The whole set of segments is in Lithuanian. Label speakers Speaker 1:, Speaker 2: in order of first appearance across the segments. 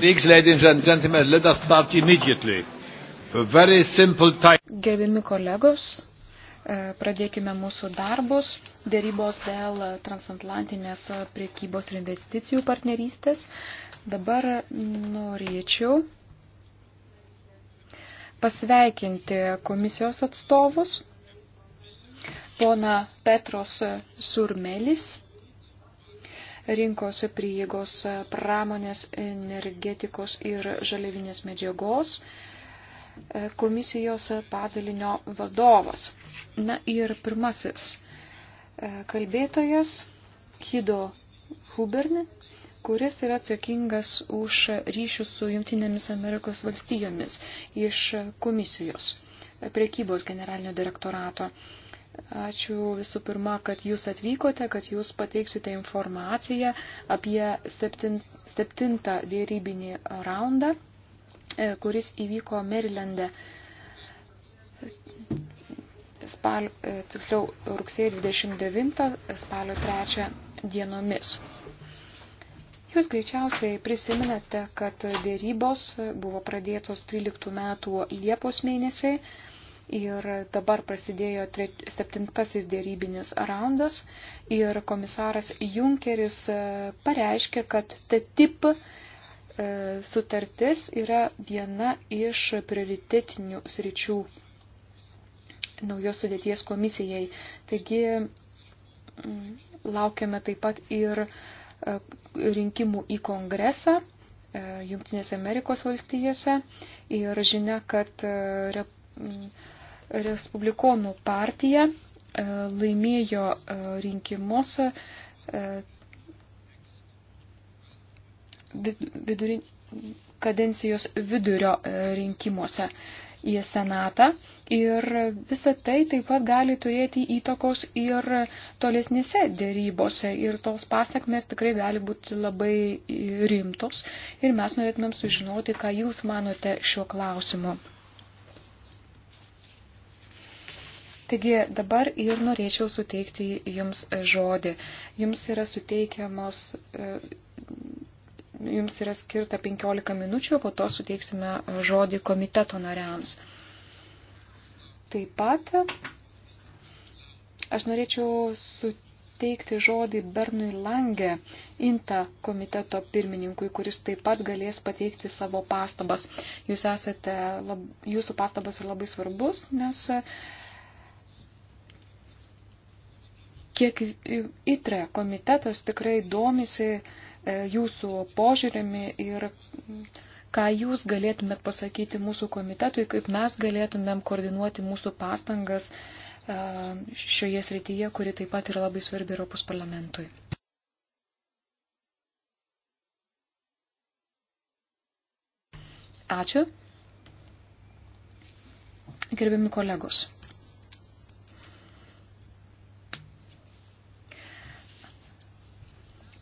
Speaker 1: Colleagues, ladies and gentlemen, let us start immediately. Very simple time. Gerbiami kolegos,
Speaker 2: e, pradėkime mūsų darbus. Dėrybos dėl transatlantinės priekybos ir investicijų partnerystės. Dabar norėčiau pasveikinti komisijos atstovus, pona Petros Surmelis rinkos prieigos pramonės, energetikos ir žaliavinės medžiagos e, komisijos padalinio vadovas. Na ir pirmasis e, kalbėtojas Hido Hubern, kuris yra atsakingas už ryšius su Junktinėmis Amerikos valstijomis iš komisijos prekybos generalinio direktorato. Ačiū visų pirma, kad jūs atvykote, kad jūs pateiksite informaciją apie septintą dėrybinį raundą, e, kuris įvyko Merilende spalio, e, tiksliau rugsėjo 29, spalio 3 dienomis. Jūs greičiausiai prisiminate, kad dėrybos buvo pradėtos 13 metų Liepos mėnesiai Ir dabar prasidėjo septintasis dėrybinis raundas ir komisaras Junkeris e, pareiškė, kad TTIP e, sutartis yra viena iš prioritetinių sričių naujos sudėties komisijai. Taigi mm, laukiame taip pat ir e, rinkimų į kongresą Junktinėse Amerikos valstijose ir žinia, kad mm, Respublikonų partija e, laimėjo e, rinkimus e, viduri, kadencijos vidurio rinkimuose į Senatą. Ir visa tai taip pat gali turėti įtakos ir tolesnėse dėrybose. Ir tos pasakmes tikrai gali būti labai rimtos. Ir mes norėtumėm sužinoti, ką Jūs manote šiuo klausimu. Taigi dabar ir norėčiau suteikti jums žodį. Jums yra suteikiamos. E, jums yra skirta 15 minučių, po to suteiksime žodį komiteto nariams. Taip pat aš norėčiau suteikti žodį Bernui Lange, INTA komiteto pirmininkui, kuris taip pat galės pateikti savo pastabas. Jūs esate, lab, jūsų pastabas yra labai svarbus, nes uh, Kiek ITRE komitetas tikrai domisi e, jūsų požiūrimi ir ką jūs galėtumėt pasakyti mūsų komitetui, kaip mes galėtumėm koordinuoti mūsų pastangas e, šioje srityje, kuri taip pat yra labai svarbi Europos parlamentui. Ačiū. Gerbiami kolegos.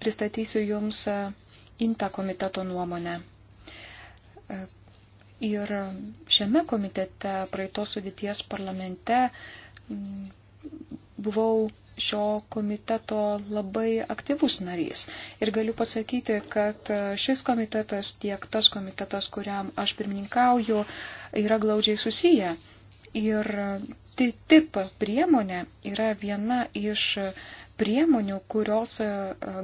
Speaker 2: pristatysiu Jums e, INTA komiteto nuomonę. E, ir šiame komitete, praeitos sudėties parlamente, buvau šio komiteto labai aktyvus narys. Ir galiu pasakyti, kad e, šis komitetas, tiek tas komitetas, kuriam aš pirmininkauju, yra glaudžiai susiję. Ir TTIP tai priemonė yra viena iš priemonių, kurios e,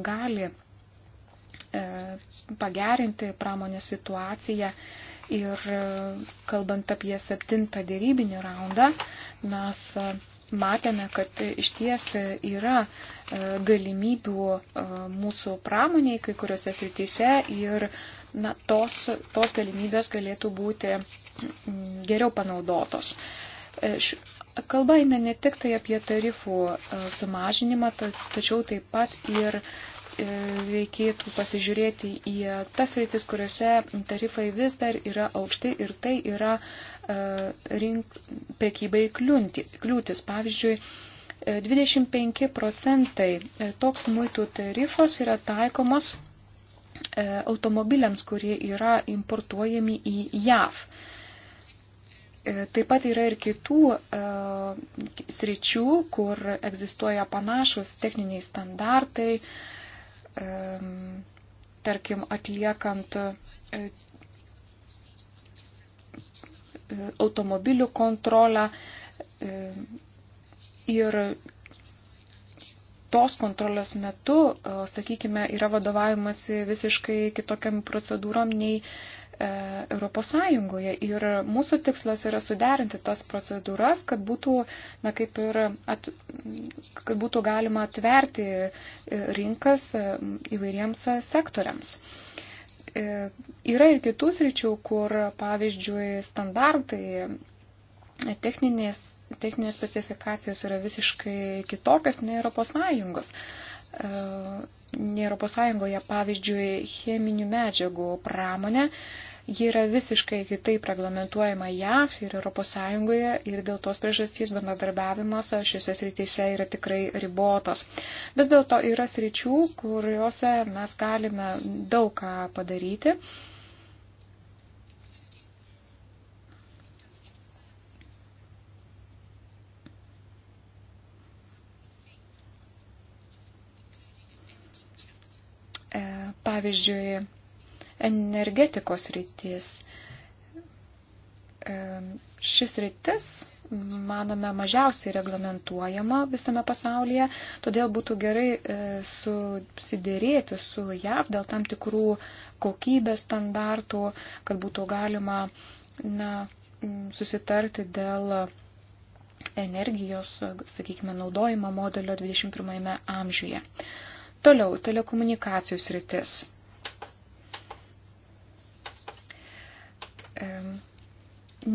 Speaker 2: gali e, pagerinti pramonės situaciją. Ir e, kalbant apie septintą dėrybinį raundą, mes matėme, kad iš ties yra galimybių mūsų pramoniai kai kuriuose srityse ir na, tos, tos galimybės galėtų būti mm, geriau panaudotos. E, kalba eina ne tik tai apie tarifų e, sumažinimą, tačiau taip pat ir e, reikėtų pasižiūrėti į tas rytis, kuriuose tarifai vis dar yra aukšti ir tai yra rink, prekybai kliūtis. Pavyzdžiui, 25 procentai toks muitų tarifos yra taikomas E, automobiliams, kurie yra importuojami į JAV. E, taip pat yra ir kitų e, sričių, kur egzistuoja panašus techniniai standartai, e, tarkim, atliekant e, e automobilių kontrolę e, ir tos kontrolės metu, e, sakykime, yra vadovavimasi visiškai kitokiam procedūrom nei e, Europos Sąjungoje. Ir mūsų tikslas yra suderinti tas procedūras, kad būtų, na, kaip ir at, kad būtų galima atverti e, rinkas įvairiems sektoriams yra ir kitų sričių, kur, pavyzdžiui, standartai, techninės techninės specifikacijos yra visiškai kitokios nei Europos Sąjungos. E, ne Europos Sąjungoje, pavyzdžiui, cheminių medžiagų pramonė, ji yra visiškai kitaip reglamentuojama JAV ir Europos Sąjungoje ir dėl tos priežastys bendradarbiavimas šiuose srityse yra tikrai ribotas. Vis dėlto yra sričių, kuriuose mes galime daug ką padaryti. Uh, pavyzdžiui, energetikos rytis. E, šis rytis, manome, mažiausiai reglamentuojama visame pasaulyje, todėl būtų gerai e, susidėrėti su JAV dėl tam tikrų kokybės standartų, kad būtų galima na, susitarti dėl energijos, sakykime, naudojimo modelio 21 amžiuje. Toliau telekomunikacijų sritis.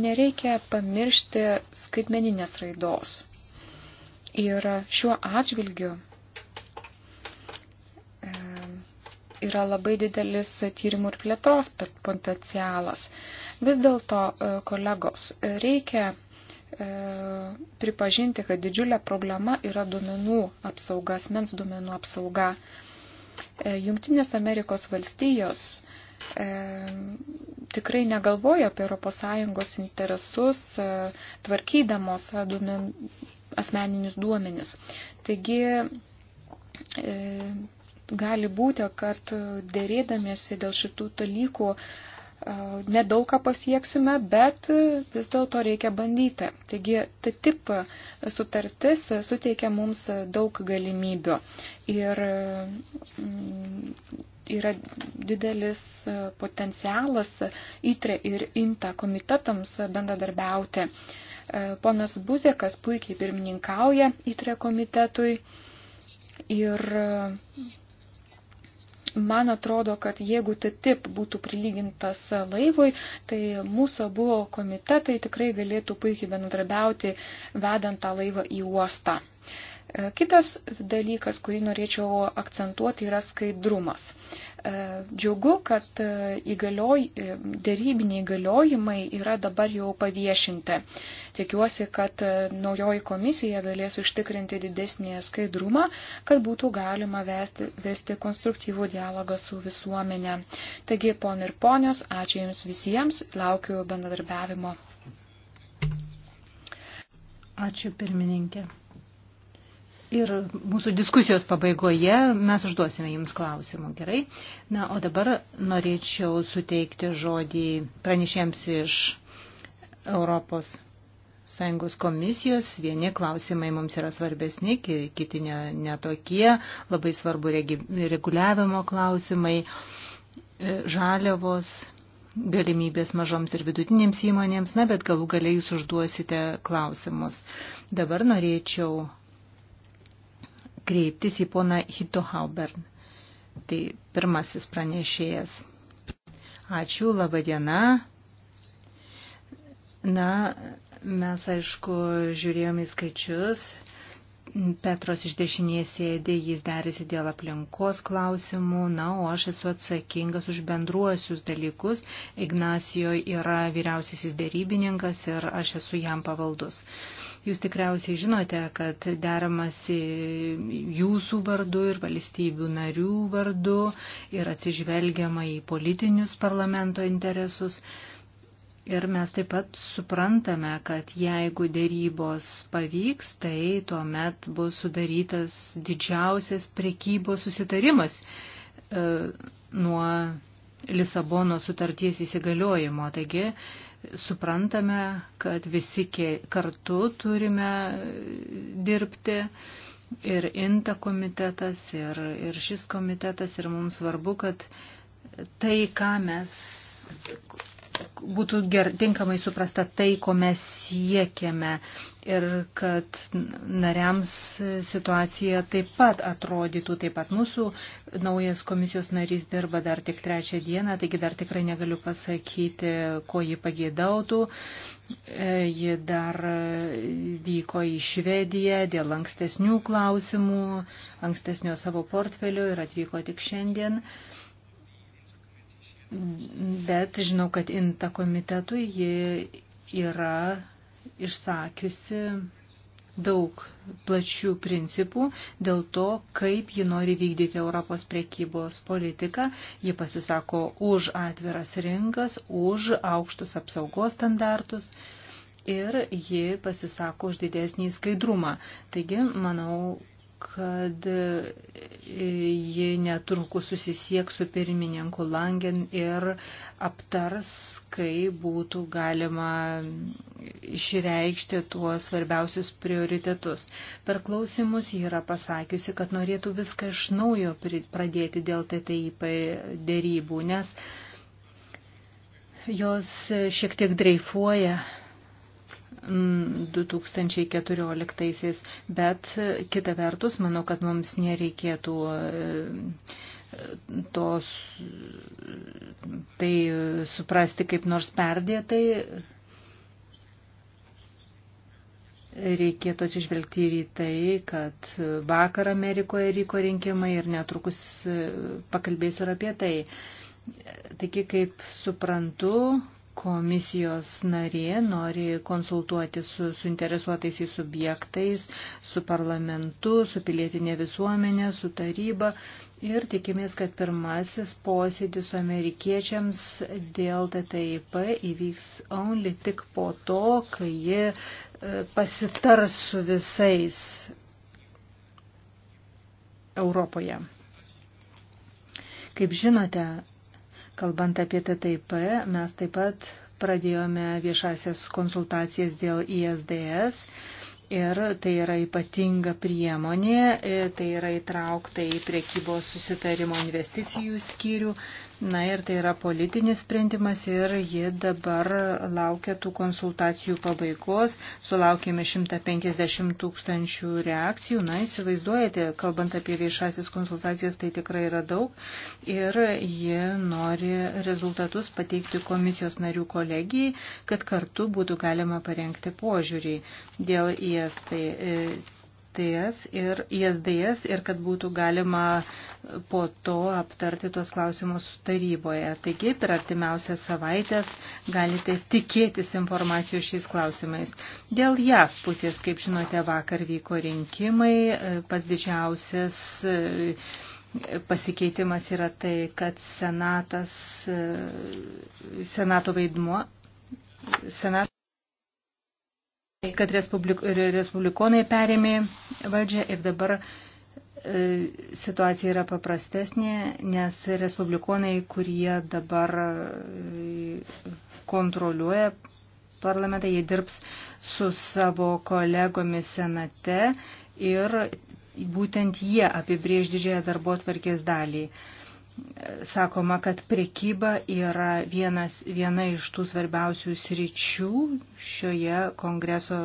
Speaker 2: Nereikia pamiršti skaitmeninės raidos. Ir šiuo atžvilgiu yra labai didelis tyrimų ir plėtros potencialas. Vis dėlto, e, kolegos, reikia E, pripažinti, kad didžiulė problema yra duomenų apsauga, asmens duomenų apsauga. E, Jungtinės Amerikos valstijos e, tikrai negalvoja apie ES interesus e, tvarkydamos duomen, asmeninius duomenis. Taigi e, gali būti, kad dėrėdamėsi dėl šitų dalykų e, nedaug ką pasieksime, bet vis dėlto reikia bandyti. Taigi, TTIP sutartis suteikia mums daug galimybių ir mm, yra didelis potencialas ITRE ir INTA komitetams bendradarbiauti. Ponas Buzekas puikiai pirmininkauja ITRE komitetui ir Man atrodo, kad jeigu TTIP būtų prilygintas laivui, tai mūsų buvo komitetai tikrai galėtų puikiai bendradarbiauti, vedant tą laivą į uostą. E, kitas dalykas, kurį norėčiau akcentuoti, yra skaidrumas. E, džiugu, kad e, įgalioj, dėrybiniai įgaliojimai yra dabar jau paviešinti. Tikiuosi, kad naujoji komisija galės užtikrinti didesnį skaidrumą, kad būtų galima vesti, vesti konstruktyvų dialogą su visuomenė. Taigi, pon ir ponios, ačiū Jums visiems, laukiu bendradarbiavimo.
Speaker 3: Ačiū pirmininkė. Ir mūsų diskusijos pabaigoje mes užduosime Jums klausimų, gerai? Na, o dabar norėčiau suteikti žodį pranešėms iš Europos Sąjungos komisijos. Vieni klausimai mums yra svarbesni, kiti netokie, ne, ne labai svarbu regi, reguliavimo klausimai, e, žaliavos galimybės mažoms ir vidutinėms įmonėms, na, bet galų galiai jūs užduosite klausimus. Dabar norėčiau kreiptis į poną Hito Haubern. Tai pirmasis pranešėjas. Ačiū, laba diena. Na, mes aišku žiūrėjome į skaičius Petros iš dešinės sėdė, jis derisi dėl aplinkos klausimų, na, o aš esu atsakingas už bendruosius dalykus. Ignacijo yra vyriausiasis dėrybininkas ir aš esu jam pavaldus. Jūs tikriausiai žinote, kad deramasi jūsų vardu ir valstybių narių vardu ir atsižvelgiama į politinius parlamento interesus. Ir mes taip pat suprantame, kad jeigu dėrybos pavyks, tai tuomet bus sudarytas didžiausias prekybos susitarimas e, nuo Lisabono sutarties įsigaliojimo. Taigi suprantame, kad visi kartu turime e, dirbti. Ir INTA komitetas, ir, ir šis komitetas, ir mums svarbu, kad tai, ką mes būtų ger, tinkamai suprasta tai, ko mes siekiame ir kad nariams situacija taip pat atrodytų. Taip pat mūsų naujas komisijos narys dirba dar tik trečią dieną, taigi dar tikrai negaliu pasakyti, ko ji pagėdautų. E, ji dar vyko į Švediją dėl ankstesnių klausimų, ankstesnio savo portfelio ir atvyko tik šiandien. Uh, bet žinau, kad INTA komitetui ji yra išsakiusi daug plačių principų dėl to, kaip ji nori vykdyti Europos priekybos politiką. Ji pasisako už atviras rinkas, už aukštus apsaugos standartus ir ji pasisako už didesnį skaidrumą. Taigi, manau, kad e, ji netrukus susisieks su pirmininku Langen ir aptars, kaip būtų galima išreikšti tuos svarbiausius prioritetus. Per klausimus ji yra pasakiusi, kad norėtų viską iš naujo pradėti dėl TTIP dėrybų, nes jos šiek tiek dreifuoja 2014, mm, bet e, kita vertus, manau, kad mums nereikėtų e, tos, tai suprasti kaip nors perdėtai. Reikėtų atsižvelgti ir į tai, kad vakar Amerikoje vyko rinkimai ir netrukus e, pakalbėsiu ir apie tai. Taigi, kaip suprantu, komisijos narė nori konsultuoti su suinteresuotais į subjektais, su parlamentu, su pilietinė visuomenė, su taryba ir tikimės, kad pirmasis posėdis su amerikiečiams dėl TTIP įvyks only tik po to, kai ji e, pasitars su visais Europoje. Kaip žinote, Kalbant apie TTIP, mes taip pat pradėjome viešasias konsultacijas dėl ISDS. Ir tai yra ypatinga priemonė, e, tai yra įtraukta į priekybos susitarimo investicijų skyrių Na ir tai yra politinis sprendimas ir ji dabar laukia tų konsultacijų pabaigos. Sulaukėme 150 tūkstančių reakcijų. Na, įsivaizduojate, kalbant apie viešasis konsultacijas, tai tikrai yra daug. Ir ji nori rezultatus pateikti komisijos narių kolegijai, kad kartu būtų galima parengti požiūrį dėl ISP e, ISTS ir ISDS ir kad būtų galima po to aptarti tuos klausimus taryboje. Taigi per artimiausias savaitės galite tikėtis informacijos šiais klausimais. Dėl JAV pusės, kaip žinote, vakar vyko rinkimai, pas didžiausias e, pasikeitimas yra tai, kad senatas, e, senato vaidmuo. Senat Tai, kad respublik, respublikonai perėmė valdžią ir dabar e, situacija yra paprastesnė, nes respublikonai, kurie dabar e, kontroliuoja parlamentą, jie dirbs su savo kolegomis senate ir būtent jie apibrėž didžiąją darbo tvarkės dalį. E, sakoma, kad prekyba yra vienas, viena iš tų svarbiausių sričių šioje kongreso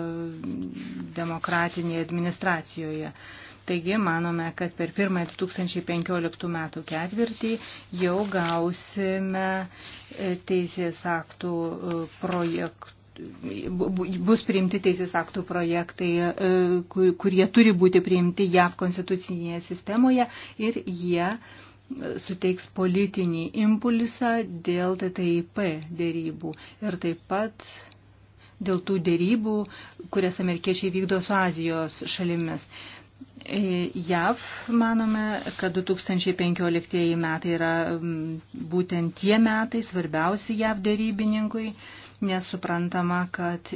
Speaker 3: demokratinėje administracijoje. Taigi manome, kad per pirmąjį 2015 metų ketvirtį jau gausime e, teisės aktų e, projektų bus priimti teisės aktų projektai, e, kurie turi būti priimti JAV konstitucinėje sistemoje ir jie suteiks politinį impulsą dėl TTIP dėrybų ir taip pat dėl tų dėrybų, kurias amerikiečiai vykdo su Azijos šalimis. E, JAV manome, kad 2015 metai yra būtent tie metai svarbiausi JAV dėrybininkui, nes suprantama, kad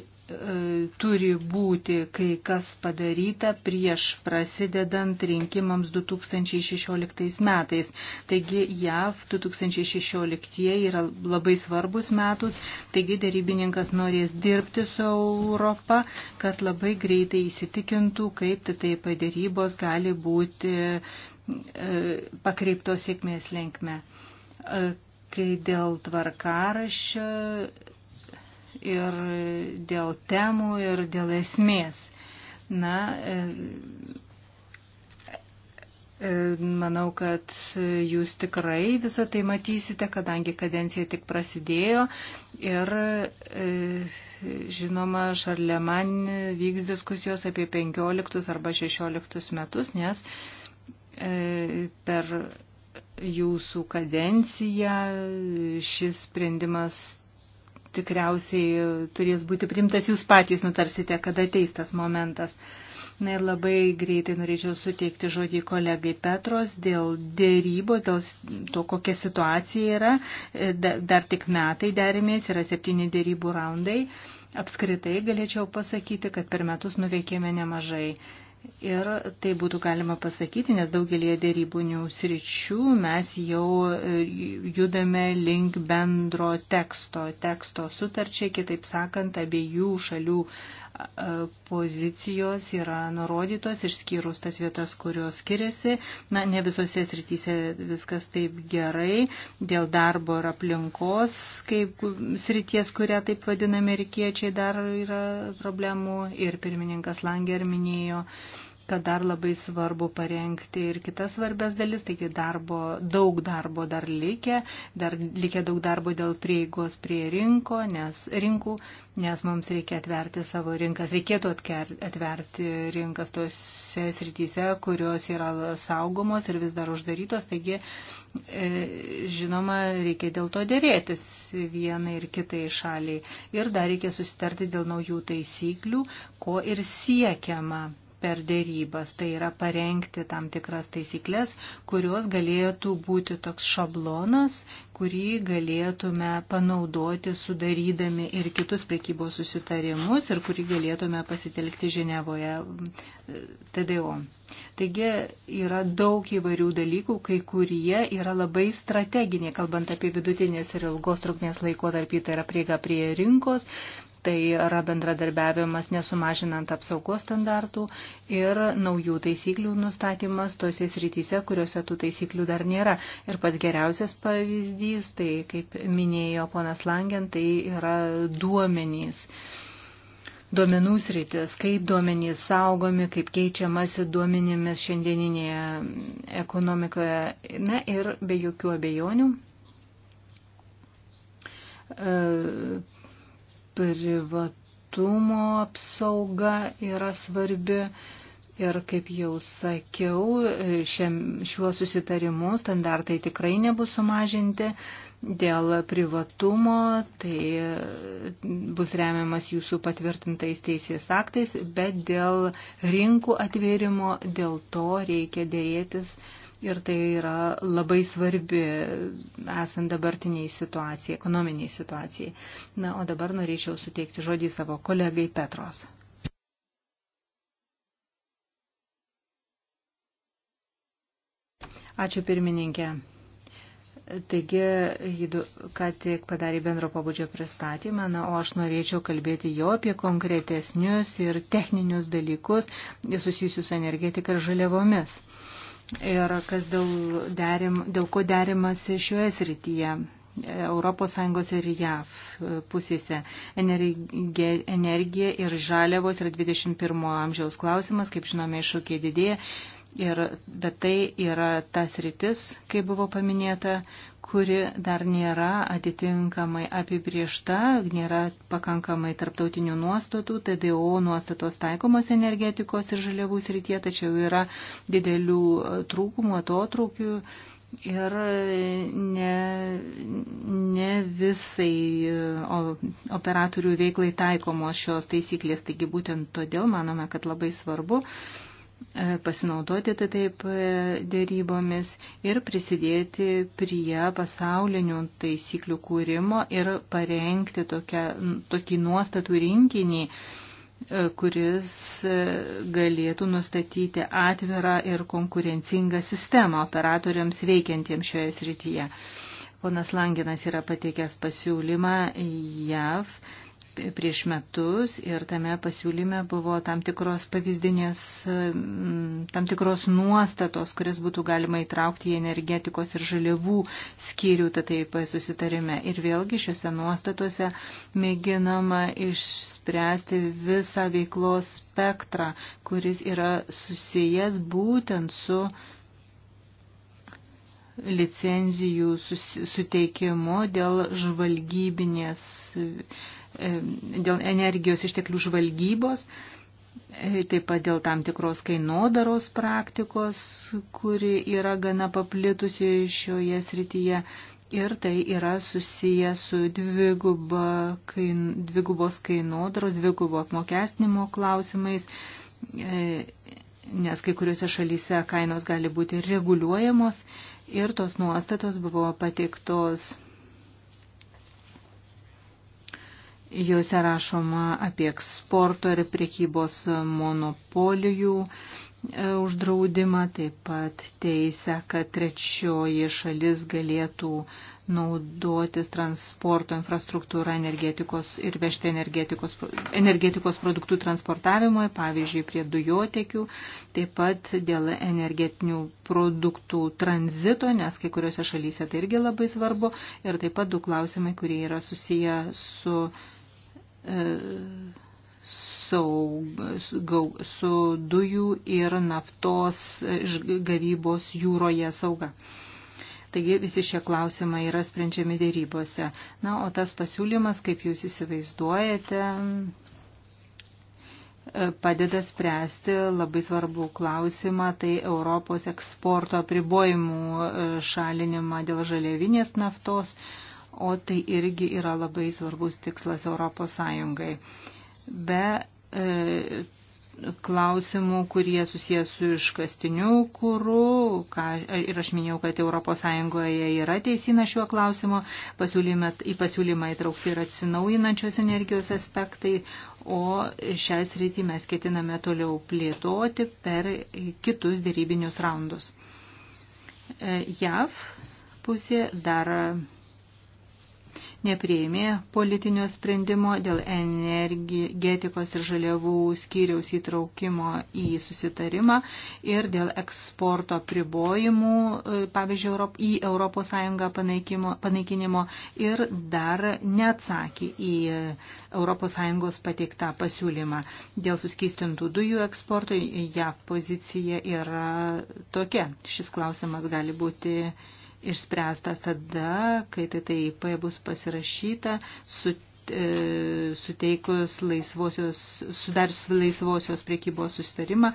Speaker 3: turi būti kai kas padaryta prieš prasidedant rinkimams 2016 metais. Taigi JAV 2016 yra labai svarbus metus, taigi darybininkas norės dirbti su Europa, kad labai greitai įsitikintų, kaip tai padarybos gali būti e, pakreiptos sėkmės linkme. E, kai dėl tvarkaraščio ir dėl temų, ir dėl esmės. Na, e, e, Manau, kad jūs tikrai visą tai matysite, kadangi kadencija tik prasidėjo ir, e, žinoma, Šarleman vyks diskusijos apie 15 arba 16 metus, nes per jūsų kadenciją šis sprendimas tikriausiai turės būti primtas, jūs patys nutarsite, kada ateis tas momentas. Na ir labai greitai norėčiau suteikti žodį kolegai Petros dėl dėrybos, dėl to, kokia situacija yra. E, dar tik metai derimės, yra septyni dėrybų raundai. Apskritai galėčiau pasakyti, kad per metus nuveikėme nemažai. Ir tai būtų galima pasakyti, nes daugelie dėrybinių sričių mes jau e, judame link bendro teksto, teksto sutarčiai, kitaip sakant, abiejų šalių pozicijos yra nurodytos, išskyrus tas vietas, kurios skiriasi. Na, ne visose srityse viskas taip gerai. Dėl darbo ir aplinkos, kaip srities, kurią taip vadina amerikiečiai, dar yra problemų. Ir pirmininkas Langer minėjo. Uh, kad dar labai svarbu parengti ir kitas svarbės dalis, taigi darbo, daug darbo dar likę, dar likę daug darbo dėl prieigos prie rinko, nes, rinkų, nes mums reikia atverti savo rinkas, reikėtų atker, atverti rinkas tose srityse, kurios yra saugomos ir vis dar uždarytos, taigi, e, žinoma, reikia dėl to dėrėtis vienai ir kitai šaliai ir dar reikia susitarti dėl naujų taisyklių, ko ir siekiama per dėrybas, tai yra parengti tam tikras taisyklės, kurios galėtų būti toks šablonas, kurį galėtume panaudoti sudarydami ir kitus prekybos susitarimus ir kurį galėtume pasitelkti Ženevoje TDO. Taigi yra daug įvairių dalykų, kai kurie yra labai strateginiai, kalbant apie vidutinės ir ilgos trukmės laikotarpį, tai yra prieiga prie rinkos, Tai yra bendradarbiavimas nesumažinant apsaugos standartų ir naujų taisyklių nustatymas tose srityse, kuriuose tų taisyklių dar nėra. Ir pats geriausias pavyzdys, tai kaip minėjo ponas Langen, tai yra duomenys duomenų sritis, kaip duomenys saugomi, kaip keičiamasi duomenimis šiandieninėje ekonomikoje. Na ir be jokių abejonių e, privatumo apsauga yra svarbi. Ir kaip jau sakiau, šiam, šiuo susitarimu standartai tikrai nebus sumažinti dėl privatumo, tai bus remiamas jūsų patvirtintais teisės aktais, bet dėl rinkų atvėrimo, dėl to reikia dėrėtis Ir tai yra labai svarbi esant dabartiniai situacijai, ekonominiai situacijai. Na, o dabar norėčiau suteikti žodį savo kolegai Petros. Ačiū pirmininkė. Taigi, Jidu ką tik padarė bendro pabudžio pristatymą, na, o aš norėčiau kalbėti jo apie konkretesnius ir techninius dalykus susijusius energetiką ir žaliavomis. Uh, ir kas dėl, derim, dėl ko derimas šioje srityje. ES ir JAV pusėse. Energija, energija ir žaliavos yra 21 amžiaus klausimas, kaip žinome, iššūkiai didėja Ir, bet tai yra tas rytis, kaip buvo paminėta, kuri dar nėra atitinkamai apibriešta, nėra pakankamai tarptautinių nuostatų, TDO nuostatos taikomos energetikos ir žaliavų srityje, tačiau yra didelių e, trūkumų, atotrukių ir e, ne, ne visai e, operatorių veiklai taikomos šios taisyklės. Taigi būtent todėl manome, kad labai svarbu E, pasinaudoti tai taip e, dėrybomis ir prisidėti prie pasaulinių taisyklių kūrimo ir parengti tokią, tokį nuostatų rinkinį, e, kuris galėtų nustatyti atvirą ir konkurencingą sistemą operatoriams veikiantiems šioje srityje. Ponas Langinas yra pateikęs pasiūlymą JAV prieš metus ir tame pasiūlyme buvo tam tikros pavyzdinės, mm, tam tikros nuostatos, kurias būtų galima įtraukti į energetikos ir žaliavų skyrių TTIP susitarime. Ir vėlgi šiuose nuostatuose mėginama išspręsti visą veiklos spektrą, kuris yra susijęs būtent su licenzijų suteikimu dėl žvalgybinės E, dėl energijos išteklių žvalgybos, e, taip pat dėl tam tikros kainodaros praktikos, kuri yra gana paplitusi šioje srityje. Ir tai yra susiję su dviguba, kain, dvigubos kainodaros, dvigubo apmokestinimo klausimais, e, nes kai kuriuose šalyse kainos gali būti reguliuojamos ir tos nuostatos buvo pateiktos Juose rašoma apie eksporto ir priekybos monopolijų e, uždraudimą, taip pat teisę, kad trečioji šalis galėtų naudotis transporto infrastruktūra energetikos ir vežti energetikos, energetikos produktų transportavimoje, pavyzdžiui, prie dujotekių, taip pat dėl energetinių produktų tranzito, nes kai kuriuose šalyse tai irgi labai svarbu, ir taip pat du klausimai, kurie yra susiję su saug, su dujų ir naftos e, gavybos jūroje sauga. Taigi visi šie klausimai yra sprendžiami dėrybose. Na, o tas pasiūlymas, kaip jūs įsivaizduojate, e, padeda spręsti labai svarbų klausimą, tai Europos eksporto apribojimų e, šalinimą dėl žalėvinės naftos o tai irgi yra labai svarbus tikslas Europos Sąjungai. Be e, klausimų, kurie susijęs su iškastiniu kūru. Ką, ir aš minėjau, kad ES yra teisina šiuo klausimu. Pasiūlyme, į pasiūlymą įtraukti ir atsinaujinančios energijos aspektai, o šią sritį mes ketiname toliau plėtoti per kitus dėrybinius raundus. E, JAV pusė dar neprieimė politinio sprendimo dėl energetikos ir žaliavų skyriaus įtraukimo į susitarimą ir dėl eksporto pribojimų, e, pavyzdžiui, į ES panaikinimo ir dar neatsakė į ES pateiktą pasiūlymą. Dėl suskystintų dujų eksporto JAV pozicija yra tokia. Šis klausimas gali būti išspręstas tada, kai TTIP bus pasirašyta su e, suteikus laisvosios, sudars laisvosios priekybos susitarimą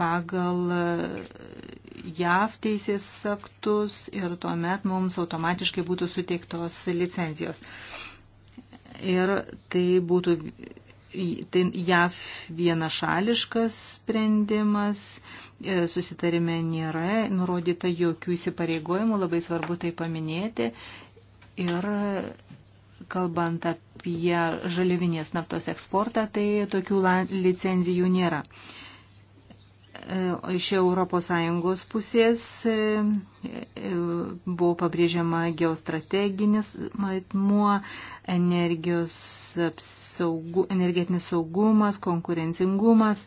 Speaker 3: pagal e, JAV teisės aktus ir tuomet mums automatiškai būtų suteiktos licenzijos. Ir tai būtų tai JAV vienašališkas sprendimas, e, susitarime nėra, nurodyta jokių įsipareigojimų, labai svarbu tai paminėti. Ir kalbant apie žalivinės naftos eksportą, tai tokių licenzijų nėra. E, iš ES pusės e, e, buvo pabrėžiama geostrateginis matmuo, energijos apsaugų, energetinis saugumas, konkurencingumas.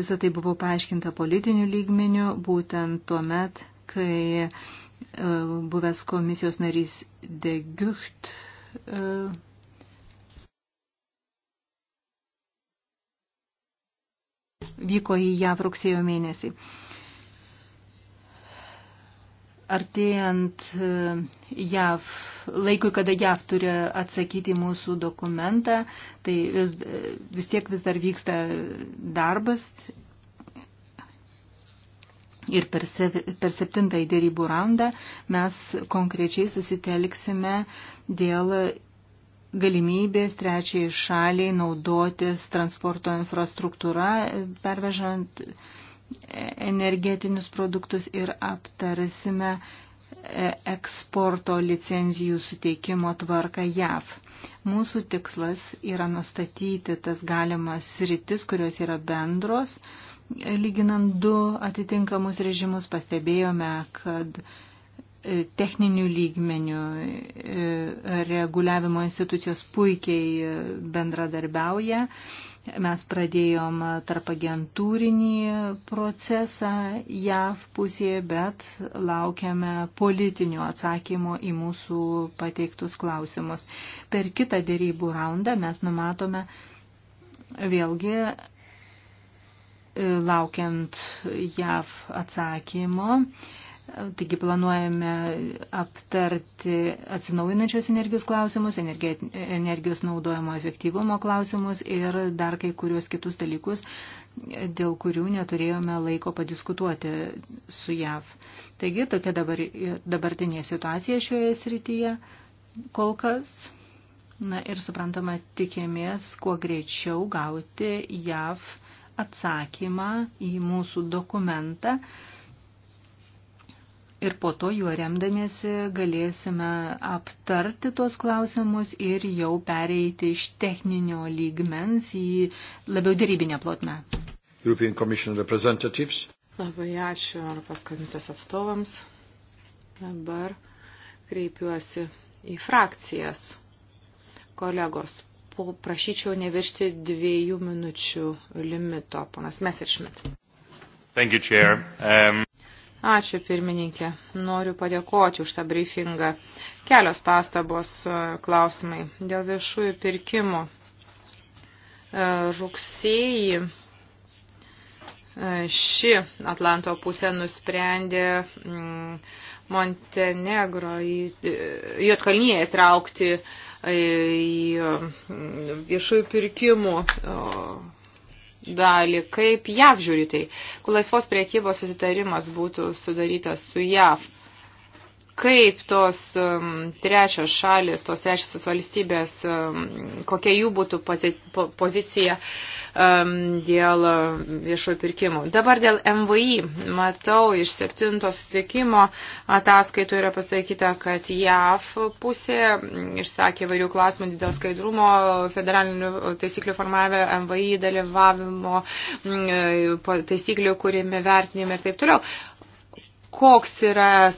Speaker 3: Visą tai buvo paaiškinta politiniu lygmeniu, būtent tuo met, kai buvęs komisijos narys Degiucht vyko į JAV rugsėjo mėnesį. Artėjant e, JAV, laikui, kada JAV turi atsakyti mūsų dokumentą, tai vis, e, vis tiek vis dar vyksta darbas Ir per, se, per septintąjį dėrybų raundą mes konkrečiai susitelksime dėl galimybės trečiai šaliai naudotis transporto infrastruktūra, pervežant energetinius produktus ir aptarsime e, eksporto licenzijų suteikimo tvarką JAV. Mūsų tikslas yra nustatyti tas galimas sritis, kurios yra bendros. Lyginant du atitinkamus režimus, pastebėjome, kad E, techninių lygmenių e, reguliavimo institucijos puikiai e, bendradarbiauja. Mes pradėjom tarp agentūrinį procesą JAV pusėje, bet laukiame politinių atsakymų į mūsų pateiktus klausimus. Per kitą dėrybų raundą mes numatome vėlgi laukiant JAV atsakymo Taigi planuojame aptarti atsinaujinančios energijos klausimus, energijos naudojimo efektyvumo klausimus ir dar kai kuriuos kitus dalykus, dėl kurių neturėjome laiko padiskutuoti su JAV. Taigi tokia dabar, dabartinė situacija šioje srityje kol kas. Na ir suprantama, tikėmės kuo greičiau gauti JAV atsakymą į mūsų dokumentą ir po to juo remdamiesi galėsime aptarti tuos klausimus ir jau pereiti iš techninio lygmens į labiau dėrybinę plotmę. Labai ačiū Europos komisijos atstovams.
Speaker 1: Dabar kreipiuosi į frakcijas. Kolegos, prašyčiau neviršti dviejų minučių limito, panas Messerschmidt. Thank you, Chair. Um... Ačiū pirmininkė. Noriu padėkoti už tą briefingą. Kelios pastabos e, klausimai dėl viešųjų pirkimų. E, rugsėjį e, ši Atlanto pusė nusprendė mm, Montenegro į Jotkalnyje įtraukti į mm, viešųjų pirkimų dalį, kaip JAV žiūri tai, kur laisvos priekybos susitarimas būtų sudarytas su JAV kaip tos um, trečios šalis, tos trečiosios valstybės, um, kokia jų būtų pozi po pozicija um, dėl um, viešojo pirkimų. Dabar dėl MVI. Matau, iš septinto susitikimo ataskaitų yra pasakyta, kad JAF pusė išsakė vairių klausimų dėl skaidrumo, federalinių taisyklių formavę, MVI dalyvavimo, mm, e, taisyklių kūrimi, vertinimi ir taip toliau koks yra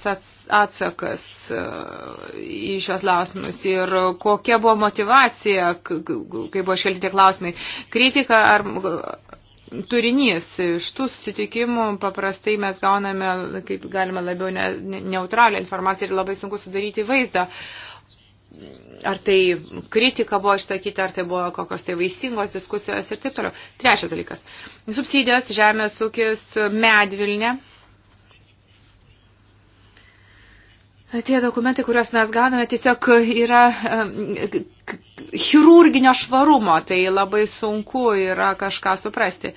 Speaker 1: atsakas e, į šios lausimus ir kokia buvo motivacija, kai buvo šelti tie klausimai. Kritika ar turinys. Iš tų susitikimų paprastai mes gauname, kaip galima labiau, ne, ne, neutralią informaciją ir labai sunku sudaryti vaizdą. Ar tai kritika buvo išsakyta, ar tai buvo kokios tai vaisingos diskusijos ir taip toliau. Trečias dalykas. Subsidijos, žemės ūkis, medvilnė. tie dokumentai, kuriuos mes gauname, tiesiog yra chirurginio švarumo, tai labai sunku yra kažką suprasti.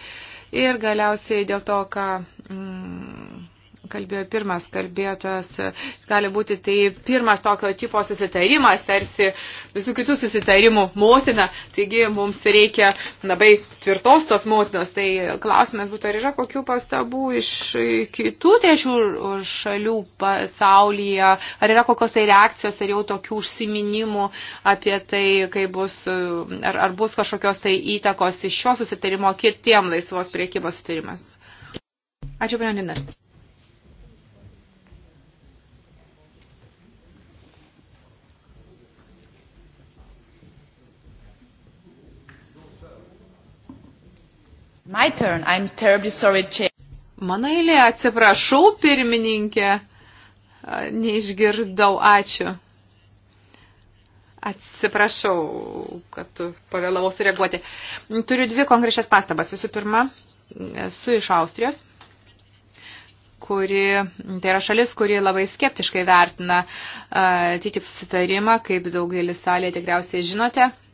Speaker 1: Ir galiausiai dėl to, ką mm, kalbėjo pirmas kalbėtojas, gali būti tai pirmas tokio tipo susitarimas, tarsi visų kitų susitarimų motina, taigi mums reikia labai tvirtos tos motinos. Tai klausimas būtų, ar yra kokių pastabų iš kitų trečių šalių pasaulyje, ar yra kokios tai reakcijos, ar jau tokių užsiminimų apie tai, kai bus, ar, ar bus kažkokios tai įtakos iš šio susitarimo kitiem laisvos priekybos susitarimams.
Speaker 3: Ačiū, Brandina.
Speaker 1: My turn. I'm terribly sorry, Chair. Mano eilė, atsiprašau, pirmininkė, neišgirdau, ačiū. Atsiprašau, kad pavėlavau sureaguoti. Turiu dvi konkrečias pastabas. Visų pirma, esu iš Austrijos kuri, tai yra šalis, kuri labai skeptiškai vertina uh, TTIP susitarimą, kaip daugelis salėje tikriausiai žinote. Uh,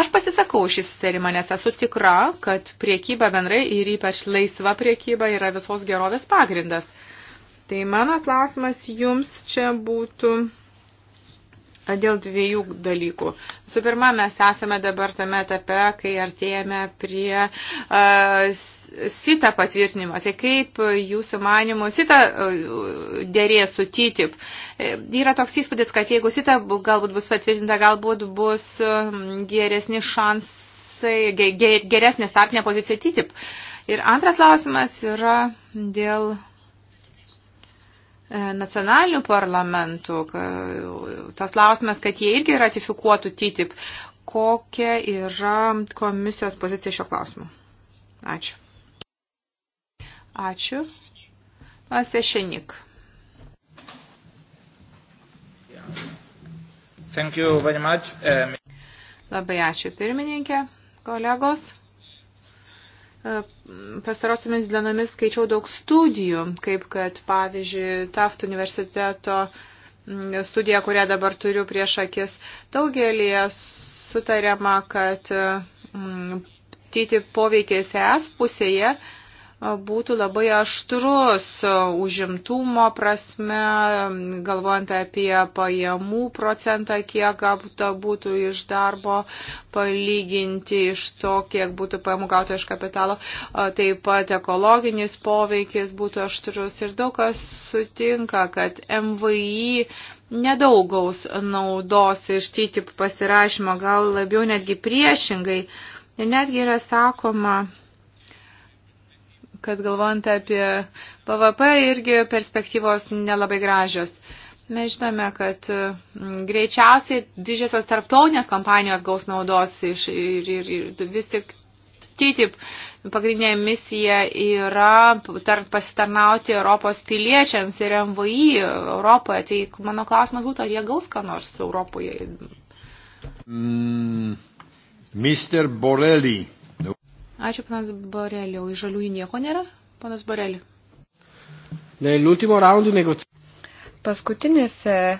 Speaker 1: Aš pasisakau šį susitarimą, nes esu tikra, kad priekyba bendrai ir ypač laisva priekyba yra visos gerovės pagrindas. Tai mano klausimas jums čia būtų dėl dviejų dalykų. Su pirma, mes esame dabar tame etape, kai artėjame prie uh, sitą patvirtinimo. Tai kaip jūsų manimų sitą uh, dėrės su TTIP? E, yra toks įspūdis, kad jeigu sitą galbūt bus patvirtinta, galbūt bus geresni šansai, geresnė startinė pozicija TTIP. Ir antras klausimas yra dėl E, nacionalinių parlamentų, tas lausmas, kad jie irgi ratifikuotų TTIP. Kokia yra komisijos pozicija šio klausimu? Ačiū. Ačiū. Asešenik.
Speaker 3: Thank you very much. Um...
Speaker 1: Labai ačiū pirmininkė, kolegos pastarosiomis dienomis skaičiau daug studijų, kaip kad, pavyzdžiui, Taft universiteto mm, studija, kurią dabar turiu prieš akis. Daugelį sutariama, kad mm, tyti poveikis ES pusėje būtų labai aštrus užimtumo prasme, galvojant apie pajamų procentą, kiek gauta būtų iš darbo, palyginti iš to, kiek būtų pajamų gauta iš kapitalo, taip pat ekologinis poveikis būtų aštrus ir daug kas sutinka, kad MVI nedaug gaus naudos iš TTIP pasirašymo, gal labiau netgi priešingai. Ir netgi yra sakoma, kad galvojant apie PVP irgi perspektyvos nelabai gražios. Mes žinome, kad mm, greičiausiai didžiosios tarptautinės kompanijos gaus naudos iš, ir, ir, ir vis tik TTIP pagrindinė misija yra pasitarnauti Europos piliečiams ir MVI Europoje. Tai mano klausimas būtų, ar jie gaus ką nors Europoje?
Speaker 3: Mm, Mr. Borelli.
Speaker 1: Ačiū, panas Borelį. O iš žaliųjų nieko nėra? Panas Borelį. Paskutinėse
Speaker 2: e,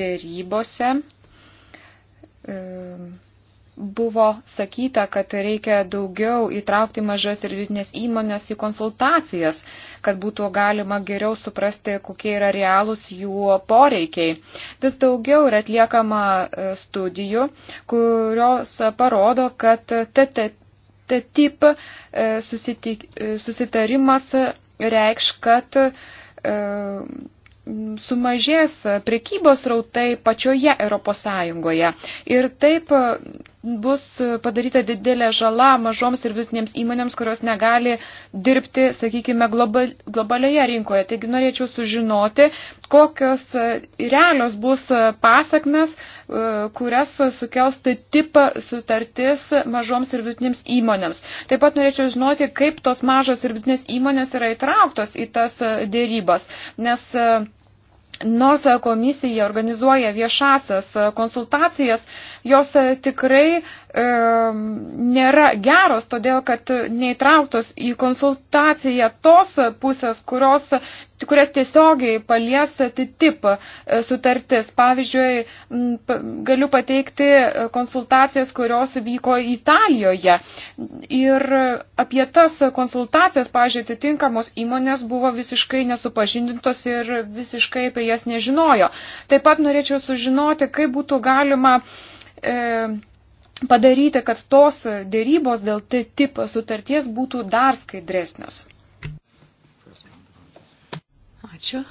Speaker 2: dėrybose e, buvo sakyta, kad reikia daugiau įtraukti mažas ir vidinės įmonės į konsultacijas, kad būtų galima geriau suprasti, kokie yra realūs jų poreikiai. Vis daugiau yra atliekama e, studijų, kurios parodo, kad TTP TTIP e, susitik, e, susitarimas reikš, kad e, sumažės prekybos rautai pačioje Europos Sąjungoje. Ir taip bus padaryta didelė žala mažoms ir vidutinėms įmonėms, kurios negali dirbti, sakykime, global, globalioje rinkoje. Taigi norėčiau sužinoti, kokios e, realios bus e, pasakmes, e, kurias sukels tai tipą sutartis mažoms ir vidutinėms įmonėms. Taip pat norėčiau žinoti, kaip tos mažos ir vidutinės įmonės yra įtrauktos į tas dėrybas, nes nors komisija organizuoja viešasias konsultacijas, jos e, tikrai e, nėra geros, todėl kad neįtrauktos į konsultaciją tos pusės, kurios, kurias tiesiogiai palies TTIP e, sutartis. Pavyzdžiui, galiu pateikti konsultacijas, kurios vyko Italijoje. Ir apie tas konsultacijas, pavyzdžiui, atitinkamos įmonės buvo visiškai nesupažindintos ir visiškai apie jas nežinojo. Taip pat norėčiau sužinoti, kaip būtų galima uh, E, padaryti, kad tos dėrybos dėl TTIP sutarties būtų dar skaidresnės.
Speaker 1: Ačiū.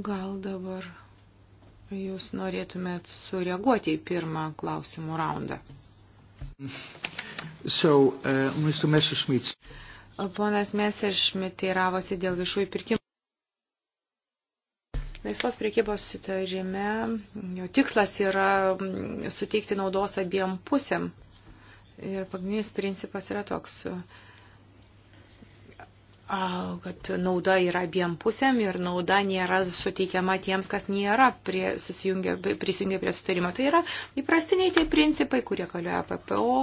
Speaker 1: Gal dabar jūs norėtumėt sureaguoti į pirmą klausimų raundą. So, uh, Ponas Messerschmidt teiravosi dėl viešųjų pirkimų. Laisvos priekybos sutarime jo tikslas yra mm, suteikti naudos abiem pusėm. Ir pagrindinis principas yra toks. Uh, kad nauda yra abiem pusėm ir nauda nėra suteikiama tiems, kas nėra prie, prisijungę prie sutarimo. Tai yra įprastiniai tai principai, kurie kalioja PPO,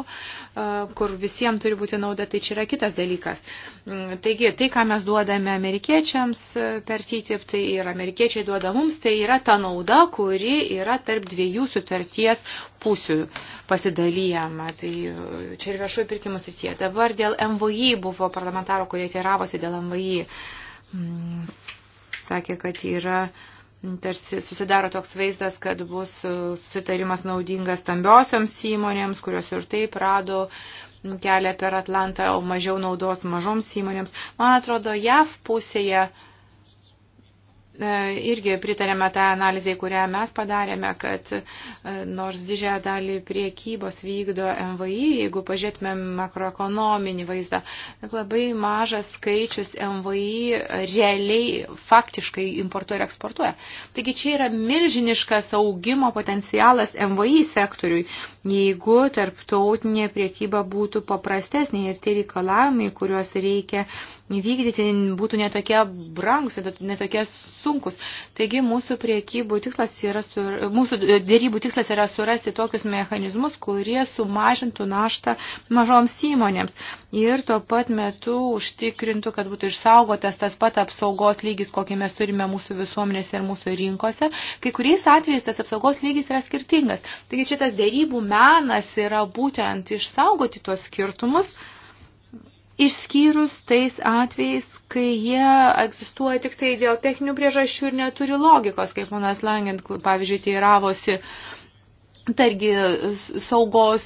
Speaker 1: kur visiems turi būti nauda, tai čia yra kitas dalykas. Mm, taigi, tai, ką mes duodame amerikiečiams e, per TTIP, tai ir amerikiečiai duoda mums, tai yra ta nauda, kuri yra tarp dviejų sutarties pusių pasidalyjama. Tai čia ir viešųjų pirkimų susiję. Dabar dėl MVI buvo parlamentarų, kurie teiravosi dėl MVI. Mm, sakė, kad yra tarsi susidaro toks vaizdas, kad bus susitarimas naudingas stambiosioms įmonėms, kurios ir taip rado kelią per Atlantą, o mažiau naudos mažoms įmonėms. Man atrodo, JAV pusėje uh, E, irgi pritarėme tą analizę, kurią mes padarėme, kad e, nors didžiąją dalį priekybos vykdo MVI, jeigu pažiūrėtumėm makroekonominį vaizdą, tai labai mažas skaičius MVI realiai faktiškai importuoja ir eksportuoja. Taigi čia yra milžiniškas augimo potencialas MVI sektoriui, jeigu tarptautinė priekyba būtų paprastesnė ir tie reikalavimai, kuriuos reikia įvykdyti būtų netokie brangus, netokie sunkus. Taigi mūsų priekybų tikslas yra, sur, mūsų dėrybų tikslas yra surasti tokius mechanizmus, kurie sumažintų naštą mažoms įmonėms ir tuo pat metu užtikrintų, kad būtų išsaugotas tas pat apsaugos lygis, kokį mes turime mūsų visuomenėse ir mūsų rinkose. Kai kuriais atvejais tas apsaugos lygis yra skirtingas. Taigi šitas dėrybų menas yra būtent išsaugoti tuos skirtumus išskyrus tais atvejais, kai jie egzistuoja tik tai dėl techninių priežasčių ir neturi logikos, kaip manas Langent, pavyzdžiui, teiravosi. Targi saugos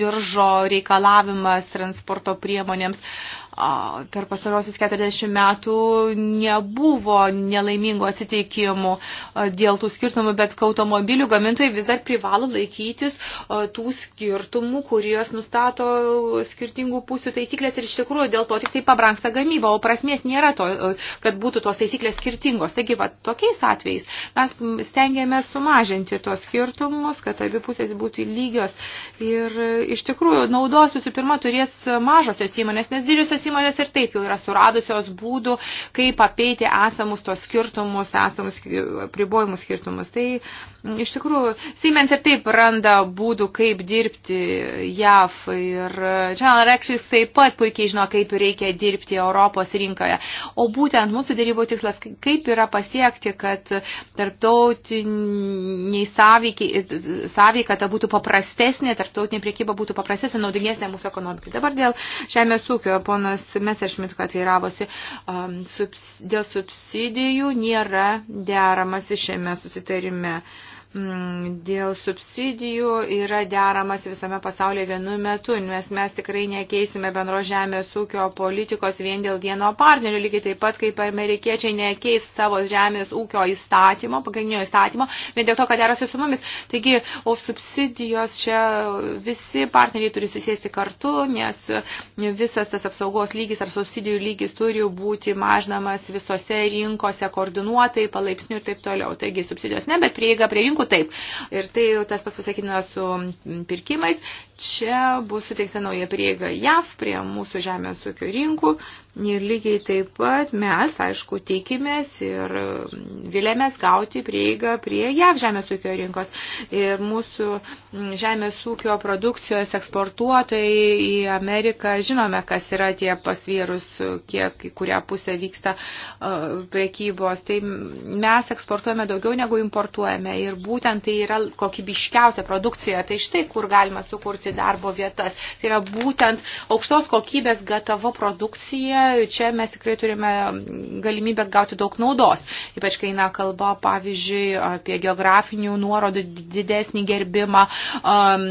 Speaker 1: diržo reikalavimas transporto priemonėms. Uh, per pastarosius 40 metų nebuvo nelaimingų atsitikimų dėl tų skirtumų, bet automobilių gamintojai vis dar privalo laikytis tų skirtumų, kurios nustato skirtingų pusių taisyklės ir iš tikrųjų dėl to tik tai pabranksta gamyba, o prasmės nėra to, kad būtų tos taisyklės skirtingos. Taigi, va, tokiais atvejais mes stengiame sumažinti tos skirtumus, kad abi pusės būtų lygios ir iš tikrųjų naudos visų pirma turės mažosios įmonės, nes didžiosios įmonės ir taip jau yra suradusios būdų, kaip apeiti esamus tos skirtumus, esamus pribojimų skirtumus. Tai Iš tikrųjų, Siemens ir taip randa būdų, kaip dirbti JAV ir General Electric taip pat puikiai žino, kaip reikia dirbti Europos rinkoje. O būtent mūsų dėrybų tikslas, kaip yra pasiekti, kad tarptautiniai sąveika ta būtų paprastesnė, tarptautinė priekyba būtų paprastesnė, naudingesnė mūsų ekonomikai. Dabar dėl žemės ūkio, ponas Messerschmidt, kad teiravosi, um, subs, dėl subsidijų nėra deramasi šiame susitarime. Uh, Mm, dėl subsidijų yra deramas visame pasaulyje vienu metu, nes mes tikrai nekeisime bendro žemės ūkio politikos vien dėl vieno partnerio, lygiai taip pat kaip amerikiečiai nekeis savo žemės ūkio įstatymo, pagrindinio įstatymo, vien dėl to, kad derasi su mumis. Taigi, o subsidijos čia visi partneriai turi susėsti kartu, nes visas tas apsaugos lygis ar subsidijų lygis turi būti mažinamas visose rinkose koordinuotai, palaipsniui ir taip toliau. Taigi, subsidijos ne, bet prieiga prie rinkų jeigu taip. Ir tai tas pats pasakytina su pirkimais. Čia bus suteikta nauja prieiga JAV prie mūsų žemės ūkio rinkų. Ir lygiai taip pat mes, aišku, tikimės ir mm, vilėmės gauti prieigą prie JAV žemės ūkio rinkos. Ir mūsų mm, žemės ūkio produkcijos eksportuotojai į Ameriką, žinome, kas yra tie pasvyrus, kiek į kurią pusę vyksta e, prekybos. Tai mes eksportuojame daugiau negu importuojame. Ir būtent tai yra kokybiškiausia produkcija. Tai štai, kur galima sukurti darbo vietas. Tai yra būtent aukštos kokybės gatavo produkcija čia mes tikrai turime galimybę gauti daug naudos, ypač kai eina kalba, pavyzdžiui, apie geografinių nuorodų didesnį gerbimą um,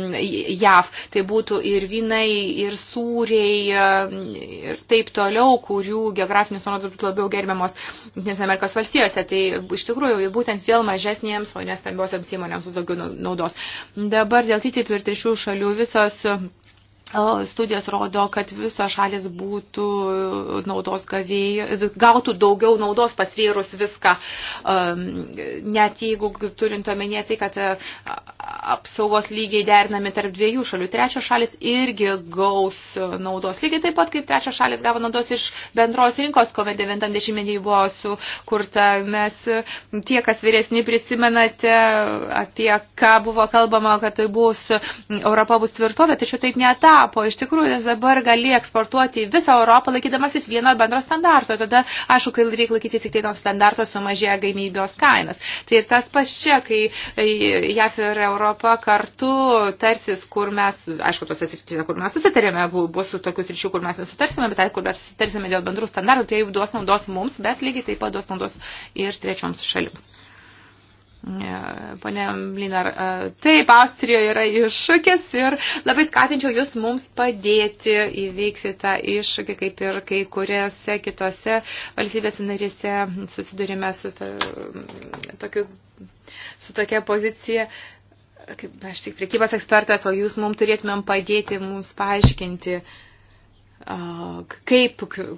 Speaker 1: JAV. Tai būtų ir vinai, ir sūriai, um, ir taip toliau, kurių geografinės nuorodos būtų labiau gerbiamos Junktinės Amerikos valstijose. Tai iš tikrųjų būtent vėl mažesniems, o nestambiosiams įmonėms daugiau naudos. Dabar dėl TTIP ir trečių šalių visos Studijos rodo, kad visos šalis būtų naudos gavėjai, gautų daugiau naudos pasvėrus viską, net jeigu turint omenyje tai, kad e, apsaugos lygiai derinami tarp dviejų šalių. Trečios šalis irgi gaus naudos, lygiai taip pat kaip trečios šalis gavo naudos iš bendros rinkos, kuomet 90-metį buvo sukurta. Mes tie, kas vyresni prisimenate, apie ką buvo kalbama, kad tai bus Europa bus tvirtovė, tačiau taip netapo etapo, iš tikrųjų, nes dabar gali eksportuoti visą Europą laikydamasis vieno bendro standarto. Tada, aišku, kai reikia laikyti tik tai to standarto, sumažėja gaimybės kainas. Tai ir tas pas čia, kai e, JAF ir Europa kartu tarsis, kur mes, aišku, tos atsitiktys, kur mes susitarėme, bus su tokius ryšių, kur mes nesutarsime, bet aišku, mes susitarsime dėl bendrų standartų, tai duos naudos mums, bet lygiai taip pat duos naudos ir trečioms šalims. Pane Blinar, e, taip, Austrijoje yra iššūkis ir labai skatinčiau jūs mums padėti įveikti tą iššūkį, kaip ir kai kuriuose kitose valstybėse narėse susidurime su, to, tokiu, su tokia pozicija kaip aš tik prekybos ekspertas, o jūs mums turėtumėm padėti mums paaiškinti, uh, kaip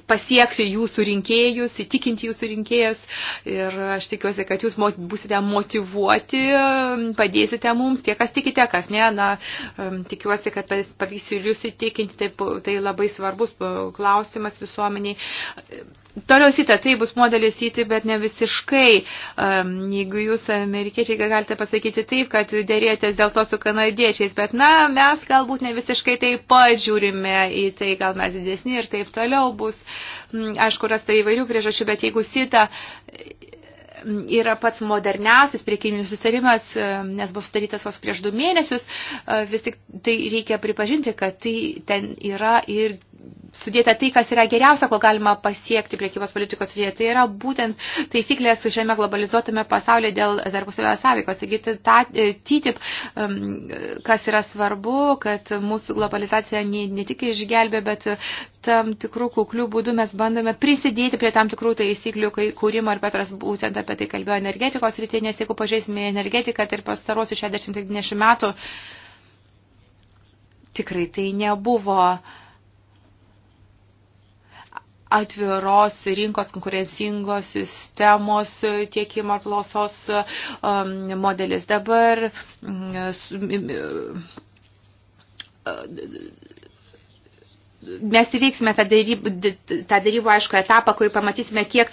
Speaker 1: pasiekti jūsų rinkėjus, įtikinti jūsų rinkėjas. Ir aš tikiuosi, kad jūs būsite motivuoti, padėsite mums, tie, kas tikite, kas ne. Na, tikiuosi, kad pavyks ir jūs įtikinti, tai, tai labai svarbus klausimas visuomeniai. Toliau sita, tai bus modelis įti, bet ne visiškai. Jeigu jūs, amerikiečiai, galite pasakyti taip, kad dėrėtės dėl to su kanadiečiais, bet na, mes galbūt ne visiškai taip pat žiūrime į tai, gal mes mes didesni ir taip toliau bus. Mm, aišku, rasta įvairių priežasčių, bet jeigu sita yra pats moderniausias priekybinis susitarimas, mm, nes buvo sudarytas vos prieš du mėnesius, mm, vis tik tai reikia pripažinti, kad tai ten yra ir sudėta tai, kas yra geriausia, ko galima pasiekti priekybos politikos sudėje. Tai yra būtent taisyklės šiame globalizuotame pasaulyje dėl tarpusavio sąveikos. Taigi, ta, e, TTIP, kas yra svarbu, kad mūsų globalizacija ne, ne tik išgelbė, bet tam tikrų kuklių būdų mes bandome prisidėti prie tam tikrų taisyklių kūrimo ir Petras būtent apie tai kalbėjo energetikos rytėje, nes jeigu pažiūrėsime energetiką, tai ir pastarosius 60-90 metų tikrai tai nebuvo uh, atviros rinkos konkurencingos sistemos tiekimo klausos um, modelis. Dabar mm, mm,
Speaker 3: mm,
Speaker 1: mes įveiksime tą dėrybų, tą dėrybų aišku, etapą, kurį pamatysime, kiek,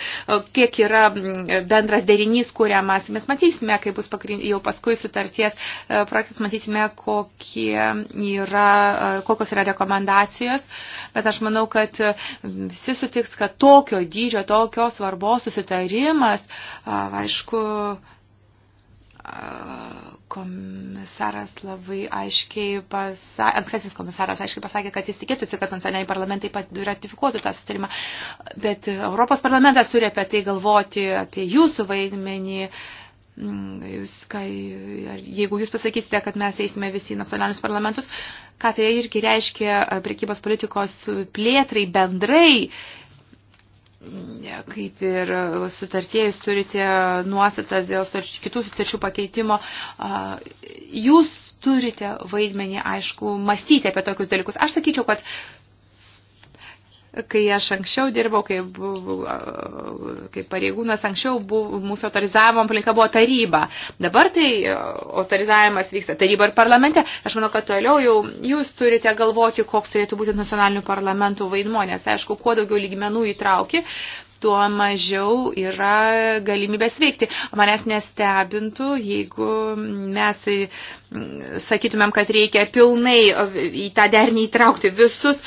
Speaker 1: kiek yra bendras derinys kuriamas. Mes matysime, kaip bus pagrind, jau paskui sutarties e, projektas, matysime, kokie yra, e, kokios yra rekomendacijos, bet aš manau, kad e, visi sutiks, kad tokio dydžio, tokios svarbos susitarimas, aišku, komisaras labai aiškiai pasakė, ankstesnis komisaras aiškiai pasakė, kad jis tikėtųsi, kad nacionaliniai parlamentai ratifikuotų tą sutarimą, bet Europos parlamentas turi apie tai galvoti, apie jūsų vaidmenį. Mm, jūs, kai, jeigu jūs pasakysite, kad mes eisime visi į nacionalinius parlamentus, ką tai irgi reiškia prekybos politikos plėtrai bendrai Mm, kaip ir uh, sutartėjus turite nuostatas dėl kitų sutarčių pakeitimo, jūs turite vaidmenį, aišku, mąstyti apie tokius dalykus. Aš sakyčiau, kad kai aš anksčiau dirbau, kai, kai pareigūnas anksčiau buvo, mūsų autorizavimo aplinka buvo taryba. Dabar tai autorizavimas vyksta taryba ir parlamente. Aš manau, kad toliau jau jūs turite galvoti, koks turėtų būti nacionalinių parlamentų vaidmonės. Aišku, kuo daugiau lygmenų įtrauki, tuo mažiau yra galimybės veikti. Manęs nestebintų, jeigu mes mm, sakytumėm, kad reikia pilnai į tą dernį įtraukti visus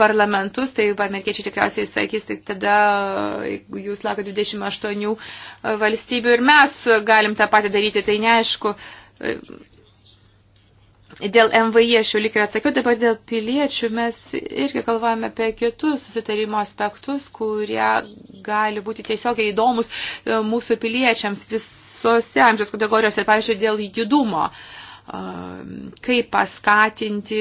Speaker 1: parlamentus, tai amerikiečiai tikriausiai sakys, tai tada jūs lako 28 valstybių ir mes galim tą patį daryti, tai neaišku Dėl MVI aš jau lyg ir atsakiau, dabar dėl piliečių mes irgi kalbame apie kitus susitarimo aspektus, kurie gali būti tiesiog įdomus e, mūsų piliečiams visose amžiaus kategorijose, pavyzdžiui, dėl judumo. Uh, Um, kaip paskatinti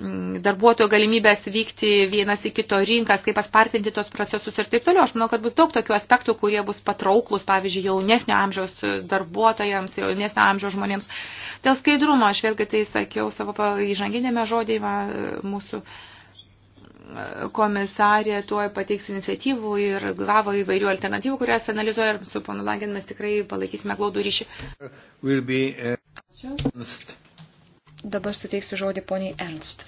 Speaker 1: mm, darbuotojo galimybės vykti vienas į kito rinkas, kaip paspartinti tos procesus ir taip toliau. Aš manau, kad bus daug tokių aspektų, kurie bus patrauklus, pavyzdžiui, jaunesnio amžiaus darbuotojams, jaunesnio amžiaus žmonėms. Dėl skaidrumo, aš vėlgi tai sakiau savo įžanginėme žodėjimą mūsų komisarė tuoj pateiks iniciatyvų ir gavo įvairių alternatyvų, kurias analizuoja ir su ponu Langin mes tikrai palaikysime glaudų ryšį. Ačiū.
Speaker 2: Dabar suteiksiu žodį poniai Ernst.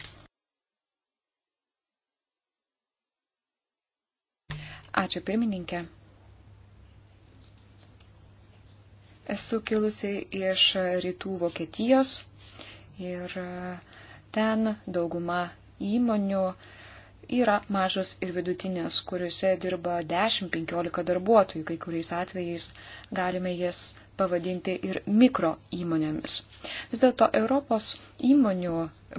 Speaker 2: Ačiū pirmininkė. Esu kilusi iš rytų Vokietijos ir e, ten dauguma įmonių yra mažos ir vidutinės, kuriuose dirba 10-15 darbuotojų, kai kuriais atvejais galime jas pavadinti ir mikro įmonėmis. Vis dėlto Europos įmonių,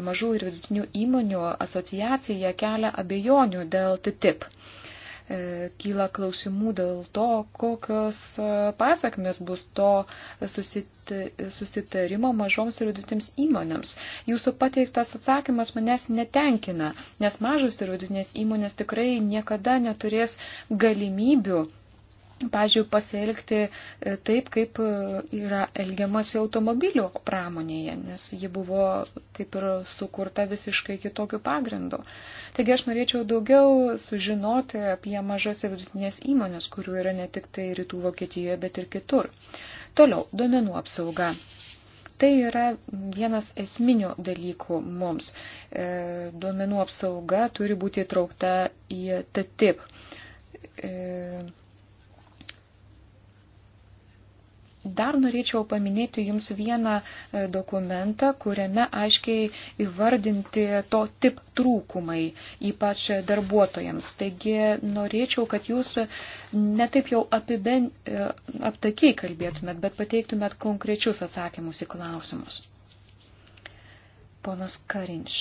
Speaker 2: mažų ir vidutinių įmonių asociacija kelia abejonių dėl TTIP. E, kyla klausimų dėl to, kokios e, pasakmės bus to susitarimo mažoms ir vidutinėms įmonėms. Jūsų pateiktas atsakymas manęs netenkina, nes mažos ir vidutinės įmonės tikrai niekada neturės galimybių pažiūrėjau, pasielgti e, taip, kaip e, yra elgiamasi automobilių pramonėje, nes ji buvo taip ir sukurta visiškai kitokių pagrindų. Taigi aš norėčiau daugiau sužinoti apie mažas ir vidutinės įmonės, kurių yra ne tik tai rytų Vokietijoje, bet ir kitur. Toliau, duomenų apsauga. Tai yra vienas esminių dalykų mums. E, duomenų apsauga turi būti įtraukta į TTIP. E, Dar norėčiau paminėti Jums vieną e, dokumentą, kuriame aiškiai įvardinti to tip trūkumai, ypač darbuotojams. Taigi norėčiau, kad Jūs netaip jau apiben, e, aptakiai kalbėtumėt, bet pateiktumėt konkrečius atsakymus į klausimus. Ponas Karinč.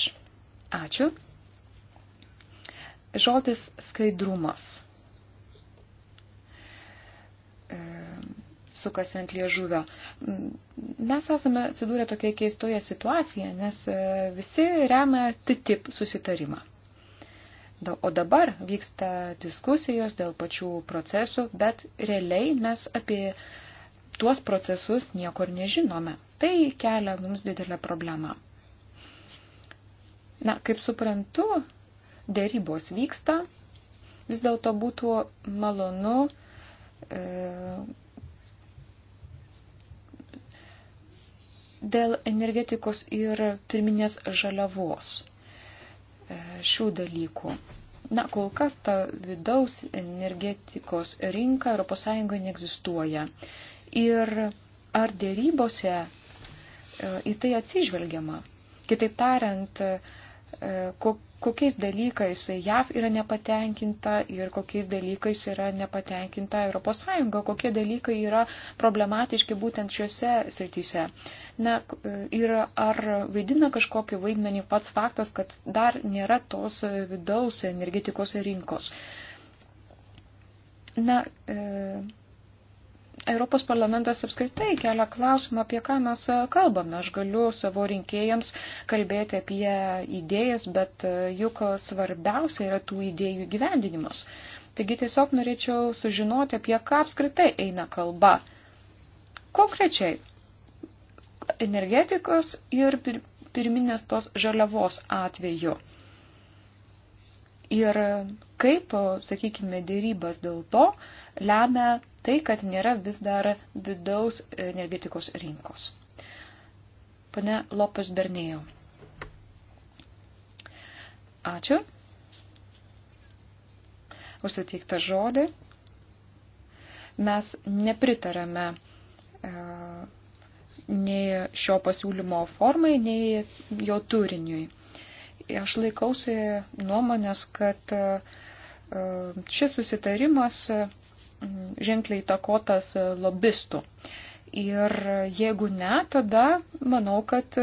Speaker 2: Ačiū. Žodis skaidrumas sukasi ant liežuvio. Mm, mes esame atsidūrę tokioje keistoje situacijoje, nes e, visi remia TTIP susitarimą. O dabar vyksta diskusijos dėl pačių procesų, bet realiai mes apie tuos procesus niekur nežinome. Tai kelia mums didelę problemą. Na, kaip suprantu, dėrybos vyksta, vis dėlto būtų malonu e, Dėl energetikos ir pirminės žaliavos e, šių dalykų. Na, kol kas ta vidaus energetikos rinka ES neegzistuoja. Ir ar dėrybose e, į tai atsižvelgiama? Kitaip tariant, e, kok kokiais dalykais JAV yra nepatenkinta ir kokiais dalykais yra nepatenkinta ES, kokie dalykai yra problematiški būtent šiuose srityse. Na, ir ar vaidina kažkokį vaidmenį pats faktas, kad dar nėra tos vidaus energetikos rinkos. Na, e, Europos parlamentas apskritai kelia klausimą, apie ką mes kalbame. Aš galiu savo rinkėjams kalbėti apie idėjas, bet e, juk svarbiausia yra tų idėjų gyvendinimas. Taigi tiesiog norėčiau sužinoti, apie ką apskritai eina kalba. Konkrečiai, energetikos ir pirminės tos žaliavos atveju. Ir kaip, sakykime, dėrybas dėl to lemia tai, kad nėra vis dar vidaus energetikos rinkos. Pane Lopes Bernėjo. Ačiū. Užsiteiktą žodį. Mes nepritarame e, nei šio pasiūlymo formai, nei jo turiniui. Aš laikausi nuomonės, kad e, šis susitarimas e, ženkliai takotas lobistų. Ir jeigu ne, tada manau, kad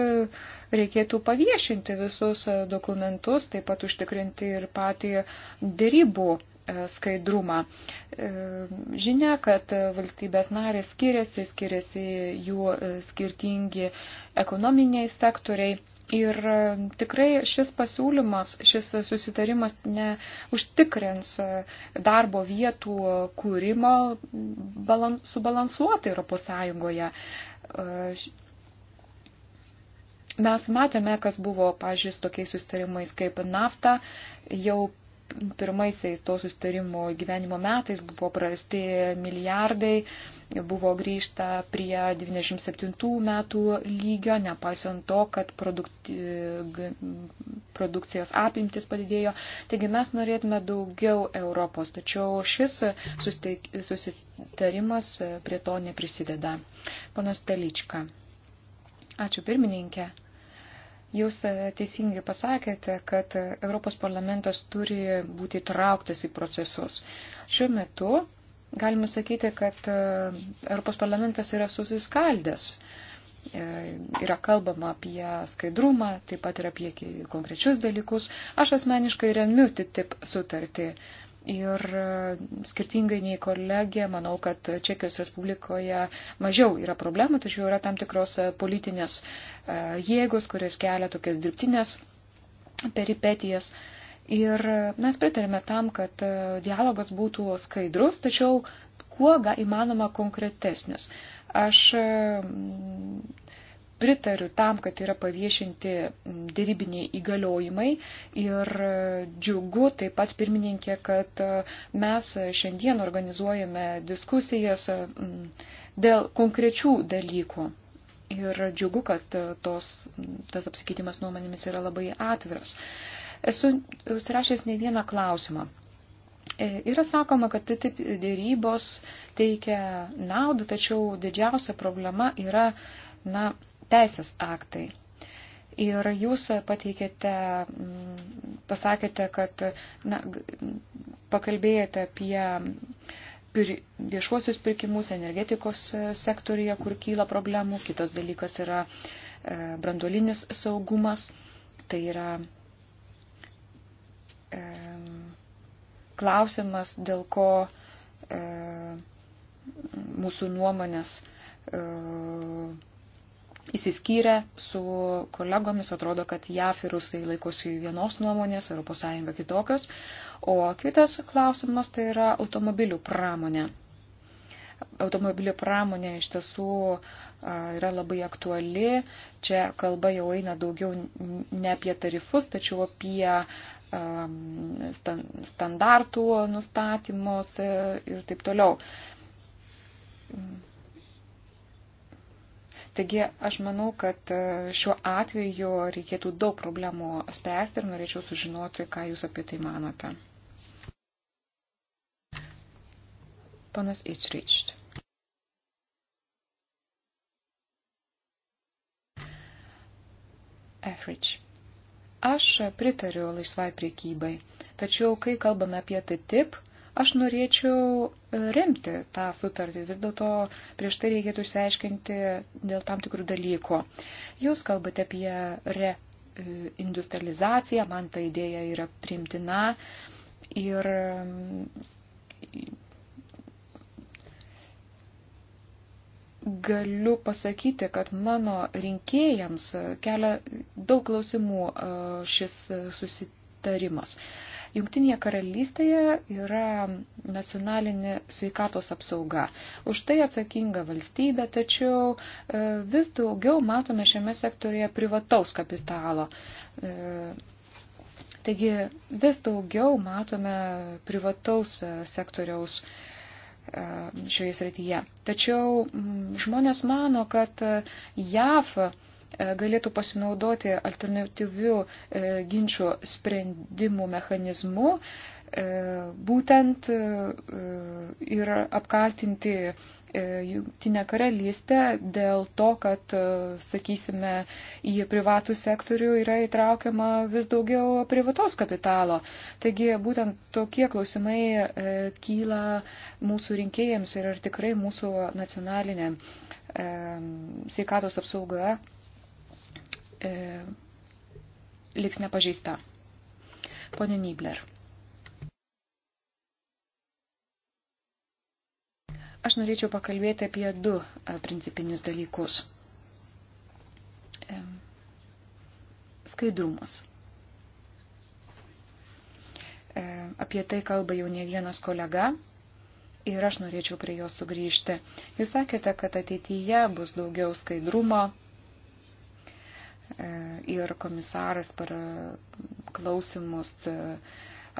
Speaker 2: reikėtų paviešinti visus dokumentus, taip pat užtikrinti ir patį dėrybų e, skaidrumą. E, žinia, kad valstybės narės skiriasi, skiriasi jų e, skirtingi ekonominiai sektoriai Ir e, tikrai šis pasiūlymas, šis susitarimas neužtikrins e, darbo vietų kūrimo balan, subalansuotai Europos Sąjungoje. E, mes matėme, kas buvo, pažiūrėjus, tokiais susitarimais kaip nafta, jau pirmaisiais to sustarimo gyvenimo metais buvo prarasti milijardai, buvo grįžta prie 97 metų lygio, nepaisant to, kad produkti, produkcijos apimtis padidėjo. Taigi mes norėtume daugiau Europos, tačiau šis susitarimas prie to neprisideda. Panas Telička. Ačiū pirmininkė. Jūs e, teisingai pasakėte, kad Europos parlamentas turi būti trauktas į procesus. Šiuo metu galima sakyti, kad e, Europos parlamentas yra susiskaldęs. E, yra kalbama apie skaidrumą, taip pat ir apie konkrečius dalykus. Aš asmeniškai remiu TTIP sutartį. Ir e, skirtingai nei kolegė, manau, kad Čekijos Respublikoje mažiau yra problemų, tačiau yra tam tikros e, politinės e, jėgos, kurios kelia tokias dirbtinės peripetijas. Ir mes pritarėme tam, kad dialogas būtų skaidrus, tačiau kuo įmanoma konkretesnis. Aš pritariu tam, kad yra paviešinti dėrybiniai įgaliojimai ir e, džiugu taip pat pirmininkė, kad e, mes šiandien organizuojame diskusijas e, dėl konkrečių dalykų. Ir džiugu, kad tos, tas apsikeitimas nuomonėmis yra labai atviras. Esu užsirašęs ne vieną klausimą. Yra sakoma, kad tai taip dėrybos teikia naudą, tačiau didžiausia problema yra, na, teisės aktai. Ir jūs pateikėte, mm, pasakėte, kad na, pakalbėjote apie pir, viešuosius pirkimus energetikos e, sektorija, kur kyla problemų. Kitas dalykas yra e, brandolinis saugumas. Tai yra e, klausimas, dėl ko e, mūsų nuomonės e, įsiskyrę su kolegomis, atrodo, kad JAF ir Rusai laikosi vienos nuomonės, ES kitokios. O kitas klausimas tai yra automobilių pramonė. Automobilių pramonė iš tiesų yra labai aktuali. Čia kalba jau eina daugiau ne apie tarifus, tačiau apie standartų nustatymus e, ir taip toliau Taigi aš manau, kad e, šiuo atveju reikėtų daug problemų spręsti ir norėčiau sužinoti, ką Jūs apie tai manote. Panas Ičryčt. Efridge. Aš pritariu laisvai priekybai, tačiau kai kalbame apie tai tip, Aš norėčiau e, remti tą sutartį, vis dėlto prieš tai reikėtų išsiaiškinti dėl tam tikrų dalykų. Jūs kalbate apie reindustrializaciją, man ta idėja yra primtina ir mm, galiu pasakyti, kad mano rinkėjams kelia daug klausimų e, šis susitarimas. Jungtinėje karalystėje yra nacionalinė sveikatos apsauga. Už tai atsakinga valstybė, tačiau e, vis daugiau matome šiame sektorėje privataus kapitalo. E, taigi vis daugiau matome privataus e, sektoriaus šioje srityje. Tačiau žmonės mano, kad JAV E, galėtų pasinaudoti alternatyvių e, ginčių sprendimų mechanizmu, e, būtent ir apkaltinti Jungtinę karalystę dėl to, kad, sakysime, į privatų sektorių yra įtraukiama vis daugiau privatos kapitalo. Taigi būtent tokie klausimai kyla mūsų rinkėjams ir ar tikrai mūsų nacionalinė sveikatos apsauga e, liks nepažeista. Pone Nibler. Aš norėčiau pakalbėti apie du e, principinius dalykus. E, skaidrumas. E, apie tai kalba jau ne vienas kolega ir aš norėčiau prie jo sugrįžti. Jūs sakėte, kad ateityje bus daugiau skaidrumo, E, ir komisaras per klausimus e,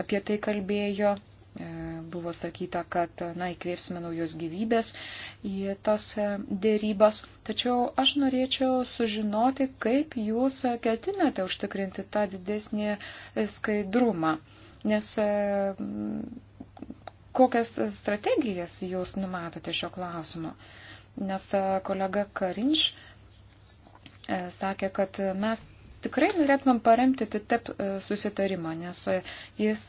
Speaker 2: apie tai kalbėjo. E, buvo sakyta, kad, na, įkvėpsime naujos gyvybės į tas dėrybas. Tačiau aš norėčiau sužinoti, kaip jūs ketinate užtikrinti tą didesnį skaidrumą. Nes kokias strategijas jūs numatote šio klausimo? Nes kolega Karinš E, sakė, kad mes tikrai norėtumėm paremti TTIP e, susitarimą, nes e, jis,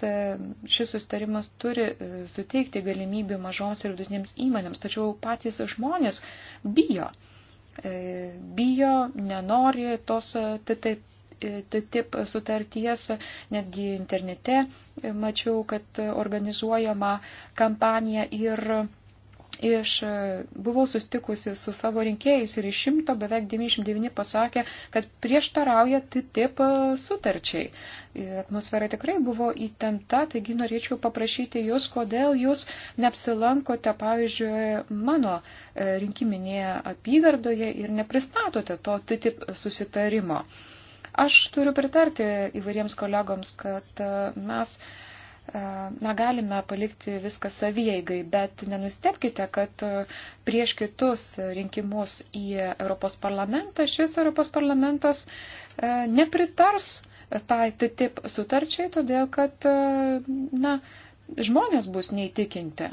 Speaker 2: šis susitarimas turi suteikti galimybių mažoms ir vidutinėms įmonėms, tačiau patys žmonės bijo, bijo, nenori tos TTIP. TTIP sutarties, netgi internete mačiau, kad organizuojama kampanija ir iš, e, buvau sustikusi su savo rinkėjais ir iš šimto beveik 99 pasakė, kad prieštarauja TTIP sutarčiai. Atmosfera tikrai buvo įtempta, taigi norėčiau paprašyti jūs, kodėl jūs neapsilankote, pavyzdžiui, mano e, rinkiminėje apygardoje ir nepristatote to TTIP susitarimo. Aš turiu pritarti įvairiems kolegoms, kad e, mes uh, E, na, galime palikti viską savieigai, bet nenustepkite, kad e, prieš kitus rinkimus į Europos parlamentą šis Europos parlamentas e, nepritars tai TTIP sutarčiai, todėl kad na, žmonės bus neįtikinti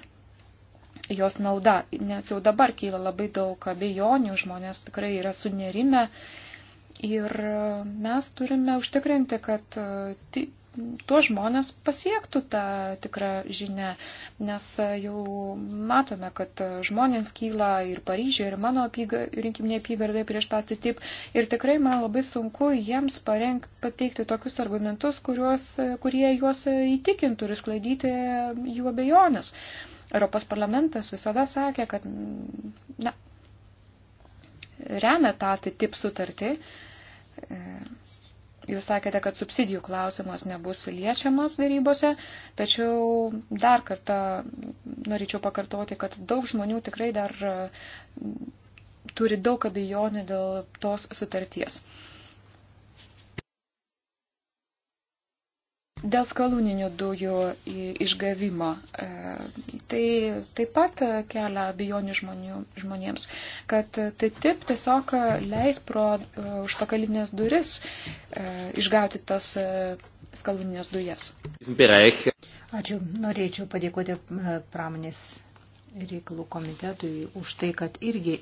Speaker 2: jos nauda, nes jau dabar kyla labai daug abejonių, žmonės tikrai yra sunerime ir mes turime užtikrinti, kad tuo žmonės pasiektų tą tikrą žinę, nes jau matome, kad žmonės kyla ir Paryžiai, ir mano apyga, rinkiminė apygardai prieš patį tip. Ir tikrai man labai sunku jiems parenk, pateikti tokius argumentus, kuriuos, kurie juos įtikintų ir sklaidyti jų abejonės. Europos parlamentas visada sakė, kad na, remia tą tip sutartį. E, Jūs sakėte, kad subsidijų klausimas nebus liečiamas darybose, tačiau dar kartą norėčiau pakartoti, kad daug žmonių tikrai dar mm, turi daug abejonių dėl tos sutarties. Dėl skalūninių dujų išgavimo. E, tai taip pat kelia abejonių žmonių, žmonėms, kad tai taip tiesiog leis pro e, užpakalinės duris e,
Speaker 3: išgauti tas skalūninės dujas. Ačiū. Norėčiau padėkoti pramonės reikalų komitetui už tai, kad irgi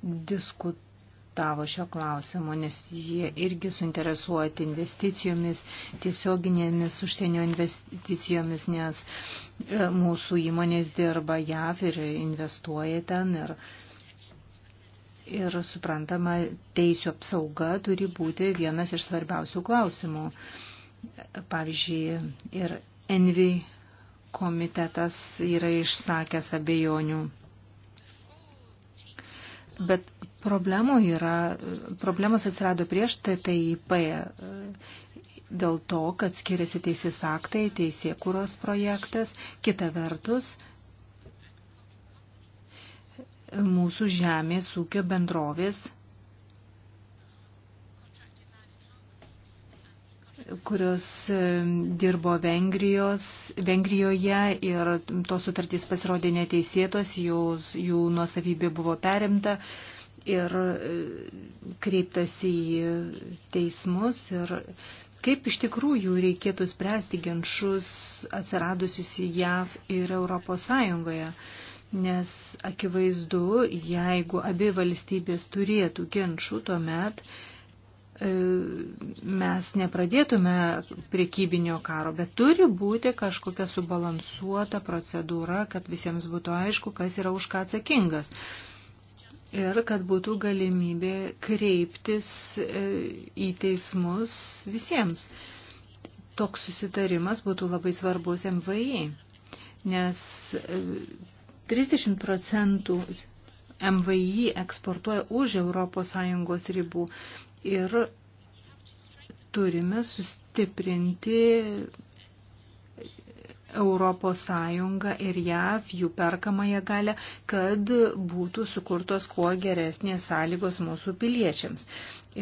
Speaker 3: diskutuojame diskutavo šio klausimo, nes jie irgi suinteresuoti investicijomis, tiesioginėmis užsienio investicijomis, nes e, mūsų įmonės dirba JAV ir investuoja ten. Ir Ir suprantama, teisų apsauga turi būti vienas iš svarbiausių klausimų. Pavyzdžiui, ir Envi komitetas yra išsakęs abejonių. Bet Problemų yra, problemas atsirado prieš TTIP e, dėl to, kad skiriasi teisės aktai, teisėkūros projektas, kita vertus, mūsų žemės ūkio bendrovės, kurios e, dirbo Vengrijos, Vengrijoje ir tos sutartys pasirodė neteisėtos, jų, jų nuosavybė buvo perimta ir e, kreiptasi į teismus ir kaip iš tikrųjų reikėtų spręsti ginčius atsiradusius į JAV ir Europos Sąjungoje. Nes akivaizdu, jeigu abi valstybės turėtų ginčių, tuomet e, mes nepradėtume priekybinio karo, bet turi būti kažkokia subalansuota procedūra, kad visiems būtų aišku, kas yra už ką atsakingas ir kad būtų galimybė kreiptis e, į teismus visiems. Toks susitarimas būtų labai svarbus MVI, nes 30 e, procentų MVI eksportuoja už ES ribų ir turime sustiprinti ES ir JAV, jų perkamąją galę, kad būtų sukurtos kuo geresnės sąlygos mūsų piliečiams.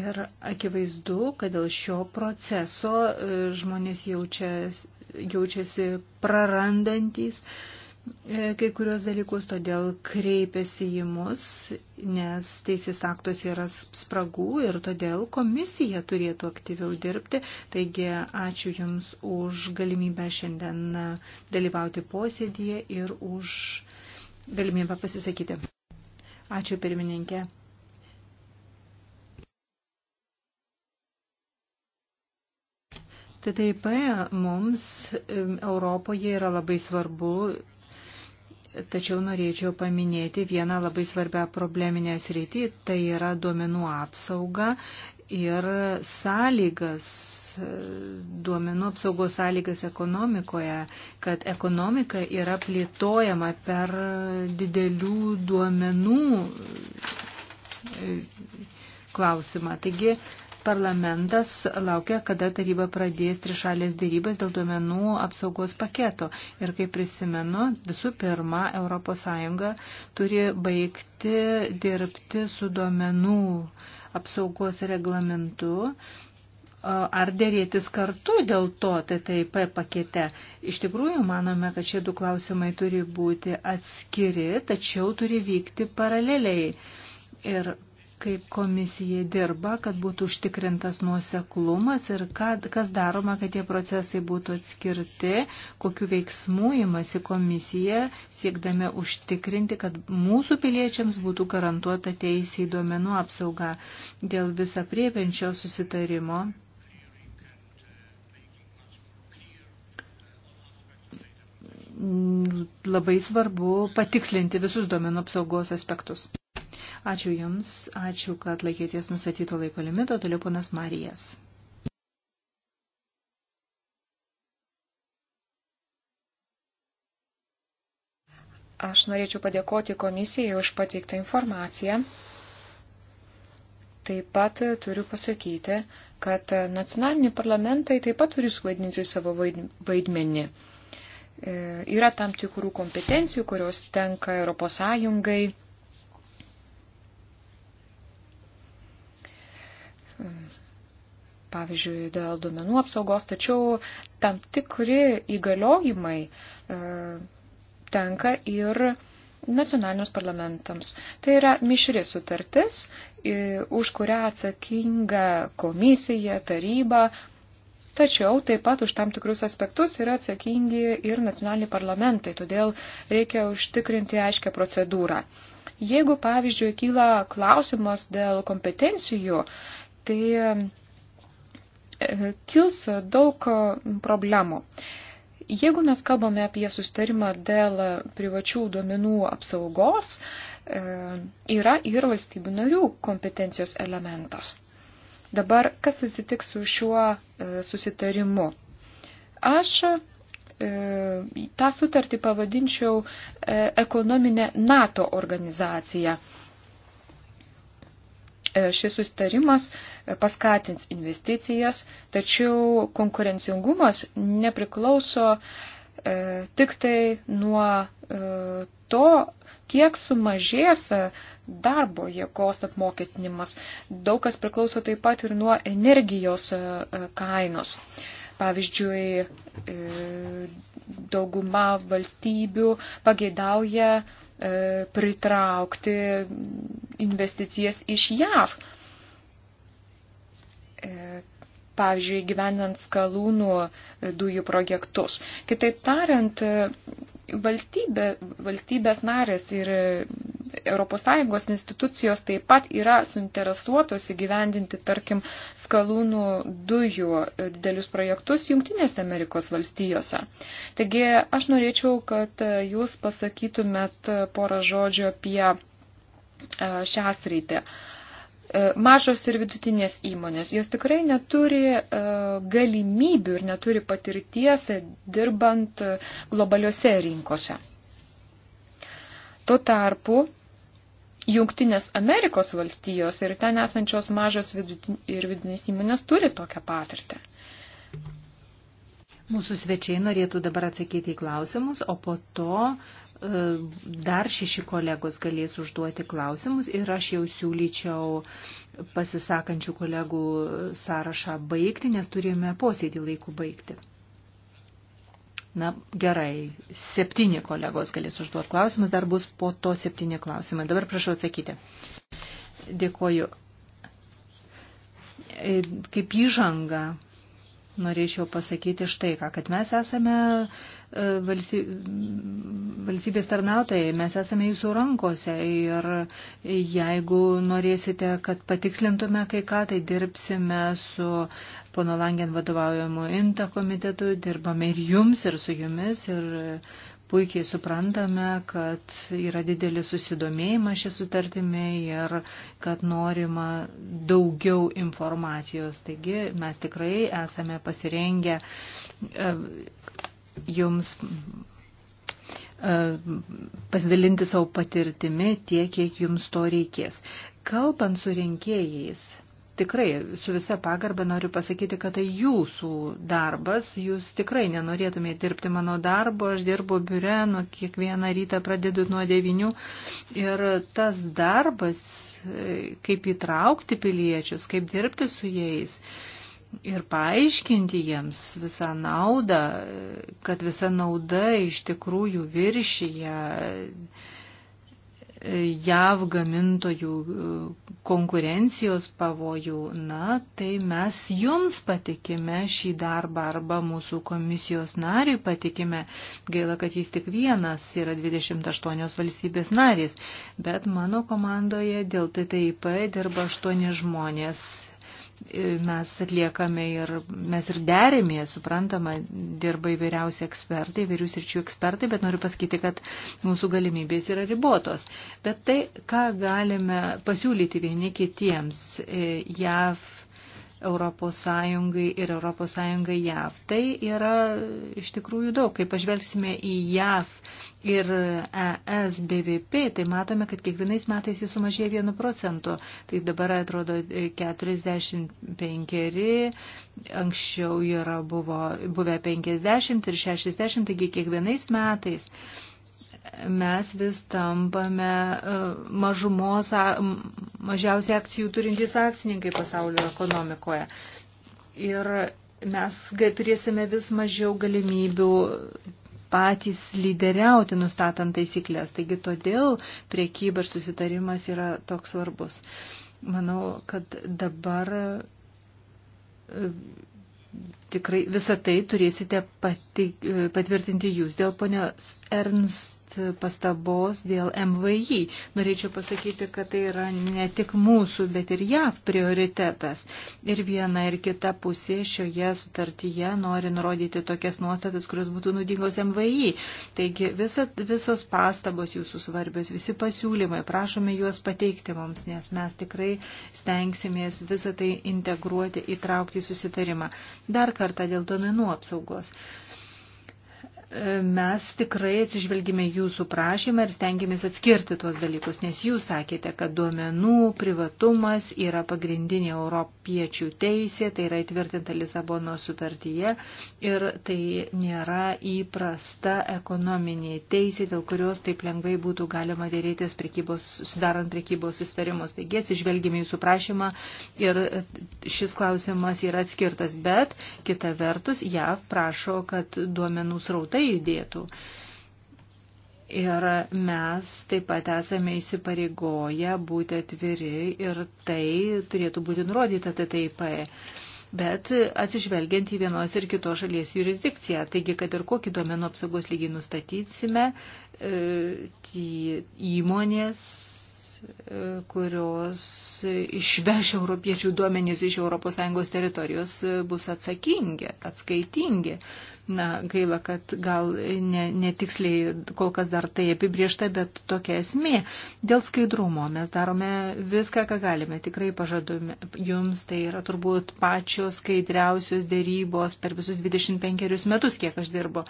Speaker 3: Ir akivaizdu, kad dėl šio proceso e, žmonės jaučiasi, jaučiasi prarandantys E, kai kurios dalykus, todėl kreipiasi į mus, nes teisės aktos yra spragų ir todėl komisija turėtų aktyviau dirbti. Taigi ačiū Jums už galimybę šiandien dalyvauti posėdėje ir už galimybę pasisakyti. Ačiū pirmininkė. TTIP mums Europoje yra labai svarbu tačiau norėčiau paminėti vieną labai svarbią probleminę sritį, tai yra duomenų apsauga ir sąlygas, duomenų apsaugos sąlygas ekonomikoje, kad ekonomika yra plėtojama per didelių duomenų e, klausimą. Taigi Parlamentas laukia, kada taryba pradės trišalės dėrybas dėl duomenų apsaugos paketo. Ir kaip prisimenu, visų pirma, ES turi baigti dirbti su duomenų apsaugos reglamentu ar dėrėtis kartu dėl to TTIP pakete. Iš tikrųjų, manome, kad šie du klausimai turi būti atskiri, tačiau turi vykti paraleliai. Ir kaip komisija dirba, kad būtų užtikrintas nuoseklumas ir kad, kas daroma, kad tie procesai būtų atskirti, kokiu veiksmu imasi komisija, siekdami užtikrinti, kad mūsų piliečiams būtų garantuota teisė į duomenų apsaugą dėl visapriepiančio susitarimo. Labai svarbu patikslinti visus duomenų apsaugos aspektus. Ačiū Jums, ačiū, kad laikėties nusatyto laiko limito, toliau ponas Marijas.
Speaker 2: Aš norėčiau padėkoti komisijai už pateiktą informaciją. Taip pat turiu pasakyti, kad nacionaliniai parlamentai taip pat turi suvaidinti savo vaidmenį. E, yra tam tikrų kompetencijų, kurios tenka ES pavyzdžiui, dėl duomenų apsaugos, tačiau tam tikri įgaliojimai e, tenka ir nacionaliniams parlamentams. Tai yra mišri sutartis, e, už kurią atsakinga komisija, taryba, Tačiau taip pat už tam tikrus aspektus yra atsakingi ir nacionaliniai parlamentai, todėl reikia užtikrinti aiškę procedūrą. Jeigu, pavyzdžiui, kyla klausimas dėl kompetencijų, tai kils daug problemų. Jeigu mes kalbame apie sustarimą dėl privačių duomenų apsaugos, e, yra ir valstybių narių kompetencijos elementas. Dabar kas atsitiks su šiuo e, susitarimu? Aš e, tą sutartį pavadinčiau ekonominę NATO organizaciją. E, šis sustarimas e, paskatins investicijas, tačiau konkurencingumas nepriklauso e, tik tai nuo to, kiek sumažės darbo jėgos apmokestinimas. Daug kas priklauso taip pat ir nuo energijos kainos. Pavyzdžiui, dauguma valstybių pageidauja e, pritraukti investicijas iš JAV. E, pavyzdžiui, gyvenant skalūnų e, dujų projektus. Kitaip tariant, e, valstybė, valstybės narės ir ES institucijos taip pat yra suinteresuotos įgyvendinti, tarkim, skalūnų dujų e, didelius projektus Junktinėse Amerikos valstijose. Taigi aš norėčiau, kad jūs pasakytumėt porą žodžių apie šią sritį. Uh, E, mažos ir vidutinės įmonės. Jos tikrai neturi e, galimybių ir neturi patirties dirbant e, globaliuose rinkose. Tuo tarpu Jungtinės Amerikos valstijos ir ten esančios mažos vidutin, ir vidinės įmonės turi
Speaker 3: tokią patirtį. Mūsų svečiai norėtų dabar atsakyti į klausimus, o po to dar šeši kolegos galės užduoti klausimus ir aš jau siūlyčiau pasisakančių kolegų sąrašą baigti, nes turėjome posėdį laiku baigti. Na, gerai, septyni kolegos galės užduoti klausimus, dar bus po to septyni klausimai. Dabar prašau atsakyti. Dėkoju. E, kaip įžanga norėčiau pasakyti štai ką, kad mes esame e, valstybės tarnautojai, mes esame jūsų rankose ir jeigu norėsite, kad patikslintume kai ką, tai dirbsime su pono Langen vadovaujamu INTA komitetu, dirbame ir jums, ir su jumis, ir puikiai suprantame, kad yra didelis susidomėjimas šią sutartimį ir kad norima daugiau informacijos. Taigi mes tikrai esame pasirengę e, jums e, pasidalinti savo patirtimi tiek, kiek jums to reikės. Kalbant su rinkėjais, tikrai su visa pagarba noriu pasakyti, kad tai jūsų darbas, jūs tikrai nenorėtumėte dirbti mano darbo, aš dirbu biure, nuo kiekvieną rytą pradedu nuo devinių ir tas darbas, kaip įtraukti piliečius, kaip dirbti su jais. Ir paaiškinti jiems visą naudą, kad visa nauda iš tikrųjų viršyje JAV gamintojų e, konkurencijos pavojų, na, tai mes jums patikime šį darbą arba mūsų komisijos nariui patikime. Gaila, kad jis tik vienas yra 28 valstybės narys, bet mano komandoje dėl TTIP dirba 8 žmonės mes atliekame ir mes ir derėmės, suprantama, dirba įvairiausi ekspertai, įvairius ryčių ekspertai, bet noriu pasakyti, kad mūsų galimybės yra ribotos. Bet tai, ką galime pasiūlyti vieni kitiems, e, JAV ES ir ES JAV. Tai yra iš tikrųjų daug. Kai pažvelgsime į JAV ir ES BVP, tai matome, kad kiekvienais metais jis sumažėja 1 procentu. Tai dabar atrodo 45, anksčiau yra buvo, buvę 50 ir 60, taigi kiekvienais metais metais mes vis tampame e, mažumos, mažiausiai akcijų turintys akcininkai pasaulio ekonomikoje. Ir mes turėsime vis mažiau galimybių patys lyderiauti, nustatant taisyklės. Taigi todėl priekyba ir susitarimas yra toks svarbus. Manau, kad dabar e, tikrai visą tai turėsite pati, e, patvirtinti jūs. Dėl ponios Ernst pat pastabos dėl MVI. Norėčiau pasakyti, kad tai yra ne tik mūsų, bet ir JAV prioritetas. Ir viena ir kita pusė šioje sutartyje nori nurodyti tokias nuostatas, kurios būtų nudingos MVI. Taigi visa, visos pastabos jūsų svarbios, visi pasiūlymai, prašome juos pateikti mums, nes mes tikrai stengsimės visą tai integruoti, įtraukti į susitarimą. Dar kartą dėl duomenų apsaugos mes tikrai atsižvelgime jūsų prašymą ir stengiamės atskirti tuos dalykus, nes jūs sakėte, kad duomenų privatumas yra pagrindinė europiečių teisė, tai yra įtvirtinta Lisabono sutartyje ir tai nėra įprasta ekonominė teisė, dėl kurios taip lengvai būtų galima dėrėtis prekybos, sudarant prekybos sustarimus. Taigi atsižvelgime jūsų prašymą ir šis klausimas yra atskirtas, bet kita vertus JAV prašo, kad duomenų srautai laisvai judėtų. Ir mes taip pat esame įsipareigoję būti atviri ir tai turėtų būti nurodyta TTIP. Bet atsižvelgiant į vienos ir kitos šalies jurisdikciją, taigi, kad ir kokį duomenų apsaugos lygį nustatysime, e, įmonės e, kurios išveš europiečių duomenys iš ES teritorijos e, bus atsakingi, atskaitingi. Na, gaila, kad gal ne, netiksliai kol kas dar tai apibriešta, bet tokia esmė. Dėl skaidrumo mes darome viską, ką galime. Tikrai pažadome jums, tai yra turbūt pačios skaidriausios dėrybos per visus 25 metus, kiek aš dirbu.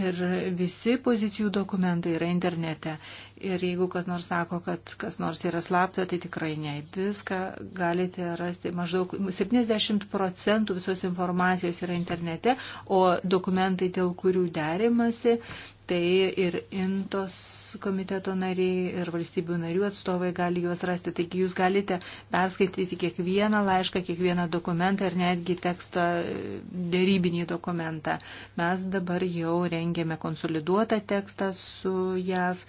Speaker 3: Ir visi pozicijų dokumentai yra internete. Ir jeigu kas nors sako, kad kas nors yra slapta, tai tikrai ne. Viską galite rasti. Maždaug 70 procentų visos informacijos yra internete, o dokumentai, dėl kurių derimasi, tai ir intos komiteto nariai, ir valstybių narių atstovai gali juos rasti. Taigi jūs galite perskaityti kiekvieną laišką, kiekvieną dokumentą ir netgi tekstą, dėrybinį dokumentą. Mes dabar jau rengėme konsoliduotą tekstą su JAV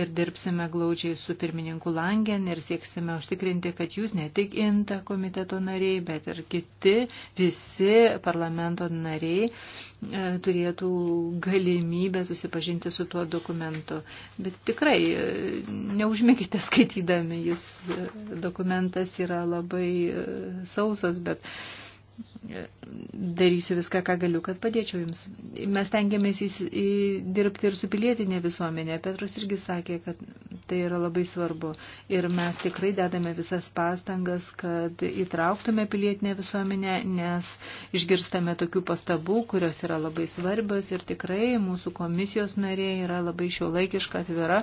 Speaker 3: ir dirbsime glaudžiai su pirmininku Langen ir sieksime užtikrinti, kad jūs ne tik inta komiteto nariai, bet ir kiti visi parlamento nariai E, turėtų galimybę susipažinti su tuo dokumentu. Bet tikrai e, neužmėgite skaitydami, jis e, dokumentas yra labai sausas, bet darysiu viską, ką galiu, kad padėčiau jums. Mes tengiamės dirbti ir su pilietinė visuomenė. Petras irgi sakė, kad tai yra labai svarbu. Ir mes tikrai dedame visas pastangas, kad įtrauktume pilietinę visuomenę, nes išgirstame tokių pastabų, kurios yra labai svarbios ir tikrai mūsų komisijos narė yra labai šiuolaikiška atvira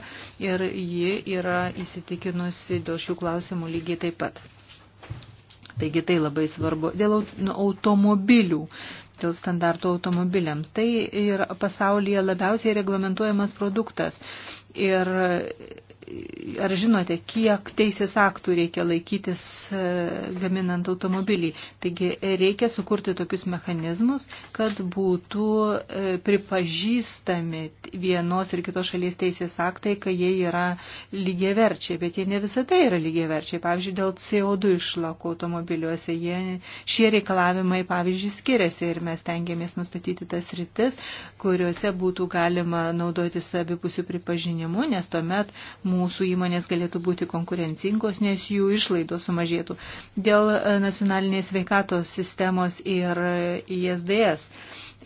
Speaker 3: ir ji yra įsitikinusi dėl šių klausimų lygiai taip pat. Taigi tai labai svarbu. Dėl nu, automobilių dėl standartų automobiliams. Tai ir pasaulyje labiausiai reglamentuojamas produktas. Ir ar žinote, kiek teisės aktų reikia laikytis e, gaminant automobilį. Taigi reikia sukurti tokius mechanizmus, kad būtų e, pripažįstami vienos ir kitos šalies teisės aktai, kai jie yra lygiaverčiai, bet jie ne visada yra lygiaverčiai. Pavyzdžiui, dėl CO2 išlako automobiliuose jie, šie reikalavimai, pavyzdžiui, skiriasi ir mes tengiamės nustatyti tas rytis, kuriuose būtų galima naudotis abipusių pripažinimu, nes tuomet mūsų mūsų įmonės galėtų būti konkurencingos, nes jų išlaidos sumažėtų dėl e, nacionalinės veikatos sistemos ir e, ISDS.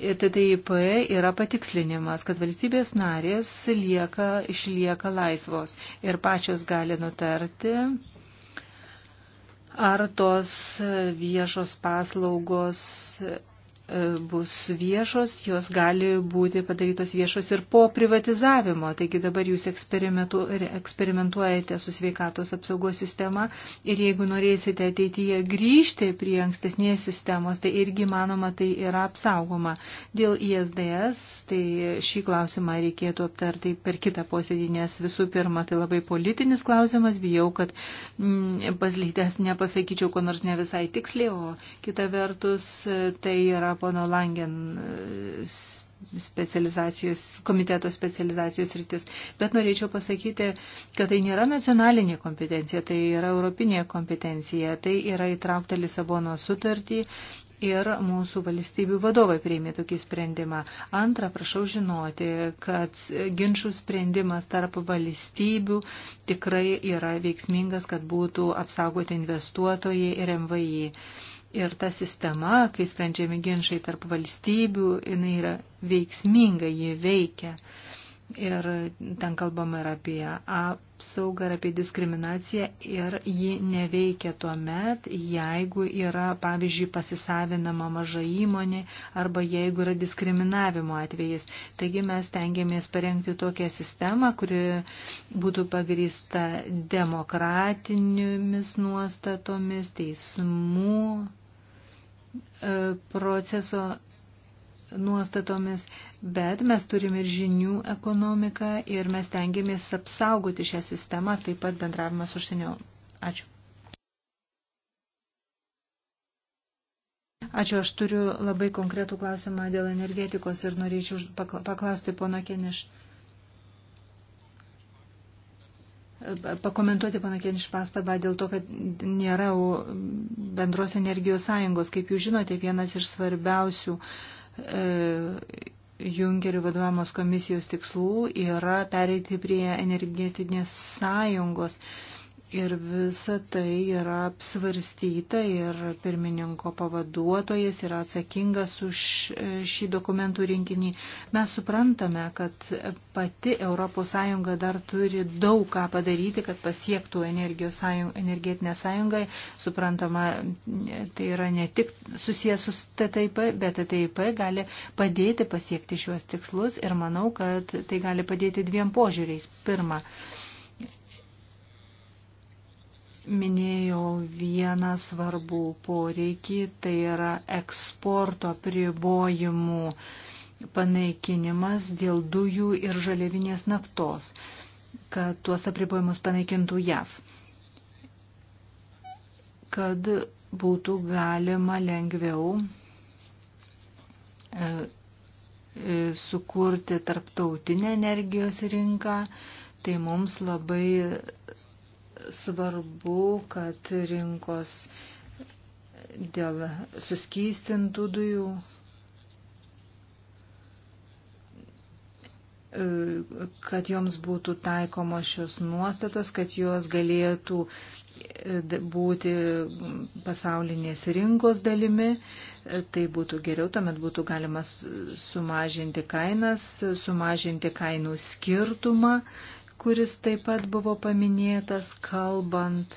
Speaker 3: TTIP yra patikslinimas, kad valstybės narės lieka, išlieka laisvos ir pačios gali nutarti, ar tos viešos paslaugos bus viešos, jos gali būti padarytos viešos ir po privatizavimo. Taigi dabar jūs eksperimentu, eksperimentuojate su sveikatos apsaugos sistema ir jeigu norėsite ateityje grįžti prie ankstesnės sistemos, tai irgi manoma tai yra apsaugoma. Dėl ISDS, tai šį klausimą reikėtų aptarti per kitą posėdį, nes visų pirma tai labai politinis klausimas, bijau, kad mm, paslytęs nepasakyčiau, ko nors ne visai tiksliai, o kita vertus tai yra pono Langen e, specializacijos, komiteto specializacijos rytis. Bet norėčiau pasakyti, kad tai nėra nacionalinė kompetencija, tai yra europinė kompetencija, tai yra įtraukta Lisabono sutartį ir mūsų valstybių vadovai priėmė tokį sprendimą. Antra, prašau žinoti, kad ginčių sprendimas tarp valstybių tikrai yra veiksmingas, kad būtų apsaugoti investuotojai ir MVI. Ir ta sistema, kai sprendžiami ginčiai tarp valstybių, jinai yra veiksminga, ji veikia. Ir ten kalbama ir apie apsaugą, ir apie diskriminaciją, ir ji neveikia tuo met, jeigu yra, pavyzdžiui, pasisavinama maža įmonė arba jeigu yra diskriminavimo atvejais. Taigi mes tengiamės parengti tokią sistemą, kuri būtų pagrįsta demokratinėmis nuostatomis, teismų E, proceso nuostatomis, bet mes turime ir žinių ekonomiką ir mes tengiamės apsaugoti šią sistemą, taip pat bendravimas užsienio. Ačiū. Ačiū, aš turiu labai konkretų klausimą dėl energetikos ir norėčiau paklausti pono Keniš. pakomentuoti panakienį iš pastabą dėl to, kad nėra bendros energijos sąjungos. Kaip jūs žinote, vienas iš svarbiausių e, Junkerių vadovamos komisijos tikslų yra pereiti prie energetinės sąjungos. E, Ir visa tai yra apsvarstyta ir pirmininko pavaduotojas yra atsakingas už e, šį dokumentų rinkinį. Mes suprantame, kad pati ES dar turi daug ką padaryti, kad pasiektų sąjung, energetinę sąjungą. Suprantama, tai yra ne tik susijęs su TTIP, bet TTIP gali padėti pasiekti šiuos tikslus ir manau, kad tai gali padėti dviem požiūriais. Pirma, minėjau vieną svarbų poreikį, tai yra eksporto pribojimų panaikinimas dėl dujų ir žaliavinės naftos, kad tuos apribojimus panaikintų JAV, kad būtų galima lengviau e, e, sukurti tarptautinę energijos rinką, tai mums labai svarbu, kad rinkos dėl suskystintų dujų kad joms būtų taikomos šios nuostatos, kad jos galėtų e, būti pasaulinės rinkos dalimi, e, tai būtų geriau, tuomet būtų galima sumažinti kainas, sumažinti kainų skirtumą kuris taip pat buvo paminėtas kalbant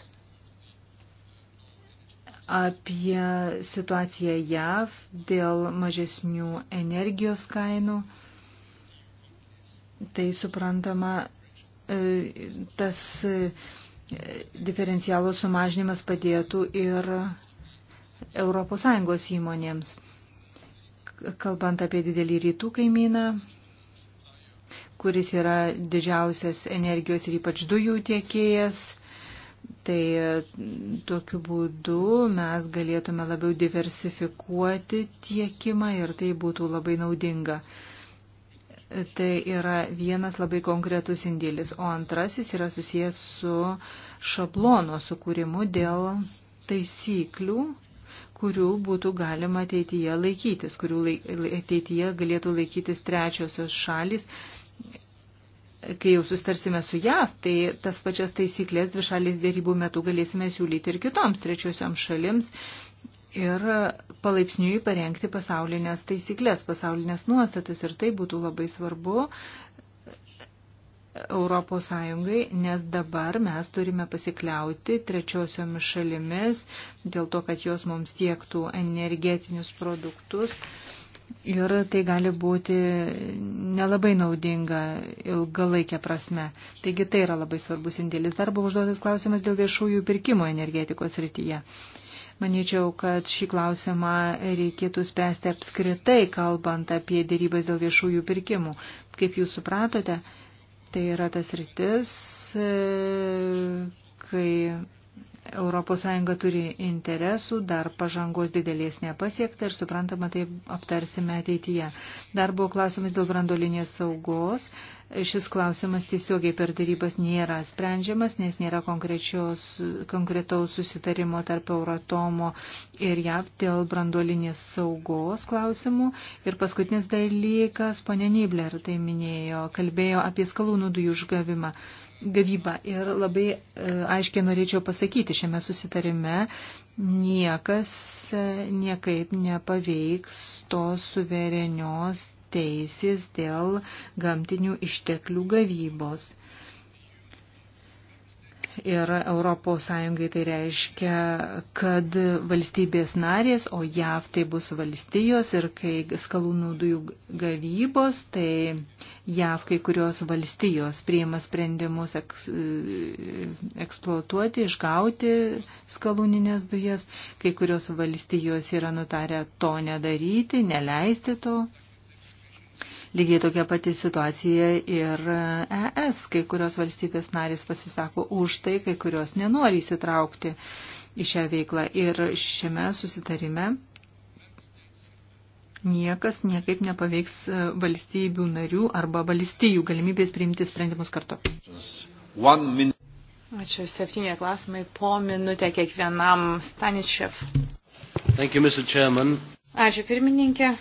Speaker 3: apie situaciją JAV dėl mažesnių energijos kainų. Tai suprantama, e, tas e, diferencialo sumažinimas padėtų ir ES įmonėms. Kalbant apie didelį rytų kaimyną, kuris yra didžiausias energijos ir ypač dujų tiekėjas. Tai e, tokiu būdu mes galėtume labiau diversifikuoti tiekimą ir tai būtų labai naudinga. Tai yra vienas labai konkretus indėlis, o antrasis yra susijęs su šablono sukūrimu dėl taisyklių, kurių būtų galima ateityje laikytis, kurių ateityje galėtų laikytis trečiosios šalis kai jau sustarsime su JAV, tai tas pačias taisyklės dvišalės dėrybų metu galėsime siūlyti ir kitoms trečiosioms šalims ir palaipsniui parengti pasaulinės taisyklės, pasaulinės nuostatas ir tai būtų labai svarbu Europos Sąjungai, nes dabar mes turime pasikliauti trečiosiomis šalimis dėl to, kad jos mums tiektų energetinius produktus. Uh, Ir tai gali būti nelabai naudinga ilgalaikė prasme. Taigi tai yra labai svarbus indėlis. Dar buvo užduotas klausimas dėl viešųjų pirkimo energetikos rytyje. Manyčiau, kad šį klausimą reikėtų spręsti apskritai, kalbant apie dėrybas dėl viešųjų pirkimų. Kaip jūs supratote, tai yra tas rytis, e, kai ES turi interesų, dar pažangos didelės nepasiekta ir suprantama, tai aptarsime ateityje. Dar buvo klausimas dėl brandolinės saugos. Šis klausimas tiesiogiai per darybas nėra sprendžiamas, nes nėra konkretaus susitarimo tarp Euratomo ir JAV dėl brandolinės saugos klausimų. Ir paskutinis dalykas, ponė Nibler tai minėjo, kalbėjo apie skalūnų dujų užgavimą gavybą. Ir labai e, aiškiai norėčiau pasakyti, šiame susitarime niekas e, niekaip nepaveiks tos suverenios teisės dėl gamtinių išteklių gavybos. Ir ES tai reiškia, kad valstybės narės, o JAV tai bus valstijos ir kai skalūnų dujų gavybos, tai JAV kai kurios valstijos priima sprendimus eks, eksploatuoti, išgauti skalūninės dujas, kai kurios valstijos yra nutarę to nedaryti, neleisti to Lygiai tokia pati situacija ir ES, kai kurios valstybės narės pasisako už tai, kai kurios nenori įsitraukti į šią veiklą. Ir šiame susitarime niekas niekaip nepaveiks valstybių narių arba valstijų galimybės priimti sprendimus kartu.
Speaker 1: Ačiū. Septynie klausimai po minutę kiekvienam Staničev.
Speaker 2: Ačiū
Speaker 1: pirmininkė.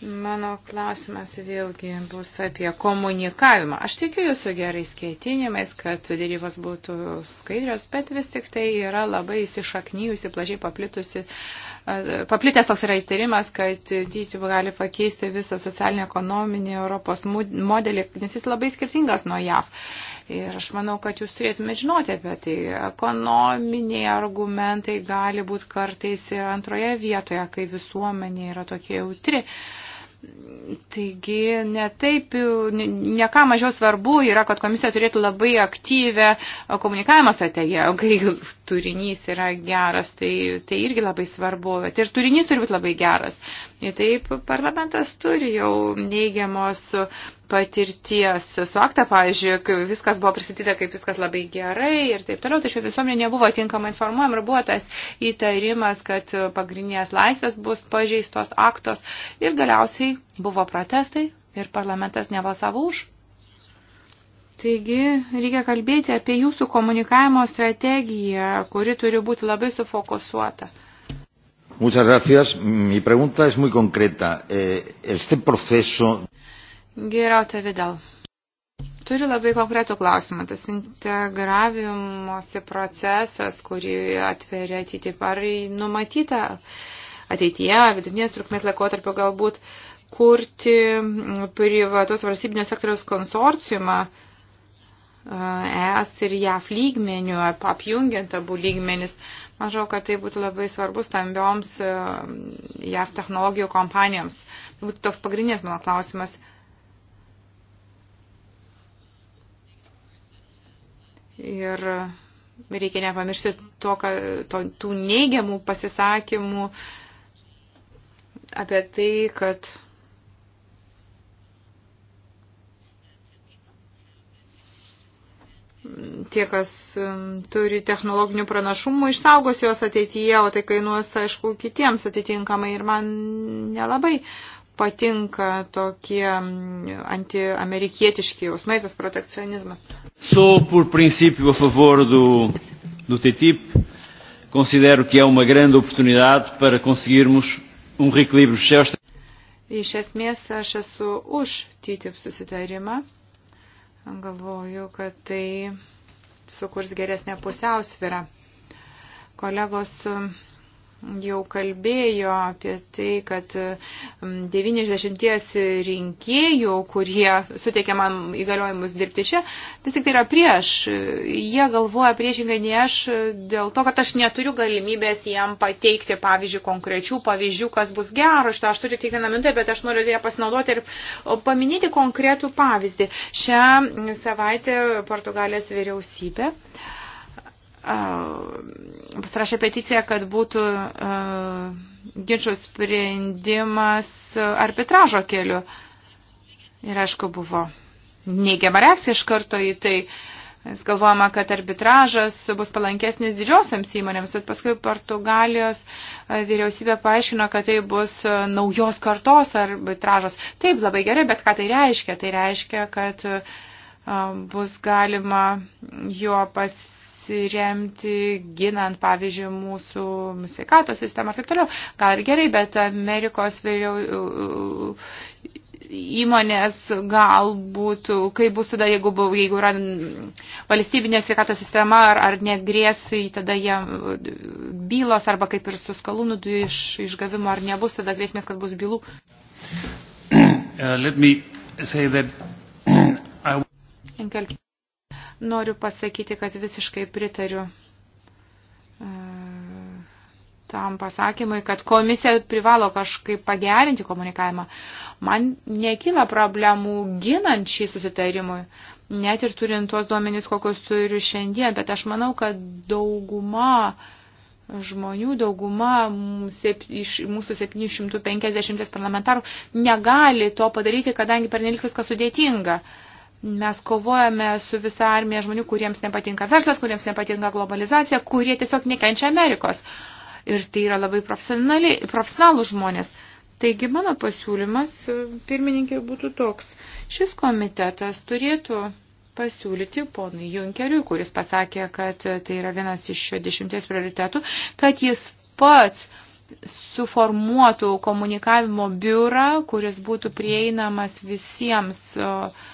Speaker 1: Mano klausimas vėlgi bus apie komunikavimą. Aš tikiu jūsų gerais keitinimais, kad dėrybos būtų skaidrios, bet vis tik tai yra labai įsišaknyjusi, plažiai paplitusi. Paplitęs toks yra įtarimas, kad DTIP gali pakeisti visą socialinį ekonominį Europos modelį, nes jis labai skirtingas nuo JAV. Ir aš manau, kad jūs turėtumėte žinoti apie tai. Ekonominiai argumentai gali būti kartais ir antroje vietoje, kai visuomenė yra tokia jautri. Uh, Taigi netaip, neką mažiau svarbu yra, kad komisija turėtų labai aktyvę komunikavimo strategiją, kai turinys yra geras, tai, tai irgi labai svarbu, bet ir turinys turi būti labai geras. Ir taip parlamentas turi jau neigiamos patirties su akta, pavyzdžiui, viskas buvo pristatyta, kaip viskas labai gerai ir taip toliau, tačiau visuomenė nebuvo tinkamai informuojama ir buvo tas įtarimas, kad pagrindinės laisvės bus pažeistos aktos ir galiausiai buvo protestai ir parlamentas nebalsavo už. Taigi reikia kalbėti apie jūsų komunikavimo strategiją, kuri turi būti labai sufokusuota.
Speaker 3: Muchas gracias. Mi pregunta es muy concreta. Eh, este proceso.
Speaker 1: Geriausia Vidal. Turiu labai konkretų klausimą. Tas integravimosi procesas, kurį atveria ateitį, ar numatyta ateityje, vidutinės trukmės laikotarpio galbūt kurti privatos valstybinio sektoriaus konsorciumą ES e ir JAF lygmenių, e, apjungiant abu lygmenis. Uh, Man atrodo, kad tai būtų labai svarbu stambioms e, JAV technologijų kompanijoms. Tai būtų toks pagrindinis mano klausimas. Ir reikia nepamiršti to, ka, to, tų neigiamų pasisakymų apie tai, kad tie, kas turi technologinių pranašumų, išsaugos juos ateityje, o tai kainuos, aišku, kitiems atitinkamai ir man nelabai patinka tokie antiamerikietiški jausmai, tas protekcionizmas. Sou por princípio a favor do, do TTIP. Considero que é uma grande oportunidade para conseguirmos um reequilíbrio geoestratégico. Iš esmės aš esu už TTIP susitarimą. Galvoju, kad tai sukurs geresnę pusiausvirą. Kolegos jau kalbėjo apie tai, kad 90 rinkėjų, kurie suteikia man įgaliojimus dirbti čia, vis tik tai yra prieš. Jie galvoja priešingai nei aš dėl to, kad aš neturiu galimybės jam pateikti, pavyzdžiui, konkrečių pavyzdžių, kas bus gero. Šitą aš turiu tik vieną minutę, bet aš noriu ją pasinaudoti ir paminėti konkretų pavyzdį. Šią savaitę Portugalijos vyriausybė uh, Uh, pasirašė peticiją, kad būtų uh, ginčių sprendimas uh, arbitražo keliu. Ir aišku, buvo neigiama reakcija iš karto į tai. Mes galvojama, kad arbitražas bus palankesnis didžiosiams įmonėms, bet paskui Portugalijos vyriausybė paaiškino, kad tai bus naujos kartos arbitražas. Taip, labai gerai, bet ką tai reiškia? Tai reiškia, kad bus galima juo pasiekti pasiremti, ginant, pavyzdžiui, mūsų sveikatos sistemą ir taip toliau. Gal ir gerai, bet Amerikos vėliau įmonės galbūt, kaip bus tada, jeigu, jeigu yra valstybinė sveikatos sistema, ar, ar negrės, tai tada jie bylos, arba kaip ir su skalūnų dujų iš, išgavimo, ar nebus tada grėsmės, kad bus bylų.
Speaker 3: Uh,
Speaker 1: I... Noriu pasakyti, kad visiškai pritariu e, tam pasakymui, kad komisija privalo kažkaip pagerinti komunikavimą. Man nekyla problemų ginant šį susitarimui, net ir turint tuos duomenys, kokius turiu šiandien, bet aš manau, kad dauguma žmonių, dauguma iš mūsų 750 parlamentarų negali to padaryti, kadangi pernelik viskas sudėtinga. Uh, Mes kovojame su visa armija žmonių, kuriems nepatinka verslas, kuriems nepatinka globalizacija, kurie tiesiog nekenčia Amerikos. Ir tai yra labai profesionalų žmonės. Taigi mano pasiūlymas, e, pirmininkė, būtų toks. Šis komitetas turėtų pasiūlyti ponui Junkeriui, kuris pasakė, kad e, tai yra vienas iš dešimties prioritetų, kad jis pats suformuotų komunikavimo biurą, kuris būtų prieinamas visiems uh,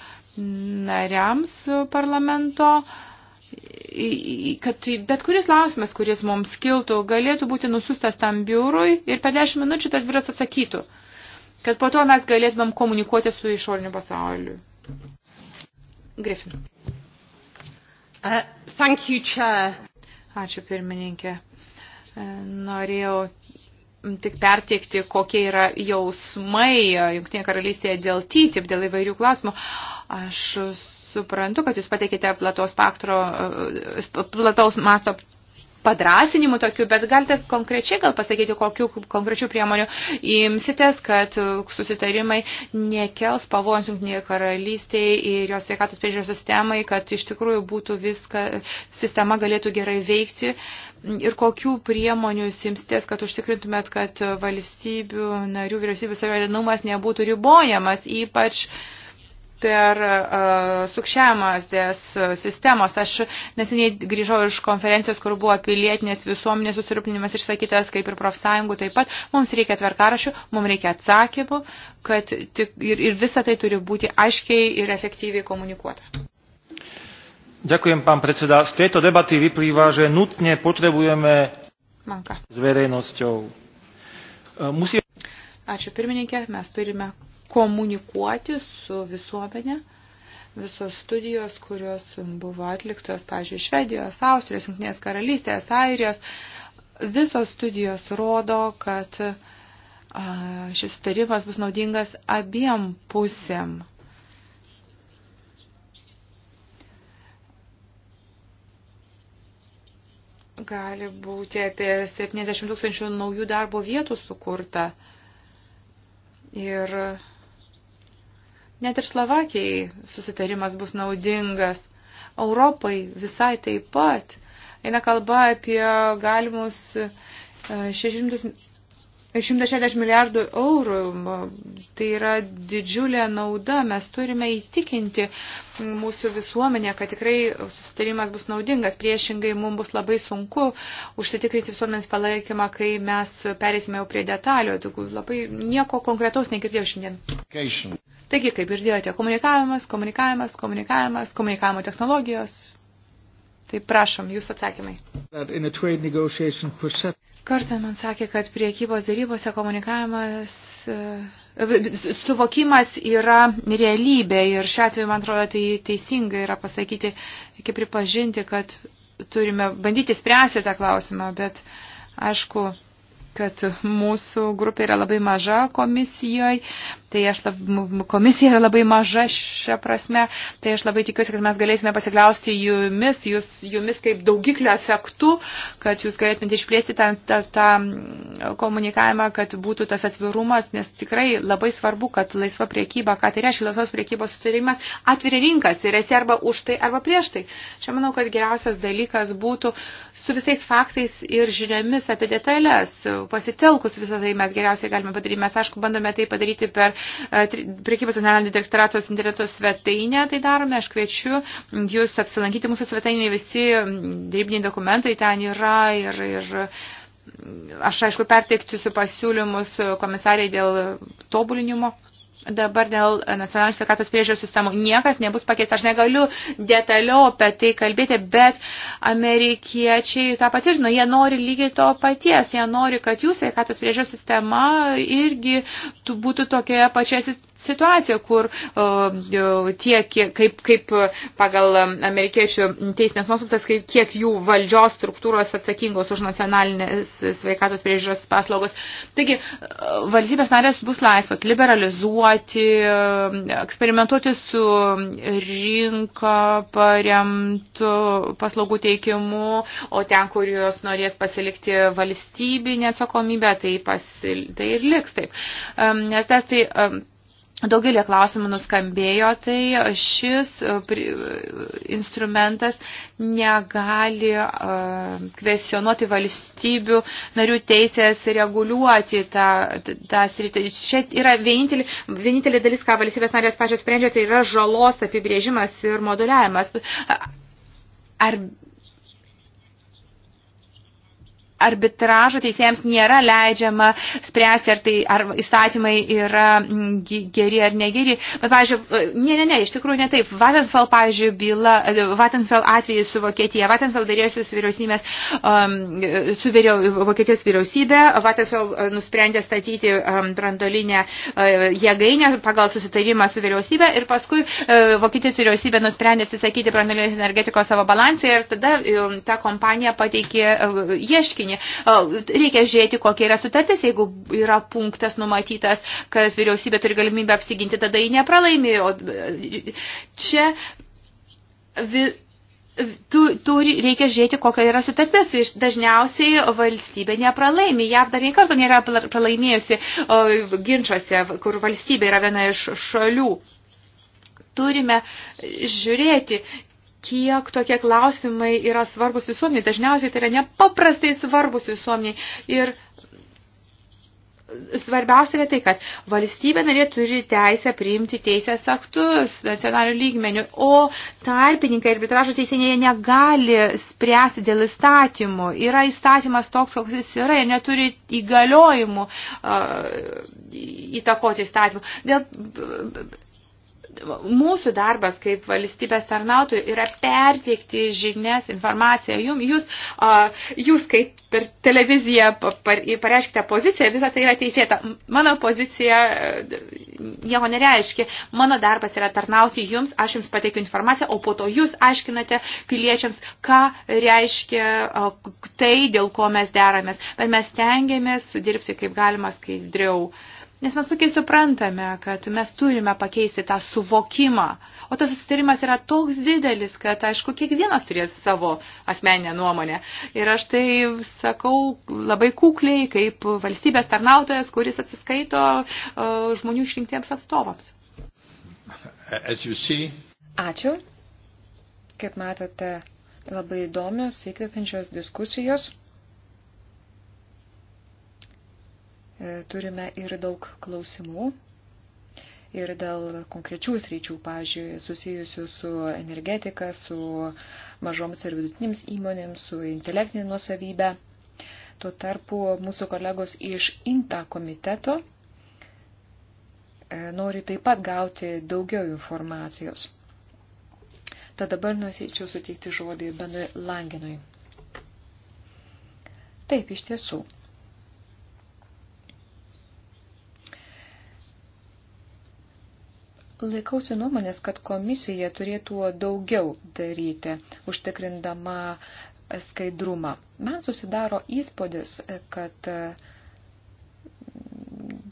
Speaker 1: nariams parlamento kad bet kuris klausimas, kuris mums kiltų, galėtų būti nusiustas tam biurui ir per 10 minučių tas biuras atsakytų, kad po to mes galėtumėm komunikuoti su išoriniu pasauliu. Griffin. Uh, thank you, Chair. Ačiū pirmininkė. Norėjau tik perteikti, kokie yra jausmai e, Junktinėje karalystėje dėl TTIP, dėl įvairių klausimų. Aš suprantu, kad jūs pateikite plataus, paktro, e, plataus masto padrasinimų tokių, bet galite konkrečiai gal pasakyti, kokiu konkrečiu priemonių imsitės, kad susitarimai nekels pavojant Junktinėje karalystėje ir jos sveikatos priežiūros sistemai, kad iš tikrųjų būtų viską, sistema galėtų gerai veikti ir kokių priemonių simstės, kad užtikrintumėt, kad valstybių narių vyriausybių suverenumas nebūtų ribojamas, ypač per uh, sukšiamas dės sistemos. Aš neseniai grįžau iš konferencijos, kur buvo pilietinės visuomenės susirūpinimas išsakytas, kaip ir profsąjungų taip pat. Mums reikia tvarkarašių, mums reikia atsakymų, kad tik, ir, ir visa tai turi būti aiškiai ir efektyviai komunikuota.
Speaker 2: Ďakujem, pán predseda. Z tejto debaty vyplýva, že nutne potrebujeme Manka. s verejnosťou. E, Musie...
Speaker 1: Ačiū pirmininkė, mes turime komunikuoti su visuomenė. Visos studijos, kurios buvo atliktos, pažiūrėjau, Švedijos, Austrijos, Junktinės karalystės, Airijos, visos studijos rodo, kad šis tarimas bus naudingas abiem pusėm gali būti apie 70 tūkstančių naujų darbo vietų sukurta. Ir net ir Slovakijai susitarimas bus naudingas. Europai visai taip pat. Eina kalba apie galimus 600 e, 160 milijardų eurų, tai yra didžiulė nauda, mes turime įtikinti mūsų visuomenę, kad tikrai susitarimas bus naudingas, priešingai mums bus labai sunku užsitikrinti visuomenės palaikymą, kai mes perėsime jau prie detalio, Taigi, labai nieko konkretaus negirdėjau šiandien. Taigi, kaip girdėjote, komunikavimas, komunikavimas, komunikavimas, komunikavimo technologijos. Tai prašom, jūs atsakymai kartą man sakė, kad priekybos darybose komunikavimas, e, suvokimas yra realybė ir šiuo atveju, man atrodo, tai teisinga yra pasakyti, reikia pripažinti, kad turime bandyti spręsti tą klausimą, bet aišku, kad mūsų grupė yra labai maža komisijoje, tai aš lab, komisija yra labai maža šią prasme, tai aš labai tikiuosi, kad mes galėsime pasikliausti jumis, jūs, jumis kaip daugiklio efektu, kad jūs galėtumėte išplėsti tą, tą, tą komunikavimą, kad būtų tas atvirumas, nes tikrai labai svarbu, kad laisva priekyba, ką tai reiškia laisvos priekybos sutarimas, atveria rinkas ir esi arba už tai, arba prieš tai. Čia manau, kad geriausias dalykas būtų su visais faktais ir žiniomis apie detalės pasitelkus visą tai mes geriausiai galime padaryti. Mes, aišku, bandome tai padaryti per e, priekybos generalinio direktoratos interneto svetainę. Tai darome. Aš kviečiu jūs apsilankyti mūsų svetainėje. Visi dirbiniai dokumentai ten yra. Ir, ir, Aš aišku perteiksiu pasiūlymus komisariai dėl tobulinimo dabar dėl nacionalinės sveikatos priežiūros sistemų niekas nebus pakeista. Aš negaliu detaliau apie tai kalbėti, bet amerikiečiai tą patvirtino. Jie nori lygiai to paties. Jie nori, kad jų sveikatos priežiūros sistema irgi būtų tokioje pačioje sistemoje situacija, kur tiek, kaip, kaip pagal amerikiečių teisinės nuostatas, kaip, kiek jų valdžios struktūros atsakingos už nacionalinės sveikatos priežiūros paslaugos. Taigi, valstybės narės bus laisvas liberalizuoti, eksperimentuoti su rinka paremtų paslaugų teikimu, o ten, kur jos norės pasilikti valstybinė atsakomybė, tai, pasil, tai ir liks taip. Nes tas tai Daugelį klausimų nuskambėjo, tai šis e, e, instrumentas negali e, kvesionuoti valstybių narių teisės reguliuoti tą, tą sritį. Čia yra vienintelė, vienintelė dalis, ką valstybės narės pačios sprendžia, tai yra žalos apibrėžimas ir moduliavimas. Ar arbitražo teisėjams nėra leidžiama spręsti, ar, tai, ar įstatymai yra mm, geri ar negeri. Bet, pavyzdžiui, e, ne, ne, ne, iš tikrųjų ne taip. Vattenfall, pavyzdžiui, byla, e, Vattenfall atvejai su Vokietija. Vattenfall dėrėjosi su vyriausybės, um, su vyriau, Vokietijos vyriausybė. Vattenfall nusprendė statyti um, brandolinę uh, jėgainę pagal susitarimą su vyriausybė ir paskui uh, Vokietijos vyriausybė nusprendė atsisakyti brandolinės energetikos savo balansą ir tada um, ta kompanija pateikė uh, ieškinį sutartinį. Reikia žiūrėti, kokia yra sutartis, jeigu yra punktas numatytas, kad vyriausybė turi galimybę apsiginti, tada jį nepralaimi. O čia vi, tu, tu reikia žiūrėti, kokia yra sutartis. Iš dažniausiai valstybė nepralaimi. JAV dar niekarto nėra pralaimėjusi o, ginčiuose, kur valstybė yra viena iš šalių turime žiūrėti kiek tokie klausimai yra svarbus visuomeniai. Dažniausiai tai yra nepaprastai svarbus visuomeniai. Ir svarbiausia yra tai, kad valstybė narė turi teisę priimti teisės aktus nacionalių lygmenių, o tarpininkai arbitražo teisinėje negali spręsti dėl įstatymų. Yra įstatymas toks, koks jis yra, jie neturi įgaliojimų uh, įtakoti įstatymų. Dėl mūsų darbas kaip valstybės tarnautojų yra perteikti žinias, informaciją. Jum, jūs, a, jūs, kai per televiziją pareiškite poziciją, visą tai yra teisėta. Mano pozicija e, nieko nereiškia. Mano darbas yra tarnauti jums, aš jums pateikiu informaciją, o po to jūs aiškinate piliečiams, ką reiškia a, tai, dėl ko mes deramės. Bet mes tengiamės dirbti kaip galima skaidriau. Uh, Nes mes puikiai suprantame, kad mes turime pakeisti tą suvokimą. O tas susitarimas yra toks didelis, kad, aišku, kiekvienas turės savo asmeninę nuomonę. Ir aš tai sakau labai kukliai, kaip valstybės tarnautojas, kuris atsiskaito uh, žmonių išrinktiems atstovams.
Speaker 2: Ačiū. Kaip matote, labai įdomios, įkvepiančios diskusijos. E, turime ir daug klausimų. Ir dėl konkrečių sryčių, pavyzdžiui, susijusių su energetika, su mažoms ir vidutinėms įmonėms, su intelektinė nuosavybė. Tuo tarpu mūsų kolegos iš INTA komiteto e, nori taip pat gauti daugiau informacijos. Tad dabar norėčiau suteikti žodį Benui Langenui. Taip, iš tiesų. Laikausi nuomonės, kad komisija turėtų daugiau daryti, užtikrindama skaidrumą. Man susidaro įspūdis, kad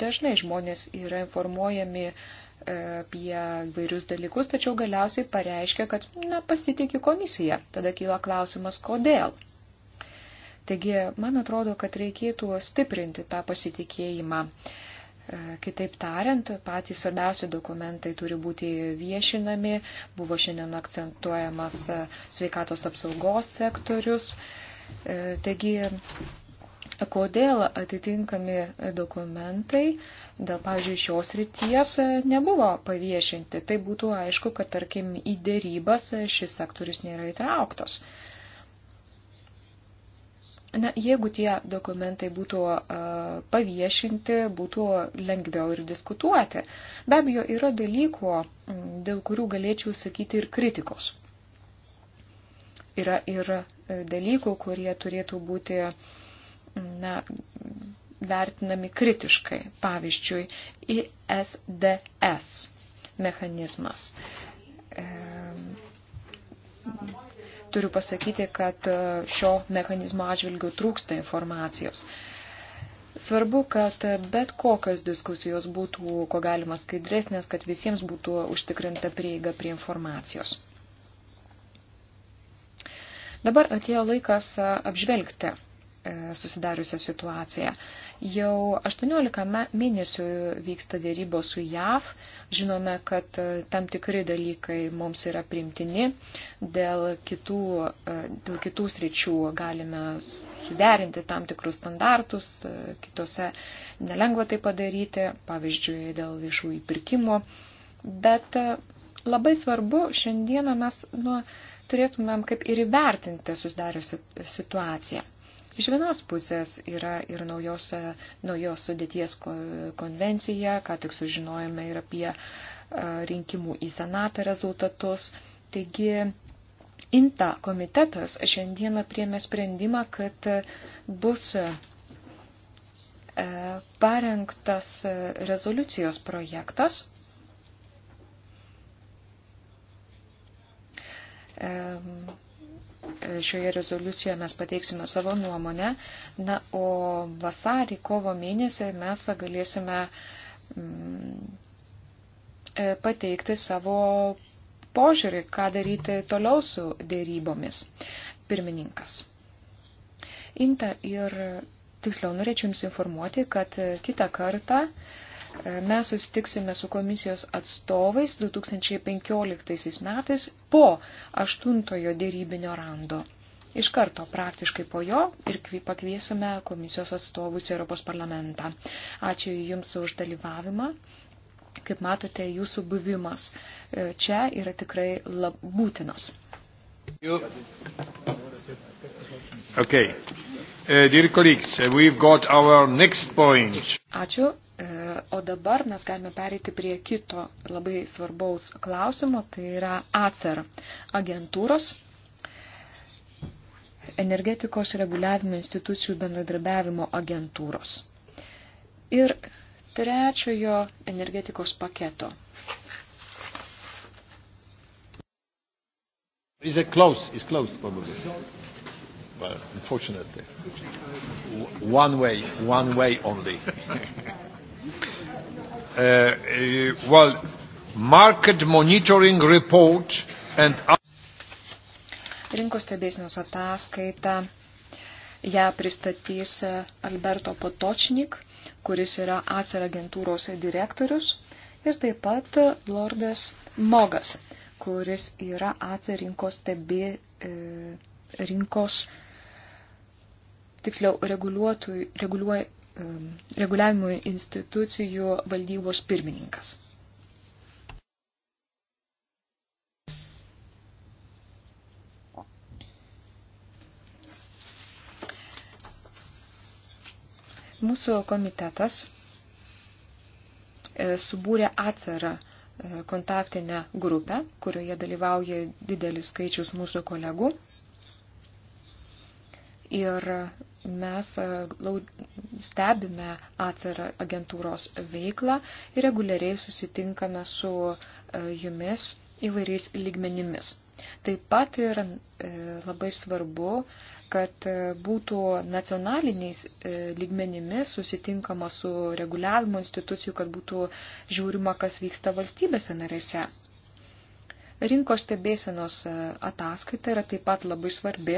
Speaker 2: dažnai žmonės yra informuojami e, apie vairius dalykus, tačiau galiausiai pareiškia, kad na, pasitikė komisija. Tada kyla klausimas, kodėl. Taigi, man atrodo, kad reikėtų stiprinti tą pasitikėjimą. Uh, E, kitaip tariant, patys svarbiausi dokumentai turi būti viešinami, buvo šiandien akcentuojamas e, sveikatos apsaugos sektorius. E, taigi, kodėl atitinkami dokumentai dėl, pavyzdžiui, šios ryties nebuvo paviešinti. Tai būtų aišku, kad, tarkim, į dėrybas šis sektorius nėra įtrauktas. Uh, Na, jeigu tie dokumentai būtų paviešinti, būtų lengviau ir diskutuoti. Be abejo, yra dalykų, dėl kurių galėčiau sakyti ir kritikos. Yra ir e, dalykų, kurie turėtų būti na, vertinami kritiškai. Pavyzdžiui, ISDS mechanizmas. E, turiu pasakyti, kad e, šio mechanizmo atžvilgių trūksta informacijos. Svarbu, kad bet kokios diskusijos būtų, ko galima skaidresnės, kad visiems būtų užtikrinta prieiga prie informacijos. Dabar atėjo laikas e, apžvelgti E, susidariusią situaciją. Jau 18 mėnesių vyksta dėrybos su JAV. Žinome, kad e, tam tikri dalykai mums yra primtini. Dėl kitų, e, dėl kitų sričių galime suderinti tam tikrus standartus, kitose nelengva tai padaryti, pavyzdžiui, dėl viešųjų pirkimų. Bet labai svarbu šiandieną mes nu, turėtumėm kaip ir įvertinti susidariusią situaciją. Iš vienos pusės yra ir naujos, e, naujos sudėties konvencija, ką tik sužinojame ir apie e, rinkimų į senatą rezultatus. Taigi, INTA komitetas šiandieną priemė sprendimą, kad bus e, parengtas rezoliucijos projektas šioje rezoliucijoje mes pateiksime savo nuomonę. Na, o vasarį, kovo mėnesį mes galėsime mm, e, pateikti savo požiūrį, ką daryti toliau su dėrybomis. Pirmininkas. Inta ir tiksliau norėčiau Jums informuoti, kad kitą kartą uh, Mes susitiksime su komisijos atstovais 2015 metais po aštuntojo dėrybinio rando. Iš karto praktiškai po jo ir pakviesime komisijos atstovus Europos parlamentą. Ačiū Jums už dalyvavimą. Kaip matote, jūsų buvimas e, čia yra tikrai lab, būtinas.
Speaker 1: Okay. Uh, dear colleagues, we've got our next point.
Speaker 2: Ačiū. E, o dabar mes galime pereiti prie kito labai svarbaus klausimo, tai yra ACER agentūros energetikos reguliavimo institucijų bendradarbiavimo agentūros. Ir trečiojo energetikos paketo.
Speaker 1: Is it close? It's close probably. Well, unfortunately. One way, one way only. Uh, uh, well, market monitoring report and
Speaker 2: Rinkos stebėsinos ataskaita ją pristatys eh, Alberto Potočnik, kuris yra ACER agentūros direktorius, ir taip pat eh, Lordas Mogas, kuris yra ACER rinkos stebi rinkos tiksliau reguliuotojų, reguliuoja Um, reguliavimo institucijų valdybos pirmininkas. Mūsų komitetas e, subūrė atsarą e, kontaktinę grupę, kurioje dalyvauja didelis skaičius mūsų kolegų. Ir mes e, stebime ACER agentūros veiklą ir reguliariai susitinkame su e, jumis įvairiais lygmenimis. Taip pat yra e, labai svarbu, kad būtų nacionaliniais lygmenimis susitinkama su reguliavimo institucijų, kad būtų žiūrima, kas vyksta valstybėse narėse. Rinkos stebėsenos e, ataskaita yra taip pat labai svarbi,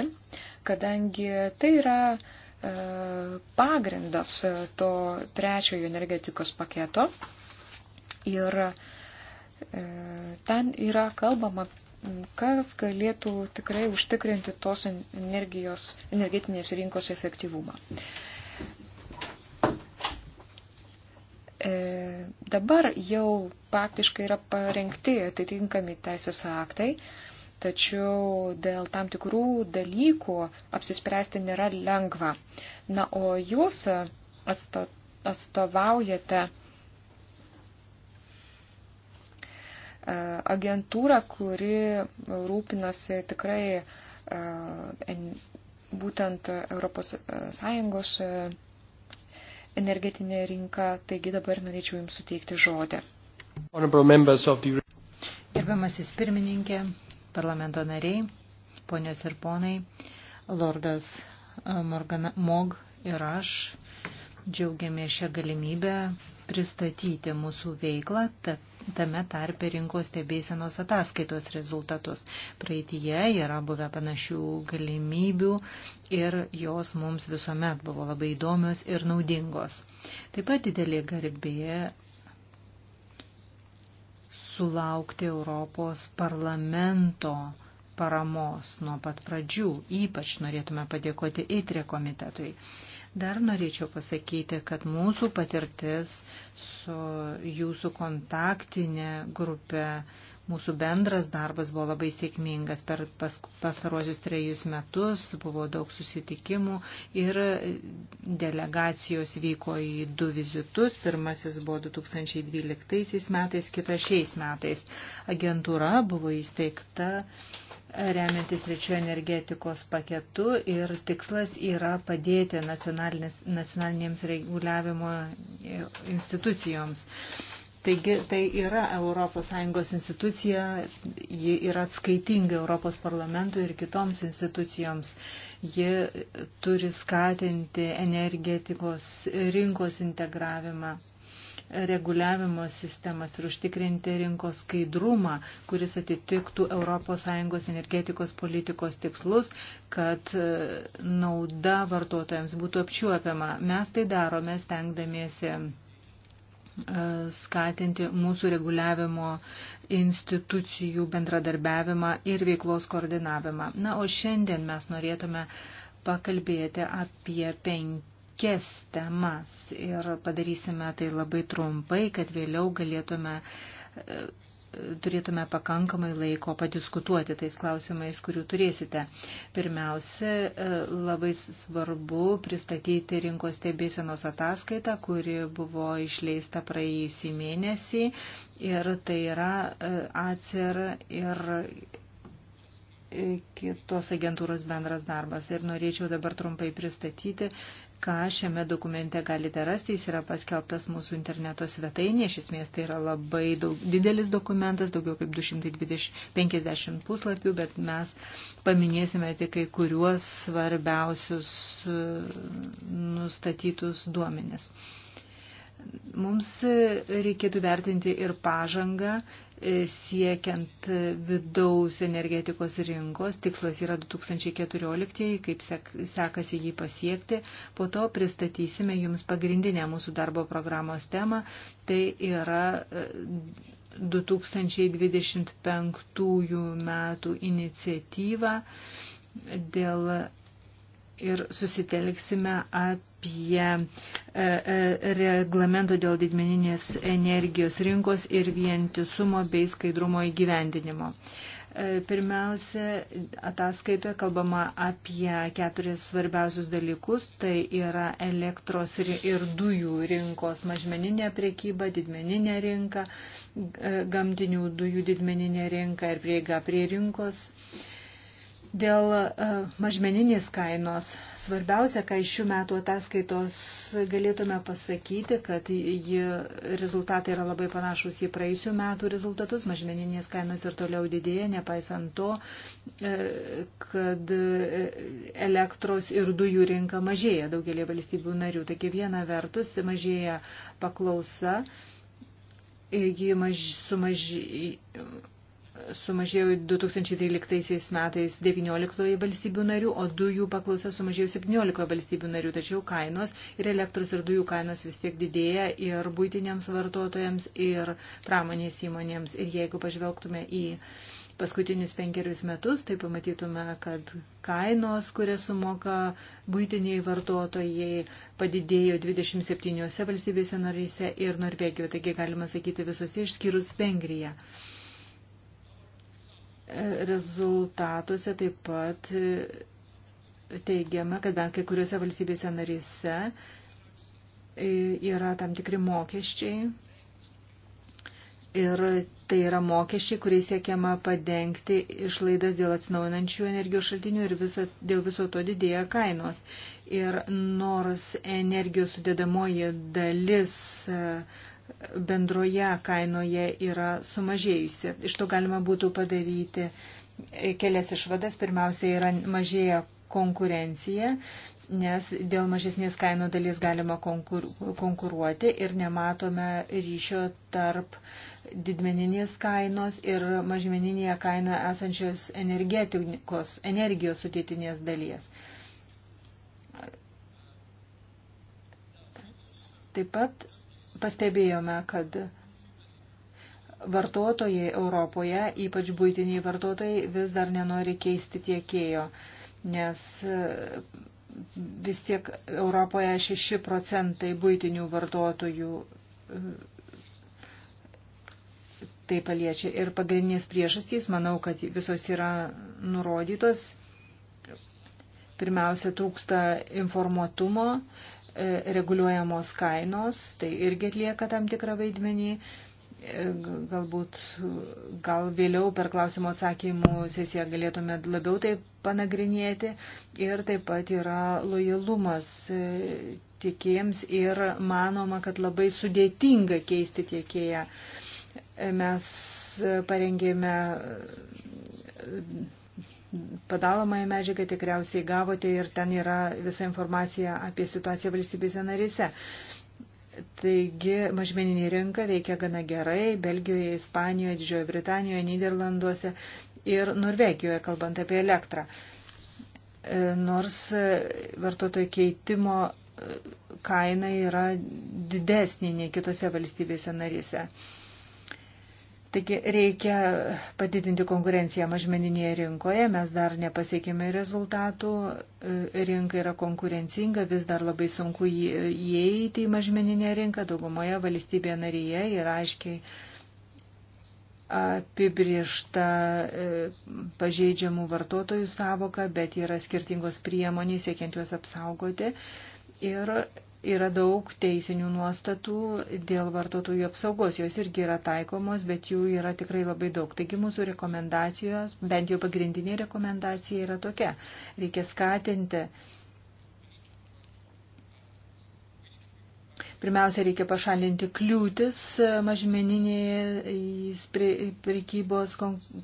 Speaker 2: kadangi tai yra e, pagrindas e, to trečiojo energetikos paketo ir ten yra kalbama, kas galėtų tikrai užtikrinti tos energijos, energetinės rinkos efektyvumą. E, dabar jau praktiškai yra parengti atitinkami teisės aktai, tačiau dėl tam tikrų dalykų apsispręsti nėra lengva. Na, o jūs atstovaujate e, agentūrą, kuri rūpinasi tikrai e, būtent Europos Sąjungos energetinė rinka, taigi dabar
Speaker 3: norėčiau Jums suteikti žodį. Gerbiamasis pirmininkė, parlamento nariai, ponios ir ponai, Lordas eh, Morgan, Mog ir aš Džiaugiamės šią galimybę pristatyti mūsų veiklą, tame tarpe rinkos stebėsenos ataskaitos rezultatus. Praeitie yra buvę panašių galimybių ir jos mums visuomet buvo labai įdomios ir naudingos. Taip pat didelė garbė sulaukti Europos parlamento paramos nuo pat pradžių. Ypač norėtume padėkoti įtrė komitetui. E Dar norėčiau pasakyti, kad mūsų patirtis su jūsų kontaktinė grupė, mūsų bendras darbas buvo labai sėkmingas. Per pas, pasaruosius trejus metus buvo daug susitikimų ir delegacijos vyko į du vizitus. Pirmasis buvo 2012 metais, kitas šiais metais. Agentūra buvo įsteigta remiantis ryčių energetikos paketu ir tikslas yra padėti nacionalinėms reguliavimo e, institucijoms. Taigi tai yra ES institucija, ji yra atskaitinga Europos parlamentui ir kitoms institucijoms. Ji turi skatinti energetikos rinkos integravimą reguliavimo sistemas ir užtikrinti rinkos skaidrumą, kuris atitiktų ES energetikos politikos tikslus, kad e, nauda vartotojams būtų apčiuopiama. Mes tai darome stengdamiesi e, skatinti mūsų reguliavimo institucijų bendradarbiavimą ir veiklos koordinavimą. Na, o šiandien mes norėtume pakalbėti apie penki tokias temas ir padarysime tai labai trumpai, kad vėliau galėtume e, turėtume pakankamai laiko padiskutuoti tais klausimais, kurių turėsite. Pirmiausia, e, labai svarbu pristatyti rinkos stebėsenos ataskaitą, kuri buvo išleista praėjusį mėnesį ir tai yra e, ACR ir kitos agentūros bendras darbas. Ir norėčiau dabar trumpai pristatyti, ką šiame dokumente galite rasti. Jis yra paskelbtas mūsų interneto svetainėje. Iš esmės tai yra labai daug, didelis dokumentas, daugiau kaip 250 puslapių, bet mes paminėsime tik kai kuriuos svarbiausius e, nustatytus duomenis. Mums reikėtų vertinti ir pažangą e, siekiant vidaus energetikos rinkos. Tikslas yra 2014, kaip sekasi jį pasiekti. Po to pristatysime Jums pagrindinę mūsų darbo programos temą. Tai yra 2025 e, metų iniciatyva dėl ir susitelksime apie e, e, reglamento dėl didmeninės energijos rinkos ir vientisumo bei skaidrumo įgyvendinimo. E, pirmiausia, ataskaitoje kalbama apie keturis svarbiausius dalykus. Tai yra elektros ir dujų rinkos mažmeninė priekyba, didmeninė rinka, gamtinių dujų didmeninė rinka ir prieiga prie rinkos. Dėl e, mažmeninės kainos svarbiausia, ką iš šių metų ataskaitos galėtume pasakyti, kad ji, rezultatai yra labai panašus į praeisių metų rezultatus. Mažmeninės kainos ir toliau didėja, nepaisant to, e, kad e, elektros ir dujų rinka mažėja daugelį valstybių narių. Taigi viena vertus mažėja paklausa, ji maž, sumažėja sumažėjo 2013 metais 19 valstybių narių, o dujų paklausa sumažėjo 17 valstybių narių, tačiau kainos ir elektros ir dujų kainos vis tiek didėja ir būtiniams vartotojams, ir pramonės įmonėms. Ir jeigu pažvelgtume į paskutinius penkerius metus, tai pamatytume, kad kainos, kurias sumoka būtiniai vartotojai, padidėjo 27 valstybėse narėse ir Norvegijoje, taigi galima sakyti visus išskyrus Vengriją. Rezultatuose taip pat teigiama, kad bent kai kuriuose valstybėse narise yra tam tikri mokesčiai. Ir tai yra mokesčiai, kuriais siekiama padengti išlaidas dėl atsinaujinančių energijos šaltinių ir visa, dėl viso to didėja kainos. Ir nors energijos sudėdamoji dalis uh, bendroje kainoje yra sumažėjusi. Iš to galima būtų padaryti kelias išvadas. Pirmiausia, yra mažėja konkurencija, nes dėl mažesnės kainų dalies galima konkur, konkuruoti ir nematome ryšio tarp didmeninės kainos ir mažmeninėje kaina esančios energetikos, energijos sudėtinės dalies. Taip pat pastebėjome, kad vartotojai Europoje, ypač būtiniai vartotojai, vis dar nenori keisti tiekėjo, nes e, vis tiek Europoje 6 procentai būtinių vartotojų e, tai paliečia. Ir pagrindinės priežastys, manau, kad visos yra nurodytos. Pirmiausia, trūksta informuotumo, E, reguliuojamos kainos, tai irgi atlieka tam tikrą vaidmenį. E, galbūt gal vėliau per klausimo atsakymų sesiją galėtume labiau tai panagrinėti. Ir taip pat yra lojalumas e, tiekėjams ir manoma, kad labai sudėtinga keisti tiekėją. Mes parengėme padalomąją medžiagą tikriausiai gavote ir ten yra visa informacija apie situaciją valstybėse narėse. Taigi mažmeninė rinka veikia gana gerai Belgijoje, Ispanijoje, Didžiojo Britanijoje, Niderlanduose ir Norvegijoje, kalbant apie elektrą. E, nors e, vartotojų keitimo e, kaina yra didesnė nei kitose valstybėse narėse. Taigi reikia padidinti konkurenciją mažmeninėje rinkoje, mes dar nepasiekėme rezultatų, e, rinka yra konkurencinga, vis dar labai sunku įeiti į mažmeninę rinką, daugumoje valstybėje narėje yra aiškiai apibriešta e, pažeidžiamų vartotojų savoka, bet yra skirtingos priemonės, siekiant juos apsaugoti. Ir yra daug teisinių nuostatų dėl vartotojų apsaugos. Jos irgi yra taikomos, bet jų yra tikrai labai daug. Taigi mūsų rekomendacijos, bent jau pagrindinė rekomendacija yra tokia. Reikia skatinti. Pirmiausia, reikia pašalinti kliūtis mažmeninės prekybos,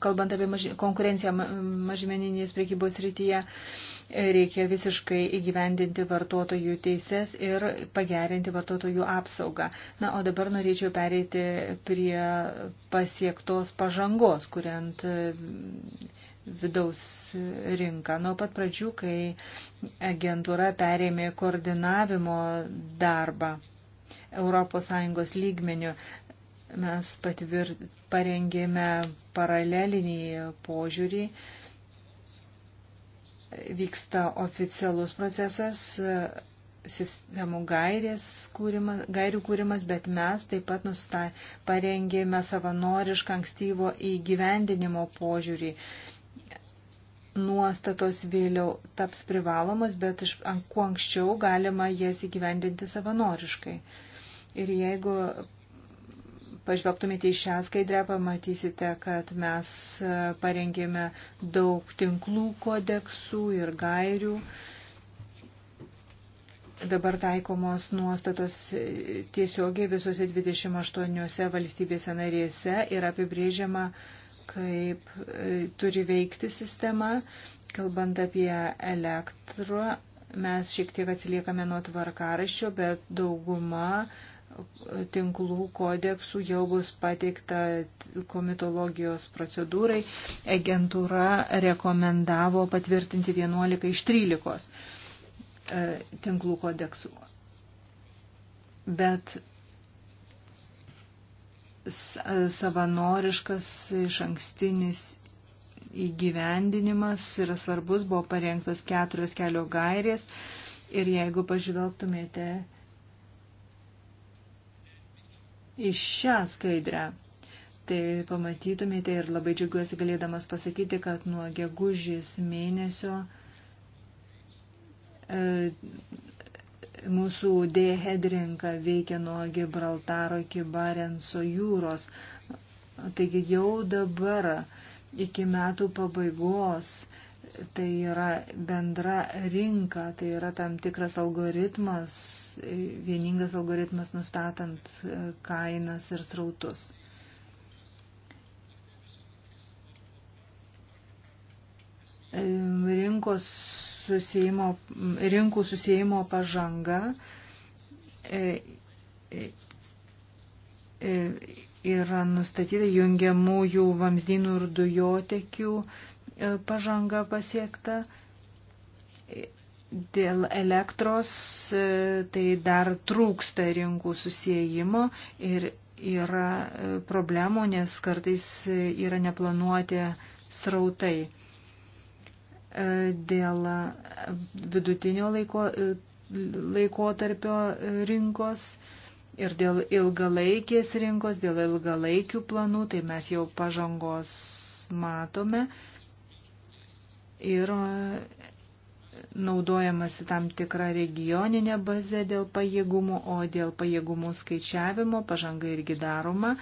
Speaker 3: kalbant apie maž, konkurenciją mažmeninės prekybos rytyje reikia visiškai įgyvendinti vartotojų teises ir pagerinti vartotojų apsaugą. Na, o dabar norėčiau pereiti prie pasiektos pažangos, kuriant mm, vidaus rinką. Nuo pat pradžių, kai agentūra perėmė koordinavimo darbą ES lygmenių, mes patvir, parengėme paralelinį požiūrį vyksta oficialus procesas, sistemų gairės kūrimas, gairių kūrimas, bet mes taip pat nusta, parengėme savanorišką ankstyvo įgyvendinimo požiūrį. Nuostatos vėliau taps privalomas, bet iš, kuo anksčiau galima jas įgyvendinti savanoriškai. Ir jeigu pažvelgtumėte į šią skaidrę, pamatysite, kad mes e, parengėme daug tinklų kodeksų ir gairių. Dabar taikomos nuostatos tiesiogiai visose 28 valstybėse narėse ir apibrėžiama, kaip e, turi veikti sistema. Kalbant apie elektrą, mes šiek tiek atsiliekame nuo tvarkaraščio, bet dauguma tinklų kodeksų jau bus pateikta komitologijos procedūrai. Agentūra rekomendavo patvirtinti 11 iš 13 e, tinklų kodeksų. Bet savanoriškas iš ankstinis įgyvendinimas yra svarbus, buvo parengtos keturios kelio gairės ir jeigu pažvelgtumėte iš šią skaidrę. Tai pamatytumėte ir labai džiaugiuosi galėdamas pasakyti, kad nuo gegužės mėnesio e, mūsų D-head rinka veikia nuo Gibraltaro iki Barenso jūros. Taigi jau dabar iki metų pabaigos tai yra bendra rinka, tai yra tam tikras algoritmas, vieningas algoritmas nustatant e, kainas ir srautus. E, rinkos susijimo, rinkų susijimo pažanga e, yra nustatyta jungiamųjų vamzdynų ir dujotekių E, pažanga pasiekta. Dėl elektros e, tai dar trūksta rinkų susijimo ir yra e, problemų, nes kartais yra neplanuoti srautai. Dėl vidutinio laiko, laikotarpio rinkos ir dėl ilgalaikės rinkos, dėl ilgalaikių planų, tai mes jau pažangos matome ir e, naudojamasi tam tikrą regioninę bazę dėl pajėgumų, o dėl pajėgumų skaičiavimo pažanga irgi daroma.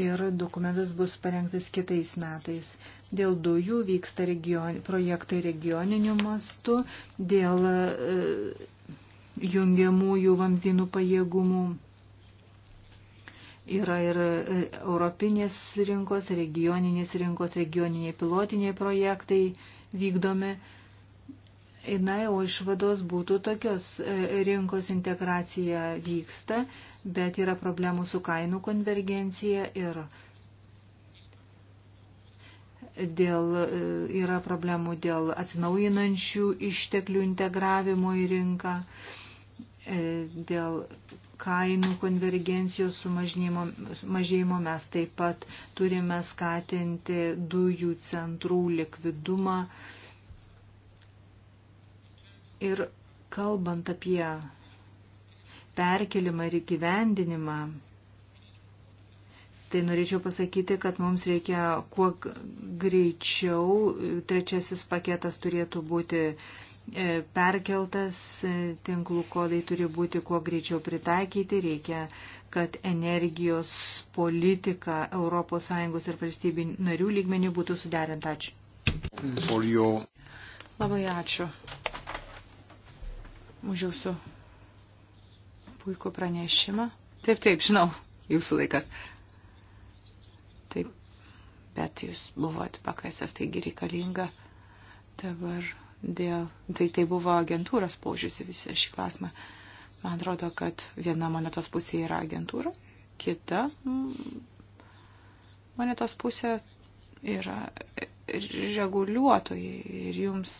Speaker 3: Ir dokumentas bus parengtas kitais metais. Dėl dujų vyksta region, projektai regioniniu mastu, dėl e, jungiamųjų vamzdynų pajėgumų Yra ir e, europinės rinkos, regioninės rinkos, regioniniai pilotiniai projektai vykdomi. Na, o išvados būtų tokios. E, rinkos integracija vyksta, bet yra problemų su kainų konvergencija ir dėl, e, yra problemų dėl atsinaujinančių išteklių integravimo į rinką, dėl kainų konvergencijos sumažėjimo mes taip pat turime skatinti dujų centrų likvidumą. Ir kalbant apie perkelimą ir įgyvendinimą, Tai norėčiau pasakyti, kad mums reikia kuo greičiau trečiasis paketas turėtų būti uh, E, perkeltas, e, tinklų kodai turi būti kuo greičiau pritaikyti, reikia, kad energijos politika ES ir valstybių narių lygmenių būtų suderinta. Ačiū. Your... Labai ačiū už jūsų puikų
Speaker 1: pranešimą. Taip, taip, žinau, jūsų laikas. Taip, bet jūs buvote pakviesęs, taigi reikalinga dabar dėl, tai tai buvo agentūros požiūris į visą šį klausimą. Man atrodo, kad viena monetos pusė yra agentūra, kita mm, monetos pusė yra reguliuotojai ir jums,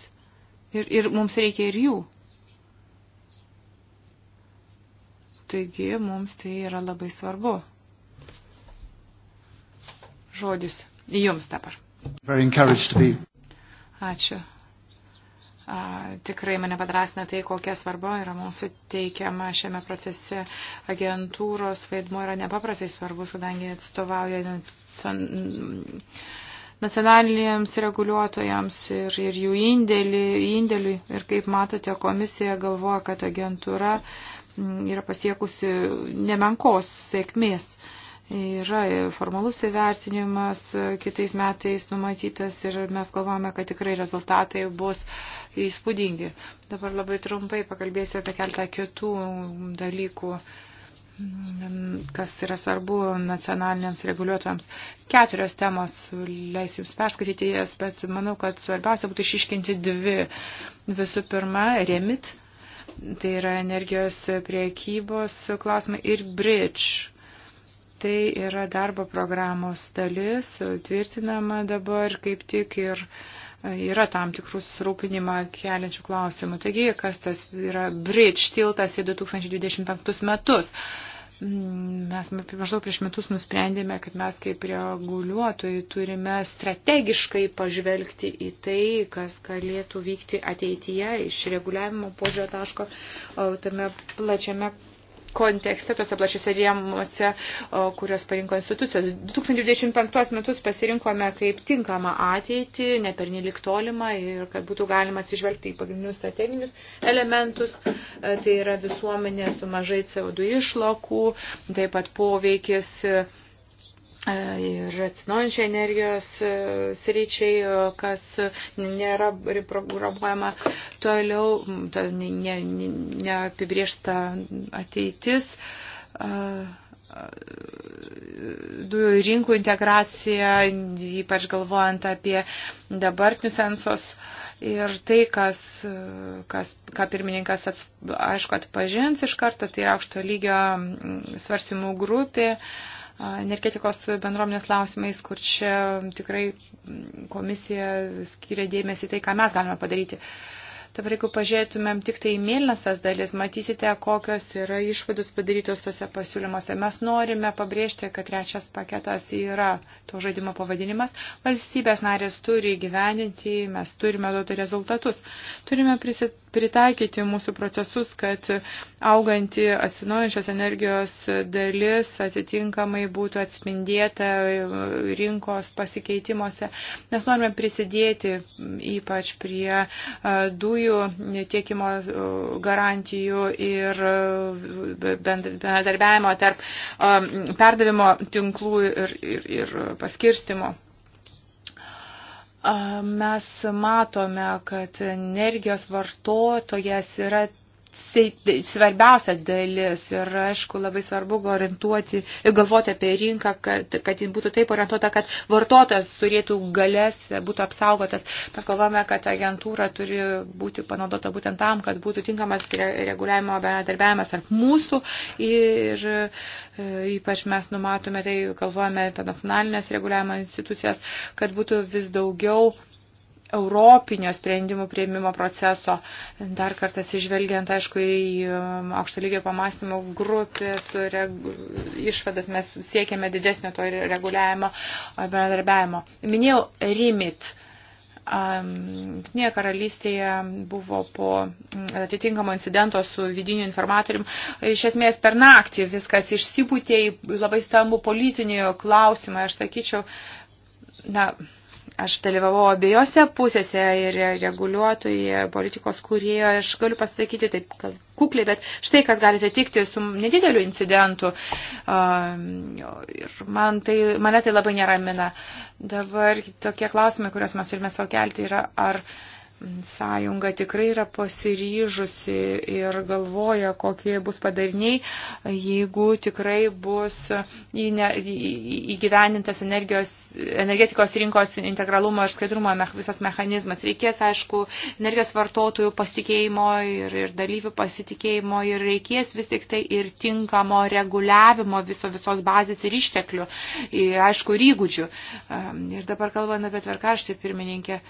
Speaker 1: ir, ir mums reikia ir jų. Taigi mums tai yra labai svarbu. Žodis jums dabar. Ačiū tikrai mane padrasina tai, kokia svarba yra mūsų teikiama šiame procese. Agentūros vaidmuo yra nepaprastai svarbus, kadangi atstovauja nacionaliniams reguliuotojams ir, ir jų indėlį, indėliui. Ir kaip matote, komisija galvoja, kad agentūra yra pasiekusi nemenkos sėkmės. Uh, Yra formalus įvertinimas kitais metais numatytas ir mes galvojame, kad tikrai rezultatai bus įspūdingi. Dabar labai trumpai pakalbėsiu apie keltą kitų dalykų kas yra svarbu nacionaliniams reguliuotojams. Keturios temos leisiu Jums perskaityti jas, bet manau, kad svarbiausia būtų išiškinti dvi. Visų pirma, remit, tai yra energijos priekybos klausimai ir bridge Tai yra darbo programos dalis, tvirtinama dabar kaip tik ir e, yra tam tikrus rūpinimą keliančių klausimų. Taigi, kas tas yra bridge tiltas į 2025 metus? Mm, mes maždaug prieš metus nusprendėme, kad mes kaip reguliuotojai turime strategiškai pažvelgti į tai, kas galėtų vykti ateityje iš reguliavimo požiūrio taško tame plačiame kontekste, tose plačiose rėmuose, kurios parinko institucijos. 2025 metus pasirinkome kaip tinkamą ateitį, ne per neliktolimą ir kad būtų galima atsižvelgti į pagrindinius strateginius elementus, e, tai yra visuomenė su mažai CO2 išlakų, taip pat poveikis e, E, ir atsinaujančiai energijos e, sričiai, e, kas nėra reprogramuojama toliau, ta neapibriešta ne, ne ateitis, dujų rinkų integracija, ypač galvojant apie dabartinius sensus. Ir tai, kas, kas, ką pirmininkas ats, aišku atpažins iš karto, tai yra aukšto lygio svarstymų grupė. Uh, energetikos bendruomenės klausimais, kur čia tikrai komisija skiria dėmesį tai, ką mes galime padaryti. Dabar jeigu pažiūrėtumėm tik tai mėlynasias dalis, matysite, kokios yra išvados padarytos tose pasiūlymuose. Mes norime pabrėžti, kad trečias paketas yra to žaidimo pavadinimas. Valstybės narės turi gyveninti, mes turime duoti rezultatus. Turime prisit pritaikyti mūsų procesus, kad auganti atsinaujančios energijos dalis atitinkamai būtų atspindėta rinkos pasikeitimuose. Mes norime prisidėti ypač prie dujų tiekimo garantijų ir bendradarbiavimo tarp perdavimo tinklų ir, ir, ir paskirstimo. Mes matome, kad energijos vartotojas yra Tai svarbiausia dalis ir aišku labai svarbu orientuoti, galvoti apie rinką, kad, kad jis būtų taip orientuota, kad vartotojas turėtų galės, būtų apsaugotas. Mes galvojame, kad agentūra turi būti panaudota būtent tam, kad būtų tinkamas reguliavimo bendradarbiavimas tarp mūsų ir e, ypač mes numatome, tai galvojame apie nacionalinės reguliavimo institucijas, kad būtų vis daugiau europinio sprendimų prieimimo proceso, dar kartą sižvelgiant, aišku, į um, aukšto lygio pamastymų grupės regu... išvadas, mes siekiame didesnio to reguliavimo, bendradarbiavimo. Minėjau RIMIT. Junktinėje karalystėje buvo po atitinkamo incidento su vidiniu informatorium. Iš esmės per naktį viskas išsipūtė į labai stambų politinį klausimą. Aš sakyčiau, na, Aš dalyvavau abiejose pusėse ir reguliuotojai, politikos kuriejo, aš galiu pasakyti taip kukliai, bet štai kas gali atsitikti su nedideliu incidentu. Ir man tai, mane tai labai neramina. Dabar tokie klausimai, kuriuos mes turime savo kelti, yra ar sąjunga tikrai yra pasiryžusi ir galvoja, kokie bus padariniai, jeigu tikrai bus įgyvenintas energijos, energetikos rinkos integralumo ir skaidrumo visas mechanizmas. Reikės, aišku, energijos vartotojų pasitikėjimo ir, ir dalyvių pasitikėjimo ir reikės vis tik tai ir tinkamo reguliavimo viso, visos bazės ir išteklių, ir, aišku, ir įgūdžių. Ir dabar kalbant apie tvarkarštį pirmininkę.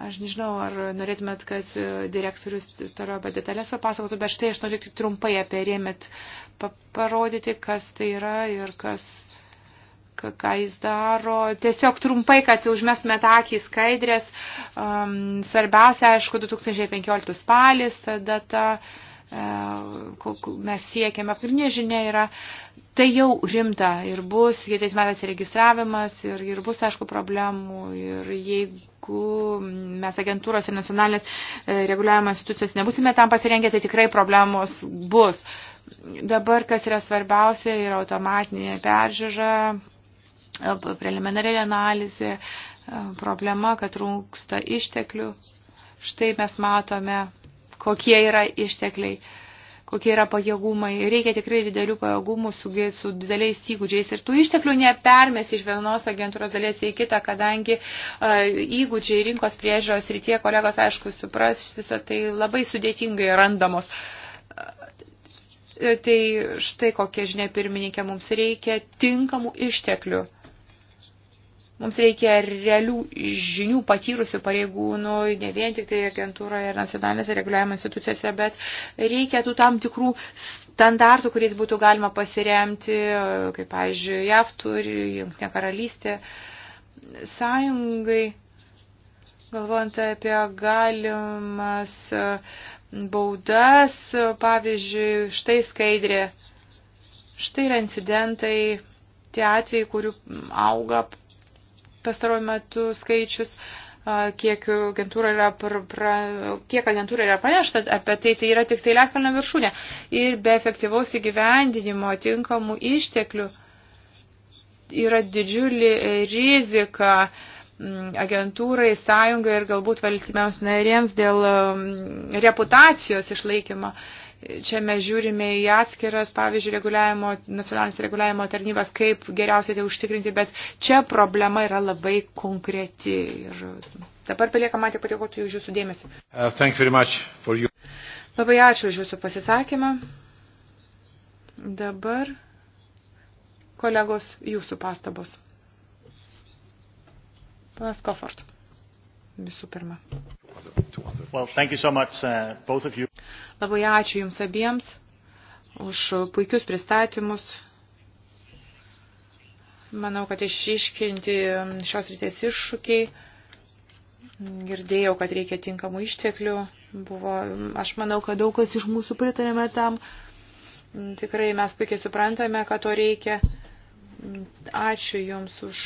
Speaker 1: Aš nežinau, ar norėtumėt, kad e, direktorius toliau apie detalės papasakotų, bet štai aš noriu tik trumpai apie rėmit parodyti, kas tai yra ir kas, ką jis daro. Tiesiog trumpai, kad užmestumėt akį skaidrės. Um, svarbiausia, aišku, 2015 spalis, tada ta, um, mes siekiame, pagrindinė žinia yra, tai jau rimta ir bus, kitais metais registravimas ir, ir bus, aišku, problemų. Ir jeigu jeigu mes agentūros ir nacionalinės e, reguliavimo institucijos nebusime tam pasirengę, tai tikrai problemos bus. Dabar, kas yra svarbiausia, yra automatinė peržiūra, e, preliminari analizė, e, problema, kad trūksta išteklių. Štai mes matome, kokie yra ištekliai kokie yra pajėgumai. Reikia tikrai didelių pajėgumų su, su dideliais įgūdžiais ir tų išteklių nepermės iš vienos agentūros dalies į kitą, kadangi uh, įgūdžiai rinkos priežiūros rytie kolegos, aišku, supras visą tai labai sudėtingai randamos. Tai štai kokie žinia pirmininkė mums reikia tinkamų išteklių. Mums reikia realių žinių patyrusių pareigūnų, ne vien tik tai agentūroje ir nacionalinėse reguliavimo institucijose, bet reikia tų tam tikrų standartų, kuriais būtų galima pasiremti, kaip, pavyzdžiui, JAV turi, Junktinė karalystė, sąjungai, galvojant apie galimas baudas, pavyzdžiui, štai skaidrė, štai yra incidentai, tie atvejai, kurių auga pastaruoju metu skaičius, kiek agentūra yra, pra, pra, kiek agentūra yra pranešta apie tai, tai yra tik tai lėkmelio viršūnė. Ir be efektyvaus įgyvendinimo tinkamų išteklių yra didžiulį riziką agentūrai, sąjungai ir galbūt valstybėms narėms dėl reputacijos išlaikymo. Uh, Čia mes žiūrime į atskiras, pavyzdžiui, reguliavimo, nacionalinės reguliavimo tarnybas, kaip geriausiai tai užtikrinti, bet čia problema yra labai konkreti. Ir dabar paliekam matį patikoti už jūsų dėmesį. Uh, labai ačiū už jūsų pasisakymą. Dabar kolegos jūsų pastabos. Panas Kofort, visų pirma. Panas. Well, so much, uh, Labai ačiū Jums abiems už puikius pristatymus. Manau, kad išiškinti šios rytės iššūkiai. Girdėjau, kad reikia tinkamų išteklių. Buvo, aš manau, kad daug kas iš mūsų pritarėme tam. Tikrai mes puikiai suprantame, kad to reikia. Ačiū Jums už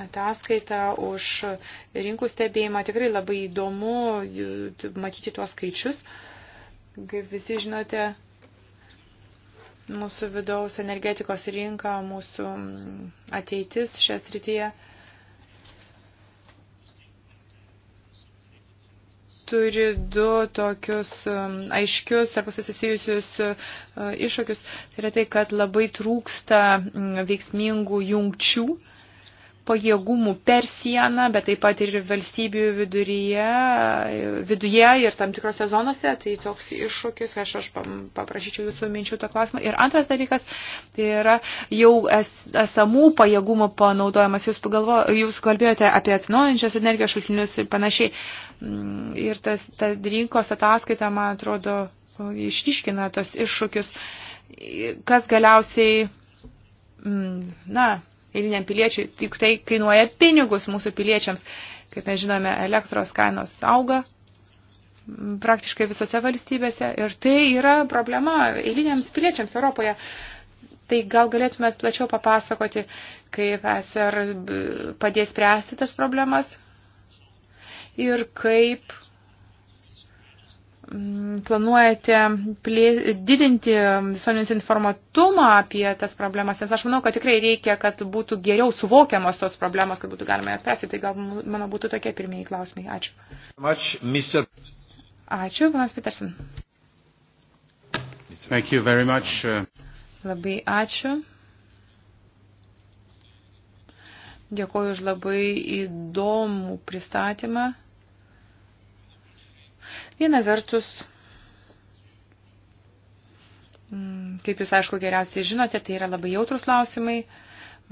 Speaker 1: ataskaitą, už rinkų stebėjimą. Tikrai labai įdomu matyti tuos skaičius. Kaip visi žinote, mūsų vidaus energetikos rinka, mūsų mm, ateitis šią srityje turi du tokius mm, aiškius ar susijusius e, iššūkius. Tai yra tai, kad labai trūksta mm, veiksmingų jungčių pajėgumų per sieną, bet taip pat ir valstybių viduryje, viduje ir tam tikrose zonose, tai toks iššūkis, aš, aš paprašyčiau jūsų minčių tą klausimą. Ir antras dalykas, tai yra jau es, esamų pajėgumų panaudojimas, jūs, pagalvo, jūs kalbėjote apie atsinaujančios energijos šaltinius ir panašiai. Mm, ir tas, ta rinkos ataskaita, man atrodo, išryškina tos iššūkius, kas galiausiai, mm, na, eiliniam piliečiui, tik tai kainuoja pinigus mūsų piliečiams. Kaip mes žinome, elektros kainos auga praktiškai visose valstybėse ir tai yra problema eiliniams piliečiams Europoje. Tai gal galėtumėt plačiau papasakoti, kaip SR padės spręsti tas problemas ir kaip Mm, planuojate plė, didinti visuomenės informatumą apie tas problemas, nes aš manau, kad tikrai reikia, kad būtų geriau suvokiamos tos problemos, kad būtų galima jas spręsti. Tai gal mano būtų tokie pirmieji klausimai. Ačiū. Much, Mr. Ačiū, Vanas Petersen.
Speaker 3: Thank you very much. Uh,
Speaker 1: labai ačiū. Dėkuoju už labai įdomų pristatymą. Viena vertus, mm, kaip jūs aišku geriausiai žinote, tai yra labai jautrus klausimai.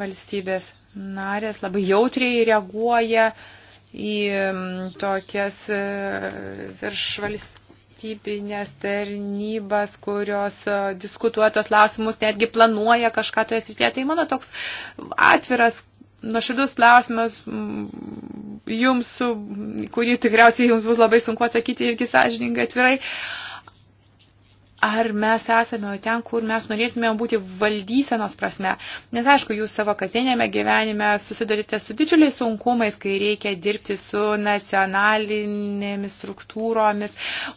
Speaker 1: Valstybės narės labai jautriai reaguoja į mm, tokias e, virš valstybės valstybinės tarnybas, kurios e, diskutuoja tos klausimus, netgi planuoja kažką toje srityje. Tai mano toks atviras nuoširdus klausimas jums, kurį tikriausiai jums bus labai sunku atsakyti irgi sąžiningai atvirai. Uh, ar mes esame ten, kur mes norėtume būti valdysenos prasme. Nes aišku, jūs savo kasdienėme gyvenime susidurite su didžiuliais sunkumais, kai reikia dirbti su nacionalinėmis struktūromis,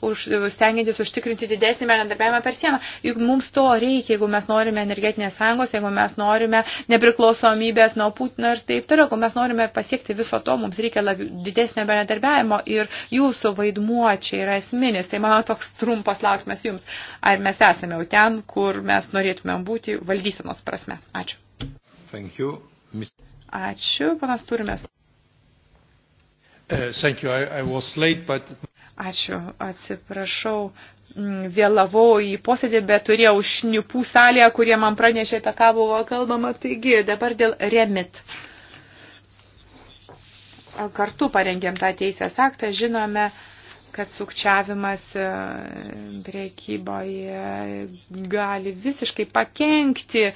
Speaker 1: už, stengiantis užtikrinti didesnį bendradarbiavimą per sieną. Juk mums to reikia, jeigu mes norime energetinės sąjungos, jeigu mes norime nepriklausomybės nuo Putino ir taip toliau, jeigu mes norime pasiekti viso to, mums reikia labi, didesnio bendradarbiavimo ir jūsų vaidmuo čia yra esminis. Tai mano toks trumpas klausimas jums ar mes esame jau ten, kur mes norėtumėm būti valdysenos prasme. Ačiū. Thank you. Ačiū, panas Turimės.
Speaker 3: Uh, thank you. I, I was late, but...
Speaker 1: Ačiū, atsiprašau, mm, vėlavau į posėdį, bet turėjau šnipų salėje, kurie man pranešė, apie ką buvo kalbama. Taigi, dabar dėl remit. Kartu parengėm tą teisės aktą, žinome, uh, kad sukčiavimas e, priekyboje gali visiškai pakenkti e,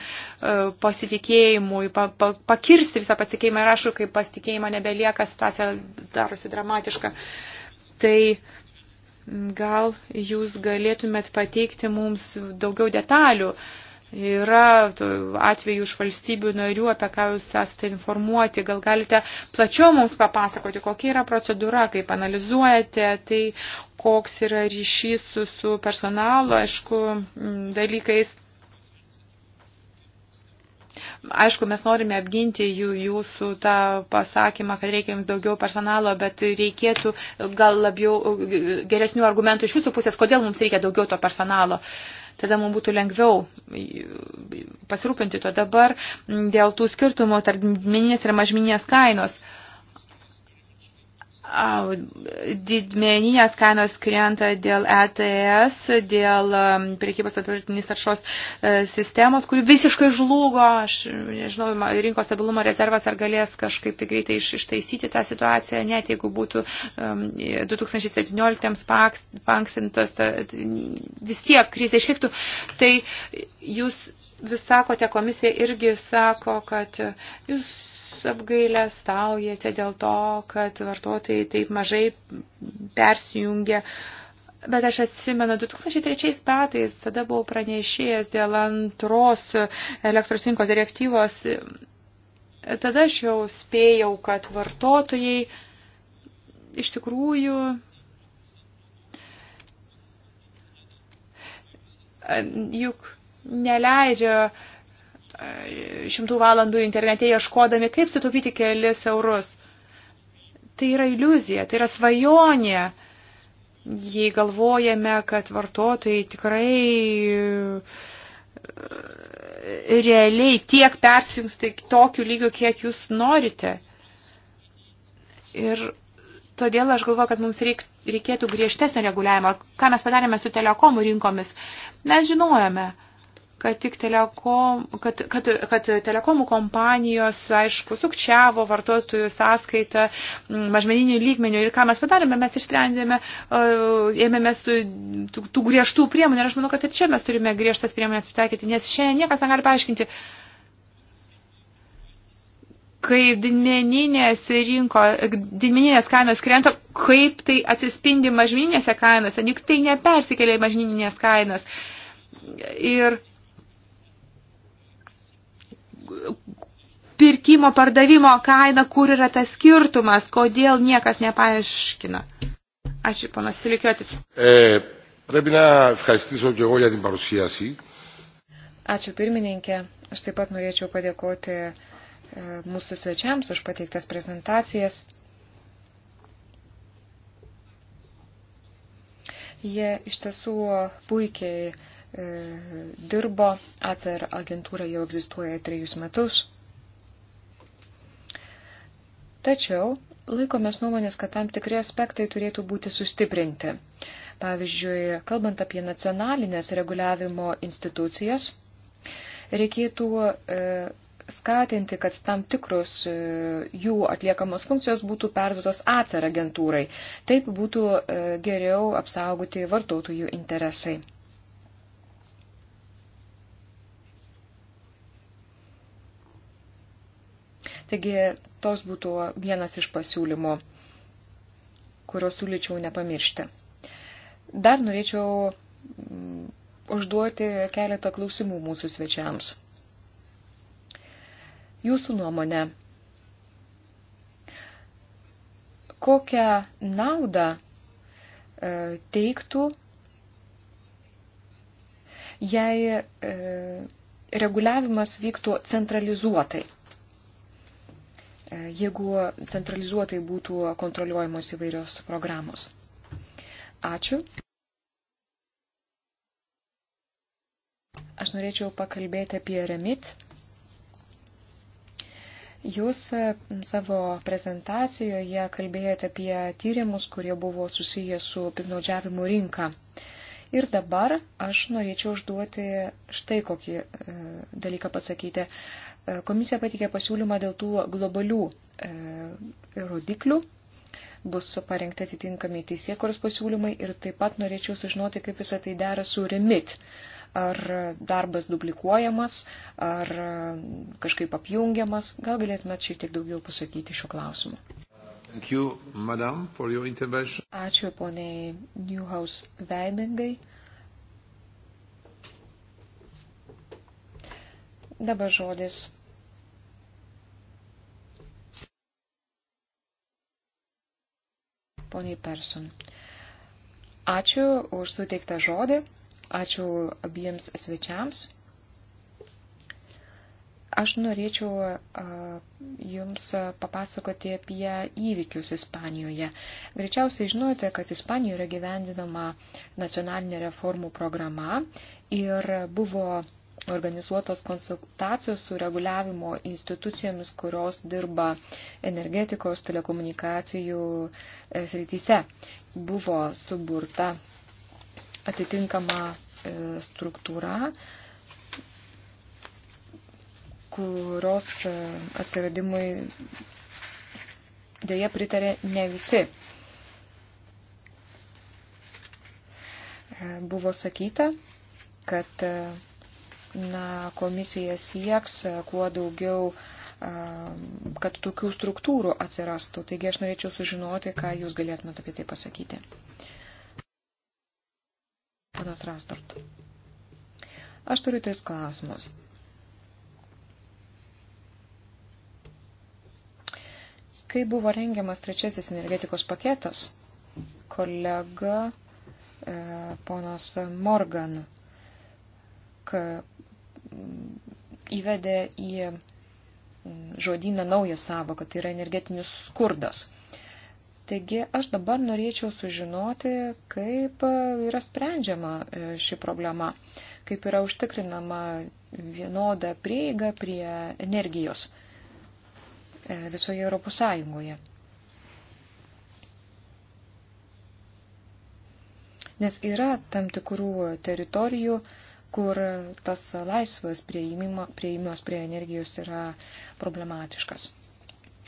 Speaker 1: pasitikėjimui, pa, pa, pakirsti visą pasitikėjimą ir ašku, kai pasitikėjimo nebelieka, situacija darosi dramatiška. Tai gal jūs galėtumėt pateikti mums daugiau detalių. Uh, Yra atvejų iš valstybių narių, apie ką jūs esate informuoti. Gal galite plačiau mums papasakoti, kokia yra procedūra, kaip analizuojate, tai koks yra ryšys su, su personalo, aišku, dalykais. Aišku, mes norime apginti jų, jūsų tą pasakymą, kad reikia jums daugiau personalo, bet reikėtų gal labiau geresnių argumentų iš jūsų pusės, kodėl mums reikia daugiau to personalo. Uh, Tada mums būtų lengviau pasirūpinti to dabar dėl tų skirtumų tarp meninės ir mažminės kainos didmeninės kainos krenta dėl ETS, dėl priekybos apirtinės aršos e, sistemos, kuri visiškai žlugo. Aš nežinau, rinkos stabilumo rezervas ar galės kažkaip tai greitai iš, ištaisyti tą situaciją, net jeigu būtų um, 2017 panksintas, ta, vis tiek krizė išliktų. Tai jūs vis sakote, komisija irgi sako, kad jūs apgailę staujate dėl to, kad vartotojai taip mažai persijungia. Bet aš atsimenu, 2003 metais tada buvau pranešėjęs dėl antros elektros rinkos direktyvos. Tada aš jau spėjau, kad vartotojai iš tikrųjų juk neleidžia uh, šimtų valandų internete ieškodami, kaip sutaupyti kelis eurus. Tai yra iliuzija, tai yra svajonė. Jei galvojame, kad vartotojai tikrai e, realiai tiek persijungs tai tokiu lygiu, kiek jūs norite. Ir todėl aš galvoju, kad mums reik, reikėtų griežtesnio reguliavimo. Ką mes padarėme su telekomų rinkomis? Mes žinojame, kad, tik telekom, kad, kad, kad telekomų kompanijos, aišku, sukčiavo vartotojų sąskaitą mm, mažmeninių lygmenių ir ką mes padarėme, mes išsprendėme, e, ėmėmės tų, tų griežtų priemonių ir aš manau, kad ir čia mes turime griežtas priemonės pritaikyti, nes šiandien niekas negali paaiškinti, kai didmeninės rinko, didmeninės kainos krenta, kaip tai atsispindi mažmeninėse kainose, juk tai nepersikelia į mažmeninės kainas. Ir pirkimo pardavimo kaina, kur yra tas skirtumas, kodėl niekas nepaaiškina. Ačiū, panas Silikiotis.
Speaker 3: E, πρέπει να ευχαριστήσω και εγώ για την παρουσίαση.
Speaker 2: Ačiū pirmininkė. Aš taip pat norėčiau padėkoti e, mūsų svečiams už pateiktas prezentacijas. Jie iš tiesų puikiai e, dirbo, ATR agentūra jau egzistuoja trejus metus. Tačiau laikomės nuomonės, kad tam tikri aspektai turėtų būti sustiprinti. Pavyzdžiui, kalbant apie nacionalinės reguliavimo institucijas, reikėtų e, skatinti, kad tam tikros e, jų atliekamos funkcijos būtų perduotos atsar agentūrai. Taip būtų e, geriau apsaugoti vartotojų interesai. Taigi, toks būtų vienas iš pasiūlymų, kurio siūlyčiau nepamiršti. Dar norėčiau mm, užduoti keletą klausimų mūsų svečiams. Jūsų nuomonė, kokią naudą e, teiktų, jei e, reguliavimas vyktų centralizuotai? E, jeigu centralizuotai būtų kontroliuojamos įvairios programos. Ačiū. Aš norėčiau pakalbėti apie Remit. Jūs e, savo prezentacijoje kalbėjote apie tyrimus, kurie buvo susiję su piknaudžiavimu rinka. Uh, Ir dabar aš norėčiau užduoti štai kokį e, dalyką pasakyti. E, komisija patikė pasiūlymą dėl tų globalių e, rodiklių. Bus parengti atitinkami teisėkuros pasiūlymai ir taip pat norėčiau sužinoti, kaip visą tai dera su remit ar darbas duplikuojamas, ar kažkaip apjungiamas. Gal galėtumėt šiek tiek daugiau pasakyti šiuo klausimu.
Speaker 3: Thank you, madam, for your intervention.
Speaker 2: Ačiū poniai Newhouse Veimingai. Dabar žodis. Poniai Person. Ačiū už suteiktą žodį, ačiū abiems svečiams. Aš norėčiau Jums papasakoti apie įvykius Ispanijoje. Greičiausiai žinote, kad Ispanijoje yra gyvendinama nacionalinė reformų programa ir buvo organizuotos konsultacijos su reguliavimo institucijomis, kurios dirba energetikos, telekomunikacijų e, srityse. Buvo suburta atitinkama e, struktūra, kurios e, atsiradimui dėja pritarė ne visi. E, buvo sakyta, kad e, na, komisija sieks kuo daugiau kad tokių struktūrų atsirastų. Taigi aš norėčiau sužinoti, ką jūs galėtumėte apie tai pasakyti. Panas Rastart. Aš turiu tris klausimus. Kai buvo rengiamas trečiasis energetikos paketas, kolega e, ponas Morgan ka, įvedė į žodyną naują savoką, tai yra energetinis skurdas. Taigi aš dabar norėčiau sužinoti, kaip yra sprendžiama e, ši problema, kaip yra užtikrinama vienoda prieiga prie energijos. E, E, visoje Europos Sąjungoje. Nes yra tam tikrų teritorijų, kur tas laisvas prieimas prie energijos yra problematiškas.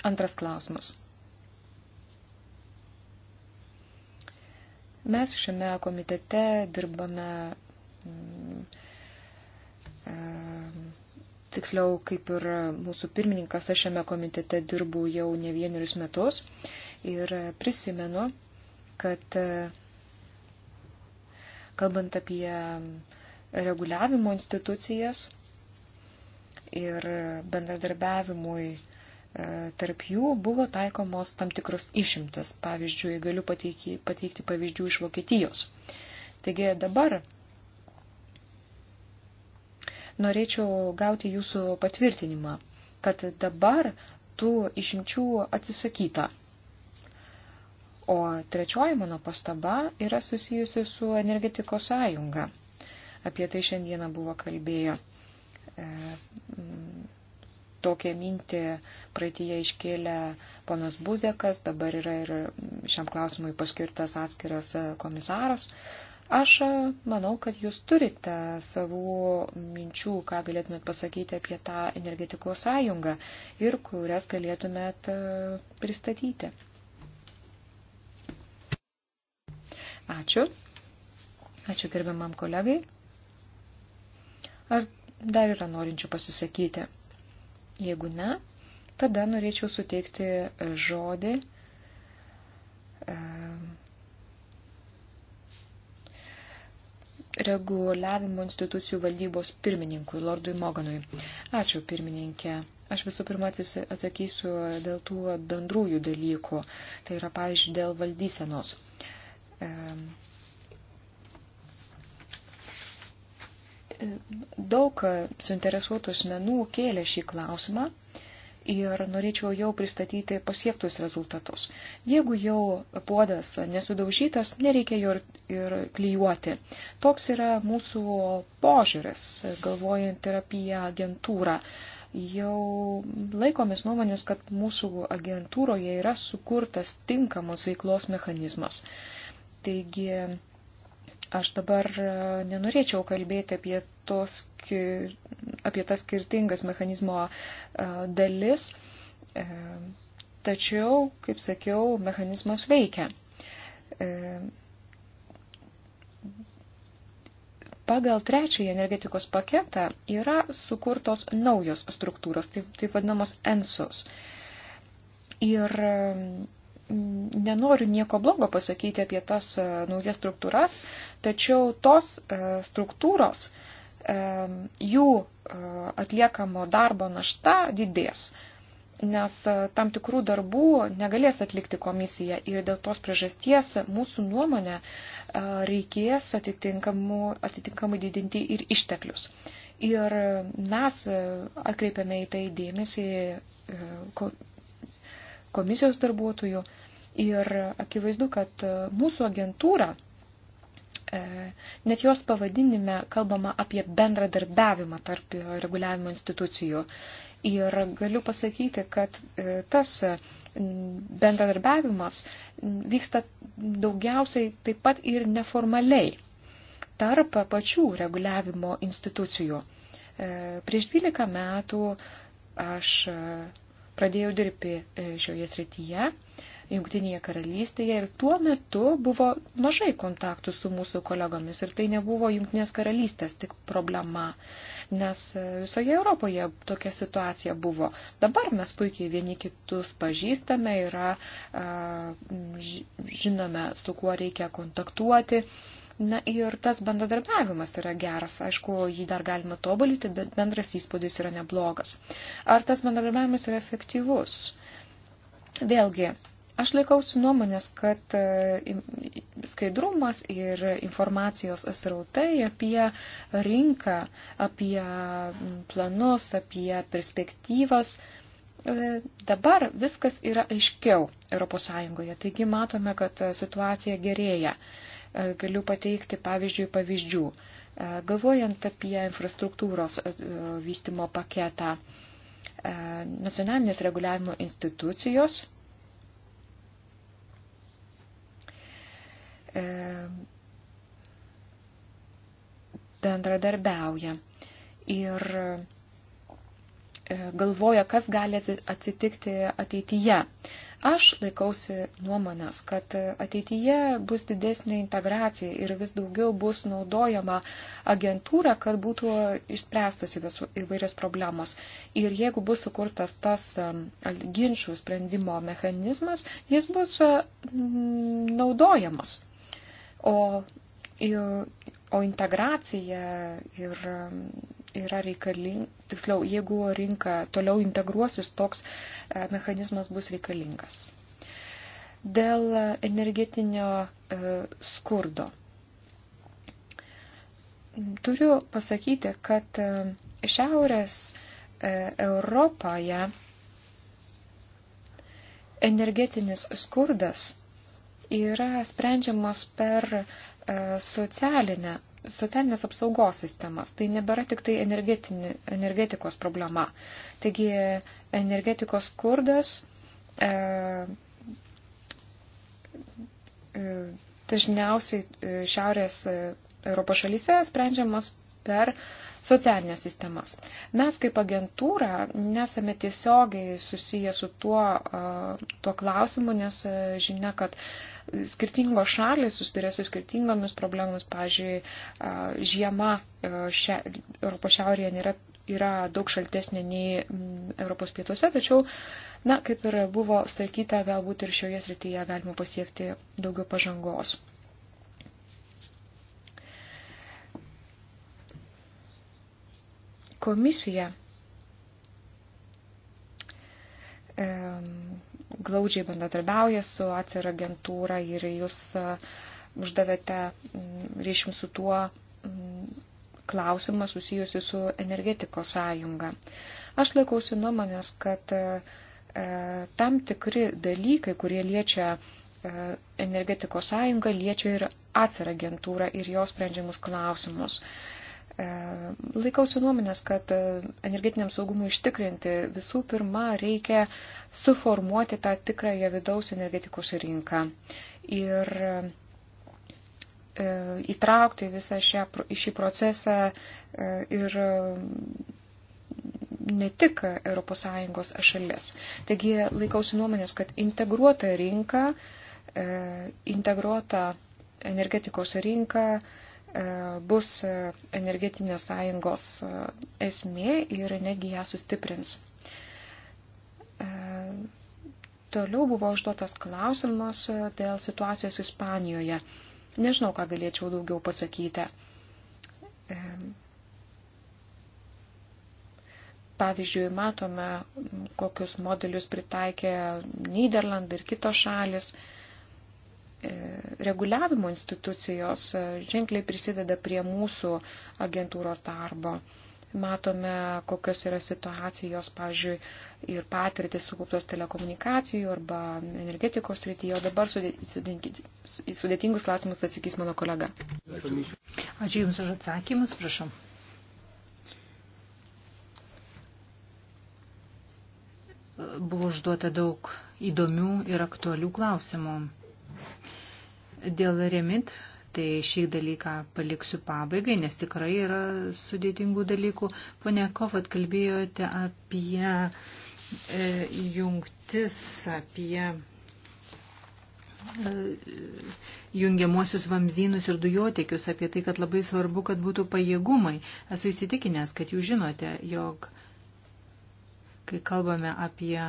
Speaker 2: Antras klausimas. Mes šiame komitete dirbame mm, e, tiksliau kaip ir mūsų pirmininkas, aš šiame komitete dirbu jau ne vienerius metus ir prisimenu, kad kalbant apie reguliavimo institucijas ir bendradarbiavimui e, tarp jų buvo taikomos tam tikros išimtis. Pavyzdžiui, galiu pateikti, pateikti pavyzdžių iš Vokietijos. Taigi dabar norėčiau gauti jūsų patvirtinimą, kad dabar tų išimčių atsisakyta. O trečioji mano pastaba yra susijusi su energetikos sąjunga. Apie tai šiandieną buvo kalbėjo. E, tokią mintį praeitie iškėlė ponas Buzekas, dabar yra ir šiam klausimui paskirtas atskiras e, komisaras. E, Aš e, manau, kad jūs turite savų minčių, ką galėtumėt pasakyti apie tą energetikos sąjungą ir kurias galėtumėt e, pristatyti. Ačiū. Ačiū gerbiamam kolegai. Ar dar yra norinčių pasisakyti? Jeigu ne, tada norėčiau suteikti žodį. Uh, reguliavimo institucijų valdybos pirmininkui, Lordui Moganui. Ačiū, pirmininkė. Aš visų pirma atsakysiu dėl tų bendrųjų dalykų. Tai yra, pavyzdžiui, dėl valdysenos. Daug suinteresuotų asmenų kėlė šį klausimą ir norėčiau jau pristatyti pasiektus rezultatus. Jeigu jau puodas nesudaužytas, nereikia jo ir, ir klyjuoti. Toks yra mūsų požiūris, galvojant ir apie agentūrą. Jau laikomės nuomonės, kad mūsų agentūroje yra sukurtas tinkamos veiklos mechanizmas. Taigi, Aš dabar e, nenorėčiau kalbėti apie, tos, apie tas skirtingas mechanizmo e, dalis, e, tačiau, kaip sakiau, mechanizmas veikia. Pagal trečiąjį energetikos paketą yra sukurtos naujos struktūros, taip, taip vadinamos ENSUS. Ir Mm, nenoriu nieko blogo pasakyti apie tas e, naujas struktūras, tačiau tos e, struktūros, e, jų atliekamo darbo našta didės, nes tam tikrų darbų negalės atlikti komisija ir dėl tos priežasties mūsų nuomonė reikės atitinkamai didinti ir išteklius. Ir mes atkreipiame į tai dėmesį komisijos darbuotojų. Ir akivaizdu, kad mūsų agentūra, e, net jos pavadinime kalbama apie bendradarbiavimą tarp reguliavimo institucijų. Ir galiu pasakyti, kad e, tas e, bendradarbiavimas vyksta daugiausiai taip pat ir neformaliai tarp pačių reguliavimo institucijų. Prieš 12 metų aš Pradėjau dirbti e, šioje srityje, Junktinėje karalystėje ir tuo metu buvo mažai kontaktų su mūsų kolegomis ir tai nebuvo Junktinės karalystės tik problema, nes e, visoje Europoje tokia situacija buvo. Dabar mes puikiai vieni kitus pažįstame, yra, žinome, su kuo reikia kontaktuoti Na ir tas bendradarbiavimas yra geras, aišku, jį dar galima tobulinti, bet bendras įspūdis yra neblogas. Ar tas bendradarbiavimas yra efektyvus? Vėlgi, Aš laikausi nuomonės, kad e, skaidrumas ir informacijos srautai apie rinką, apie planus, apie perspektyvas. E, dabar viskas yra aiškiau ES, taigi matome, kad situacija gerėja. E, galiu pateikti pavyzdžiui pavyzdžių. E, galvojant apie infrastruktūros e, vystimo paketą, nacionalinės reguliavimo institucijos bendradarbiauja ir galvoja, kas gali atsitikti ateityje. Aš laikausi nuomonės, kad ateityje bus didesnė integracija ir vis daugiau bus naudojama agentūra, kad būtų išspręstos įvairios problemos. Ir jeigu bus sukurtas tas um, ginčių sprendimo mechanizmas, jis bus mm, naudojamas. O, o integracija ir um, yra reikalinga, tiksliau, jeigu rinka toliau integruosis, toks e, mechanizmas bus reikalingas. Dėl energetinio e, skurdo. Turiu pasakyti, kad e, Šiaurės Europoje energetinis skurdas yra sprendžiamas per socialinę socialinės apsaugos sistemas. Tai nebėra tik tai energetikos problema. Taigi energetikos skurdas e, e, dažniausiai e, šiaurės e, Europos šalyse sprendžiamas per socialinės sistemas. Mes kaip agentūra nesame tiesiogiai susiję su tuo, e, tuo klausimu, nes žinia, kad skirtingos šalis susiduria su skirtingomis problemomis. Pavyzdžiui, žiema šia, Europos šiaurėje nėra, yra daug šaltesnė nei mm, Europos pietuose, tačiau, na, kaip ir buvo sakyta, galbūt ir šioje srityje galima pasiekti daugiau pažangos. Komisija glaudžiai bendradarbiauja su ACER agentūra ir jūs uždavėte ryšim su tuo klausimą susijusi su energetikos sąjunga. Aš laikausi nuomonės, kad e, tam tikri dalykai, kurie liečia e, energetikos sąjungą, liečia ir atsaragentūrą ir jos sprendžiamus klausimus. E, E, laikausi nuomonės, kad e, energetiniam saugumui ištikrinti visų pirma reikia suformuoti tą tikrąją vidaus energetikos rinką ir e, įtraukti visą šią, šį procesą ir ne tik ES šalis. Taigi laikausi nuomonės, kad integruota rinka, integruota energetikos rinka, E, bus e, energetinės sąjungos e, esmė ir energija ją sustiprins. Toliau buvo užduotas klausimas dėl situacijos Ispanijoje. Nežinau, ką galėčiau daugiau pasakyti. Pavyzdžiui, matome, kokius modelius pritaikė Niderlandai ir kitos šalis. E, reguliavimo institucijos e, ženkliai prisideda prie mūsų agentūros darbo. Matome, kokios yra situacijos, pavyzdžiui, ir patirtis sukauptos telekomunikacijų arba energetikos srityje. O dabar į sudėtingus klausimus atsakys
Speaker 3: mano kolega. Ačiū Jums už atsakymus, prašom. Buvo užduota daug įdomių ir aktualių klausimų. Dėl remit, tai šį dalyką paliksiu pabaigai, nes tikrai yra sudėtingų dalykų. Pone Kovat, kalbėjote apie e, jungtis, apie e, jungiamuosius vamzdynus ir dujotekius, apie tai, kad labai svarbu, kad būtų pajėgumai. Esu įsitikinęs, kad jūs žinote, jog kai kalbame apie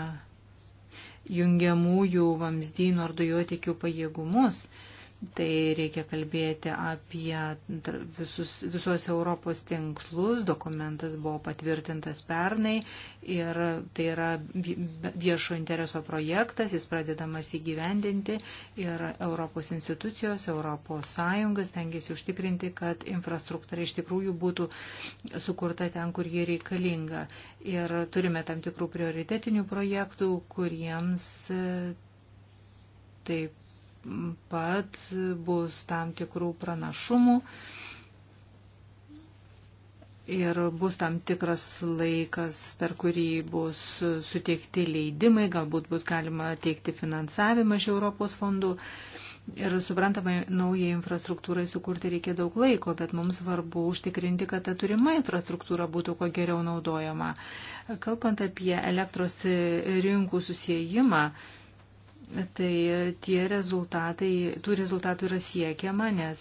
Speaker 3: jungiamųjų vamzdynų ar dujotekių pajėgumus, e, Tai reikia kalbėti apie visus, visos Europos tinklus. Dokumentas buvo patvirtintas pernai ir tai yra viešo intereso projektas, jis pradedamas įgyvendinti ir Europos institucijos, Europos sąjungas tengiasi užtikrinti, kad infrastruktūra iš tikrųjų būtų sukurta ten, kur ji reikalinga. Ir turime tam tikrų prioritetinių projektų, kuriems e, taip pat bus tam tikrų pranašumų ir bus tam tikras laikas, per kurį bus suteikti leidimai, galbūt bus galima teikti finansavimą iš Europos fondų. Ir suprantama, naujai infrastruktūrai sukurti reikia daug laiko, bet mums svarbu užtikrinti, kad ta turima infrastruktūra būtų kuo geriau naudojama. Kalbant apie elektros rinkų susijimą, Tai tie rezultatai, tų rezultatų yra siekiama, nes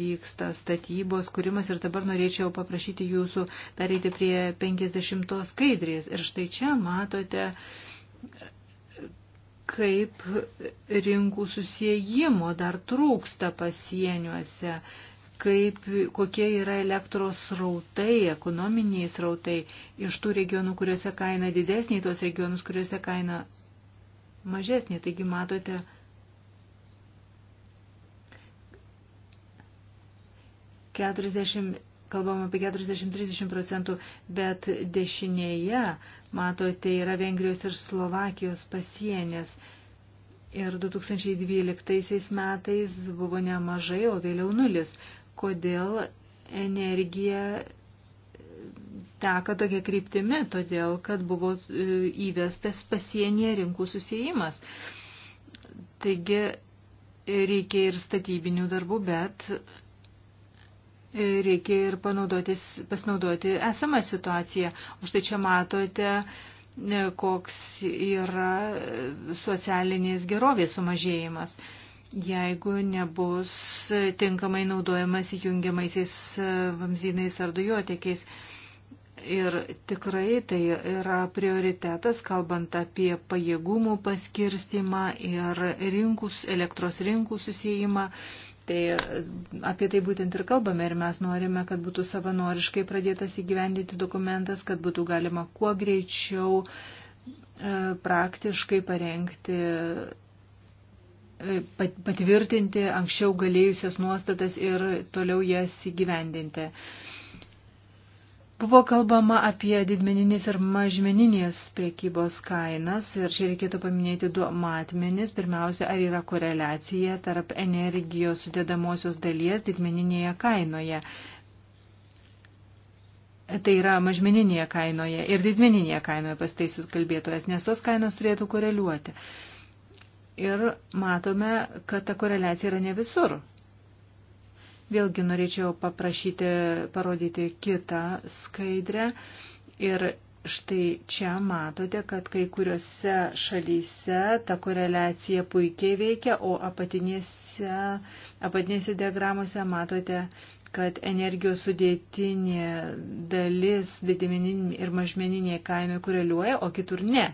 Speaker 3: vyksta statybos kūrimas ir dabar norėčiau paprašyti jūsų pereiti prie 50 skaidrės. Ir štai čia matote, kaip rinkų susijimo dar trūksta pasieniuose, kaip, kokie yra elektros srautai, ekonominiai srautai iš tų regionų, kuriuose kaina didesnė, į tuos regionus, kuriuose kaina mažesnė. Taigi matote, kalbam apie 40-30 procentų, bet dešinėje, matote, yra Vengrijos ir Slovakijos pasienės. Ir 2012 metais buvo nemažai, o vėliau nulis. Kodėl energija teka tokia kryptimi, todėl kad buvo e, įvestas pasienyje rinkų susijimas. Taigi reikia ir statybinių darbų, bet e, reikia ir pasinaudoti esamą situaciją. O štai čia matote, e, koks yra socialinės gerovės sumažėjimas jeigu nebus tinkamai naudojamas jungiamaisiais vamzynais ar dujotiekiais. Ir tikrai tai yra prioritetas, kalbant apie pajėgumų paskirstimą ir rinkus, elektros rinkų susijimą. Tai apie tai būtent ir kalbame ir mes norime, kad būtų savanoriškai pradėtas įgyvendyti dokumentas, kad būtų galima kuo greičiau e, praktiškai parengti, e, patvirtinti anksčiau galėjusias nuostatas ir toliau jas įgyvendinti. Buvo kalbama apie didmeninės ir mažmeninės priekybos kainas ir čia reikėtų paminėti du matmenis. Pirmiausia, ar yra koreliacija tarp energijos sudėdamosios dalies didmeninėje kainoje. Tai yra mažmeninėje kainoje ir didmeninėje kainoje pasteisius kalbėtojas, nes tos kainos turėtų koreliuoti. Ir matome, kad ta koreliacija yra ne visur. Vėlgi norėčiau paprašyti parodyti kitą skaidrę. Ir štai čia matote, kad kai kuriuose šalyse ta koreliacija puikiai veikia, o apatinėse, apatinėse diagramuose matote, kad energijos sudėtinė dalis didmeninė ir mažmeninė kainų koreliuoja, o kitur ne.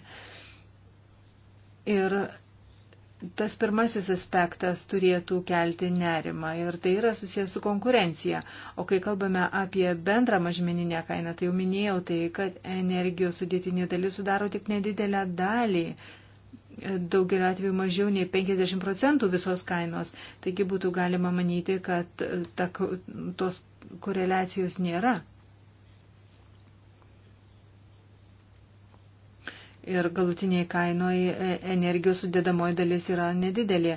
Speaker 3: Ir tas pirmasis aspektas turėtų kelti nerimą ir tai yra susijęs su konkurencija. O kai kalbame apie bendrą mažmeninę kainą, tai jau minėjau tai, kad energijos sudėtinė dalis sudaro tik nedidelę dalį. Daugeliu atveju mažiau nei 50 procentų visos kainos. Taigi būtų galima manyti, kad ta, tos koreliacijos nėra. ir galutiniai kainoj e, energijos sudėdamoji dalis yra nedidelė.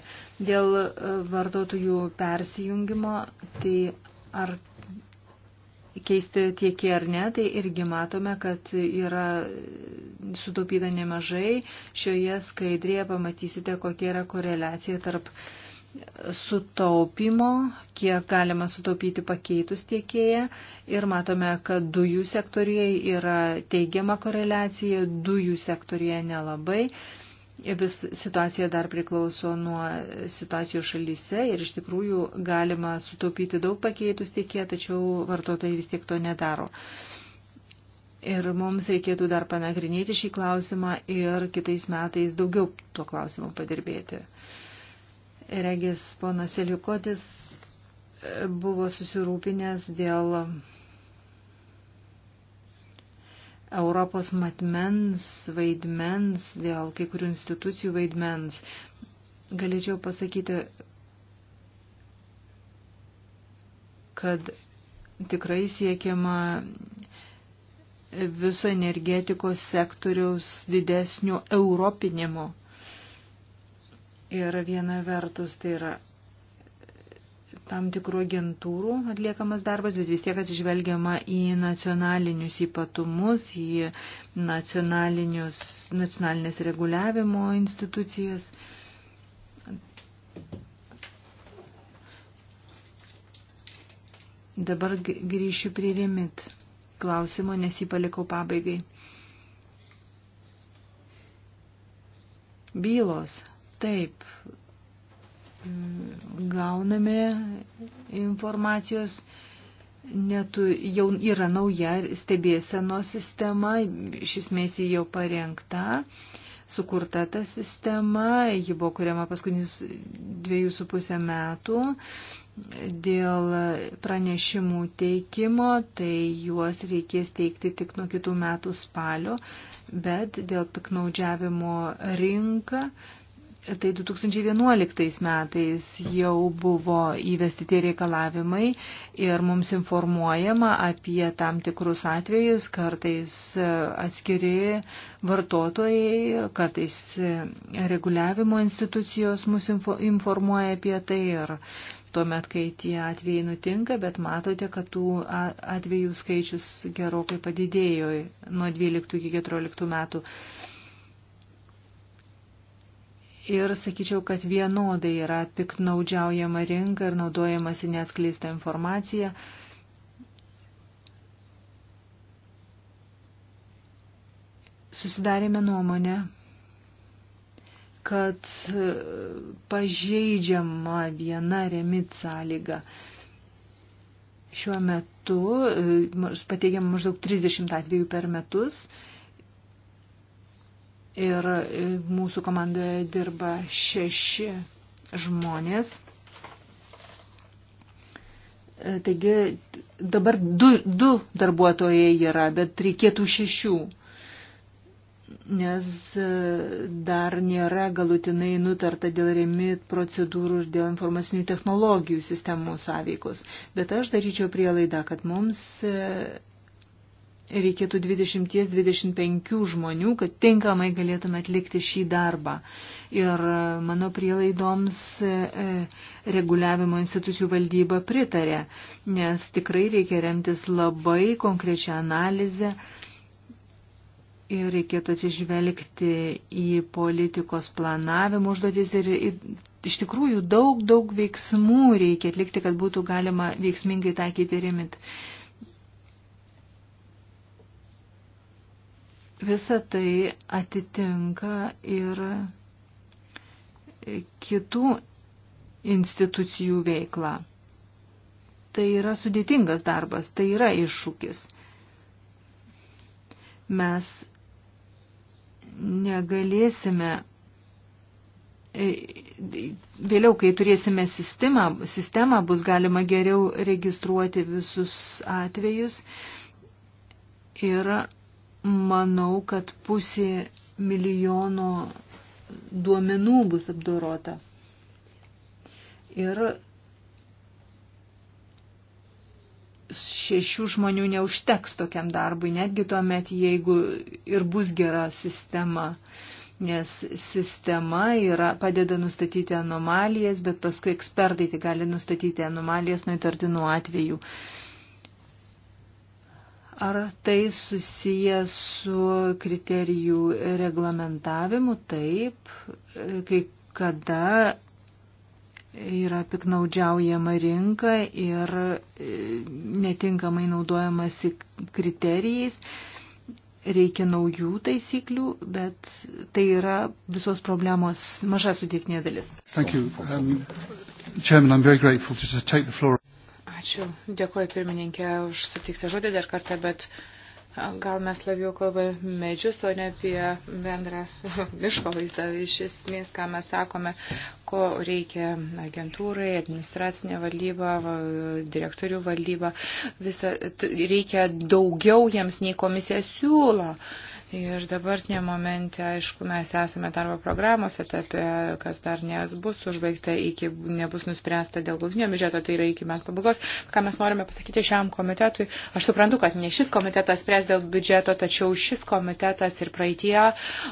Speaker 3: Dėl e, vartotojų persijungimo, tai ar keisti tiekį ar ne, tai irgi matome, kad yra sutaupyta nemažai. Šioje skaidrėje pamatysite, kokia yra koreliacija tarp uh, sutaupimo, kiek galima sutaupyti pakeitus tiekėją ir matome, kad dujų sektorijoje yra teigiama koreliacija, dujų sektorijoje nelabai. Vis situacija dar priklauso nuo situacijos šalyse ir iš tikrųjų galima sutaupyti daug pakeitus tiekėją, tačiau vartotojai vis tiek to nedaro. Ir mums reikėtų dar panagrinėti šį klausimą ir kitais metais daugiau tuo klausimu padirbėti. Regis ponas Eliukotis e, buvo susirūpinęs dėl Europos matmens vaidmens, dėl kai kurių institucijų vaidmens. Galėčiau pasakyti, kad tikrai siekiama viso energetikos sektoriaus didesnio europinimo Ir viena vertus tai yra tam tikrų agentūrų atliekamas darbas, bet vis tiek atsižvelgiama į nacionalinius ypatumus, į nacionalinės reguliavimo institucijas. Dabar grįšiu prie remit klausimo, nes jį palikau pabaigai. Bylos Taip, gauname informacijos, netu, jau yra nauja stebėsenos sistema, šis mėsį jau parengta, sukurta ta sistema, ji buvo kuriama paskutinius dviejų su pusę metų. Dėl pranešimų teikimo, tai juos reikės teikti tik nuo kitų metų spalio, bet dėl piknaudžiavimo rinka Tai 2011 metais jau buvo įvesti tie reikalavimai ir mums informuojama apie tam tikrus atvejus, kartais e, atskiri vartotojai, kartais e, reguliavimo institucijos mus informuoja apie tai ir tuomet, kai tie atvejai nutinka, bet matote, kad tų atvejų skaičius gerokai padidėjo nuo 12 iki 14 metų ir sakyčiau, kad vienodai yra piknaudžiaujama rinka ir naudojamasi neatskleista informacija. Susidarėme nuomonę, kad pažeidžiama viena remit sąlyga. Šiuo metu e, pateigiama maždaug 30 atvejų per metus. Ir e, mūsų komandoje dirba šeši žmonės. E, taigi dabar du, du darbuotojai yra, bet reikėtų šešių, nes e, dar nėra galutinai nutarta dėl remit procedūrų ir dėl informacinių technologijų sistemų sąveikos. Bet aš daryčiau prielaidą, kad mums reikėtų 20-25 žmonių, kad tinkamai galėtume atlikti šį darbą. Ir e, mano prielaidoms e, e, reguliavimo institucijų valdyba pritarė, nes tikrai reikia remtis labai konkrečią analizę ir reikėtų atsižvelgti į politikos planavimo užduotis ir iš tikrųjų daug, daug veiksmų reikia atlikti, kad būtų galima veiksmingai taikyti rimit. Uh, Visa tai atitinka ir kitų institucijų veiklą. Tai yra sudėtingas darbas, tai yra iššūkis. Mes negalėsime e, vėliau, kai turėsime sistemą, sistemą bus galima geriau registruoti visus atvejus ir manau, kad pusė milijono duomenų bus apdorota. Ir šešių žmonių neužteks tokiam darbui, netgi tuo met, jeigu ir bus gera sistema, nes sistema yra, padeda nustatyti anomalijas, bet paskui ekspertai tai gali nustatyti anomalijas nuo įtartinų atvejų. Uh, Ar tai susiję su kriterijų reglamentavimu? Taip, kai kada yra piknaudžiaujama rinka ir e, netinkamai naudojamasi kriterijais. Reikia naujų taisyklių, bet tai yra visos problemos maža sudėtinė dalis. Thank you. Um, Chairman, I'm very grateful to take the floor.
Speaker 1: Ačiū. Dėkuoju pirmininkė už sutiktą žodį dar kartą, bet gal mes labiau kalbame medžius, o ne apie bendrą miško vaizdą. Iš esmės, ką mes sakome, ko reikia agentūrai, administracinė valdyba, direktorių valdyba, visa, reikia daugiau jiems nei komisija siūlo. Uh, Ir dabartinė momente, aišku, mes esame darbo programos etape, kas dar nebus užbaigta, iki nebus nuspręsta dėl galutinio biudžeto, tai yra iki metų pabaigos. Ką mes norime pasakyti šiam komitetui, aš suprantu, kad ne šis komitetas spręs dėl biudžeto, tačiau šis komitetas ir praeitie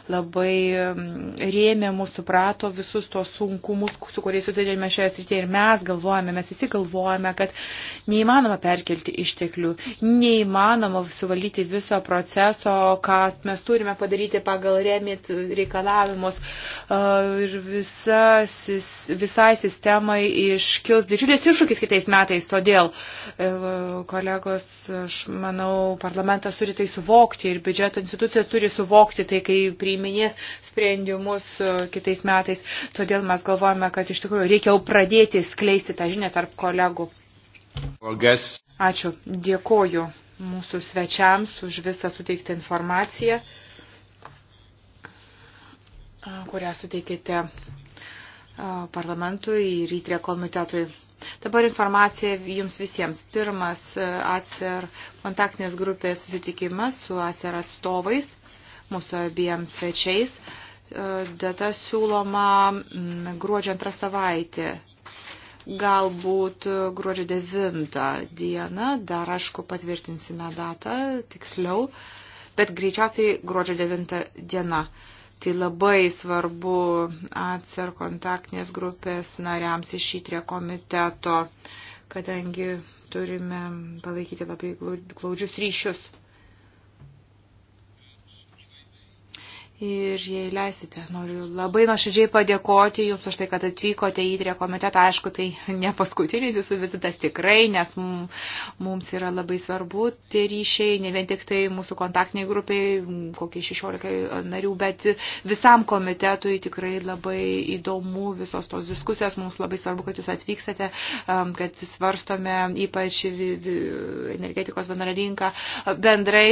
Speaker 1: labai mm, rėmė mūsų, suprato visus tos sunkumus, su kuriais susidėlėme šioje srityje ir mes galvojame, mes visi galvojame, kad neįmanoma perkelti išteklių, neįmanoma suvaldyti viso proceso, ką mes mes turime padaryti pagal remit reikalavimus e, ir visa, visai sistemai iškils didžiulis iššūkis kitais metais. Todėl, e, kolegos, aš manau, parlamentas turi tai suvokti ir biudžeto institucijos turi suvokti tai, kai priiminės sprendimus e, kitais metais. Todėl mes galvojame, kad iš tikrųjų reikia jau pradėti skleisti tą žinią tarp kolegų. Ačiū. Dėkoju mūsų svečiams už visą suteiktą informaciją, kurią suteikėte parlamentui ir įtrė komitetui. Dabar informacija jums visiems. Pirmas ACER kontaktinės grupės susitikimas su ACER atstovais, mūsų abiems svečiais. Data siūloma gruodžio antrą savaitę galbūt e, gruodžio 9 dieną, dar aišku patvirtinsime datą tiksliau, bet greičiausiai gruodžio 9 diena. Tai labai svarbu atsir kontaktinės grupės nariams iš įtrė komiteto, kadangi turime palaikyti labai glaudžius ryšius. Ir jei leisite, noriu labai nuoširdžiai padėkoti Jums už tai, kad atvykote į Trė komitetą. Aišku, tai ne paskutinis Jūsų vizitas tikrai, nes mums yra labai svarbu tie ryšiai, ne vien tik tai mūsų kontaktiniai grupiai, kokie 16 narių, bet visam komitetui tikrai labai įdomu visos tos diskusijos. Mums labai svarbu, kad Jūs atvyksate, kad svarstome ypač energetikos bendrą rinką bendrai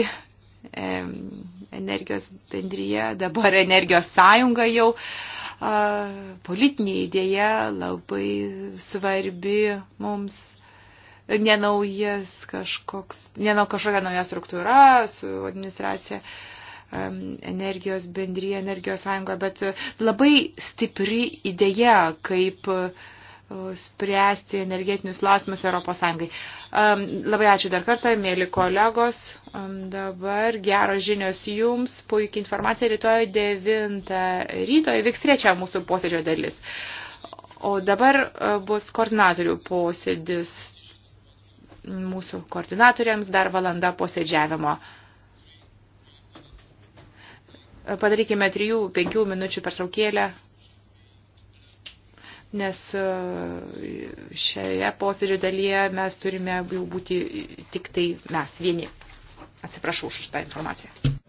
Speaker 1: energijos bendryje, dabar energijos sąjunga jau politinė idėja labai svarbi mums nenaujas kažkoks, nenau kažkokia nauja struktūra su administracija energijos bendryje, energijos sąjungoje, bet labai stipri idėja, kaip uh, spręsti energetinius klausimus Europos Sąjungai. Labai ačiū dar kartą, mėly kolegos. Dabar geros žinios jums, puikiai informacija rytoj 9 ryto įvyks trečia mūsų posėdžio dalis. O dabar e, bus koordinatorių posėdis mūsų koordinatoriams dar valanda posėdžiavimo. Padarykime 3-5 minučių pertraukėlę nes e, šioje posėdžio dalyje mes turime jau būti tik tai mes vieni. Atsiprašau už tą
Speaker 3: informaciją.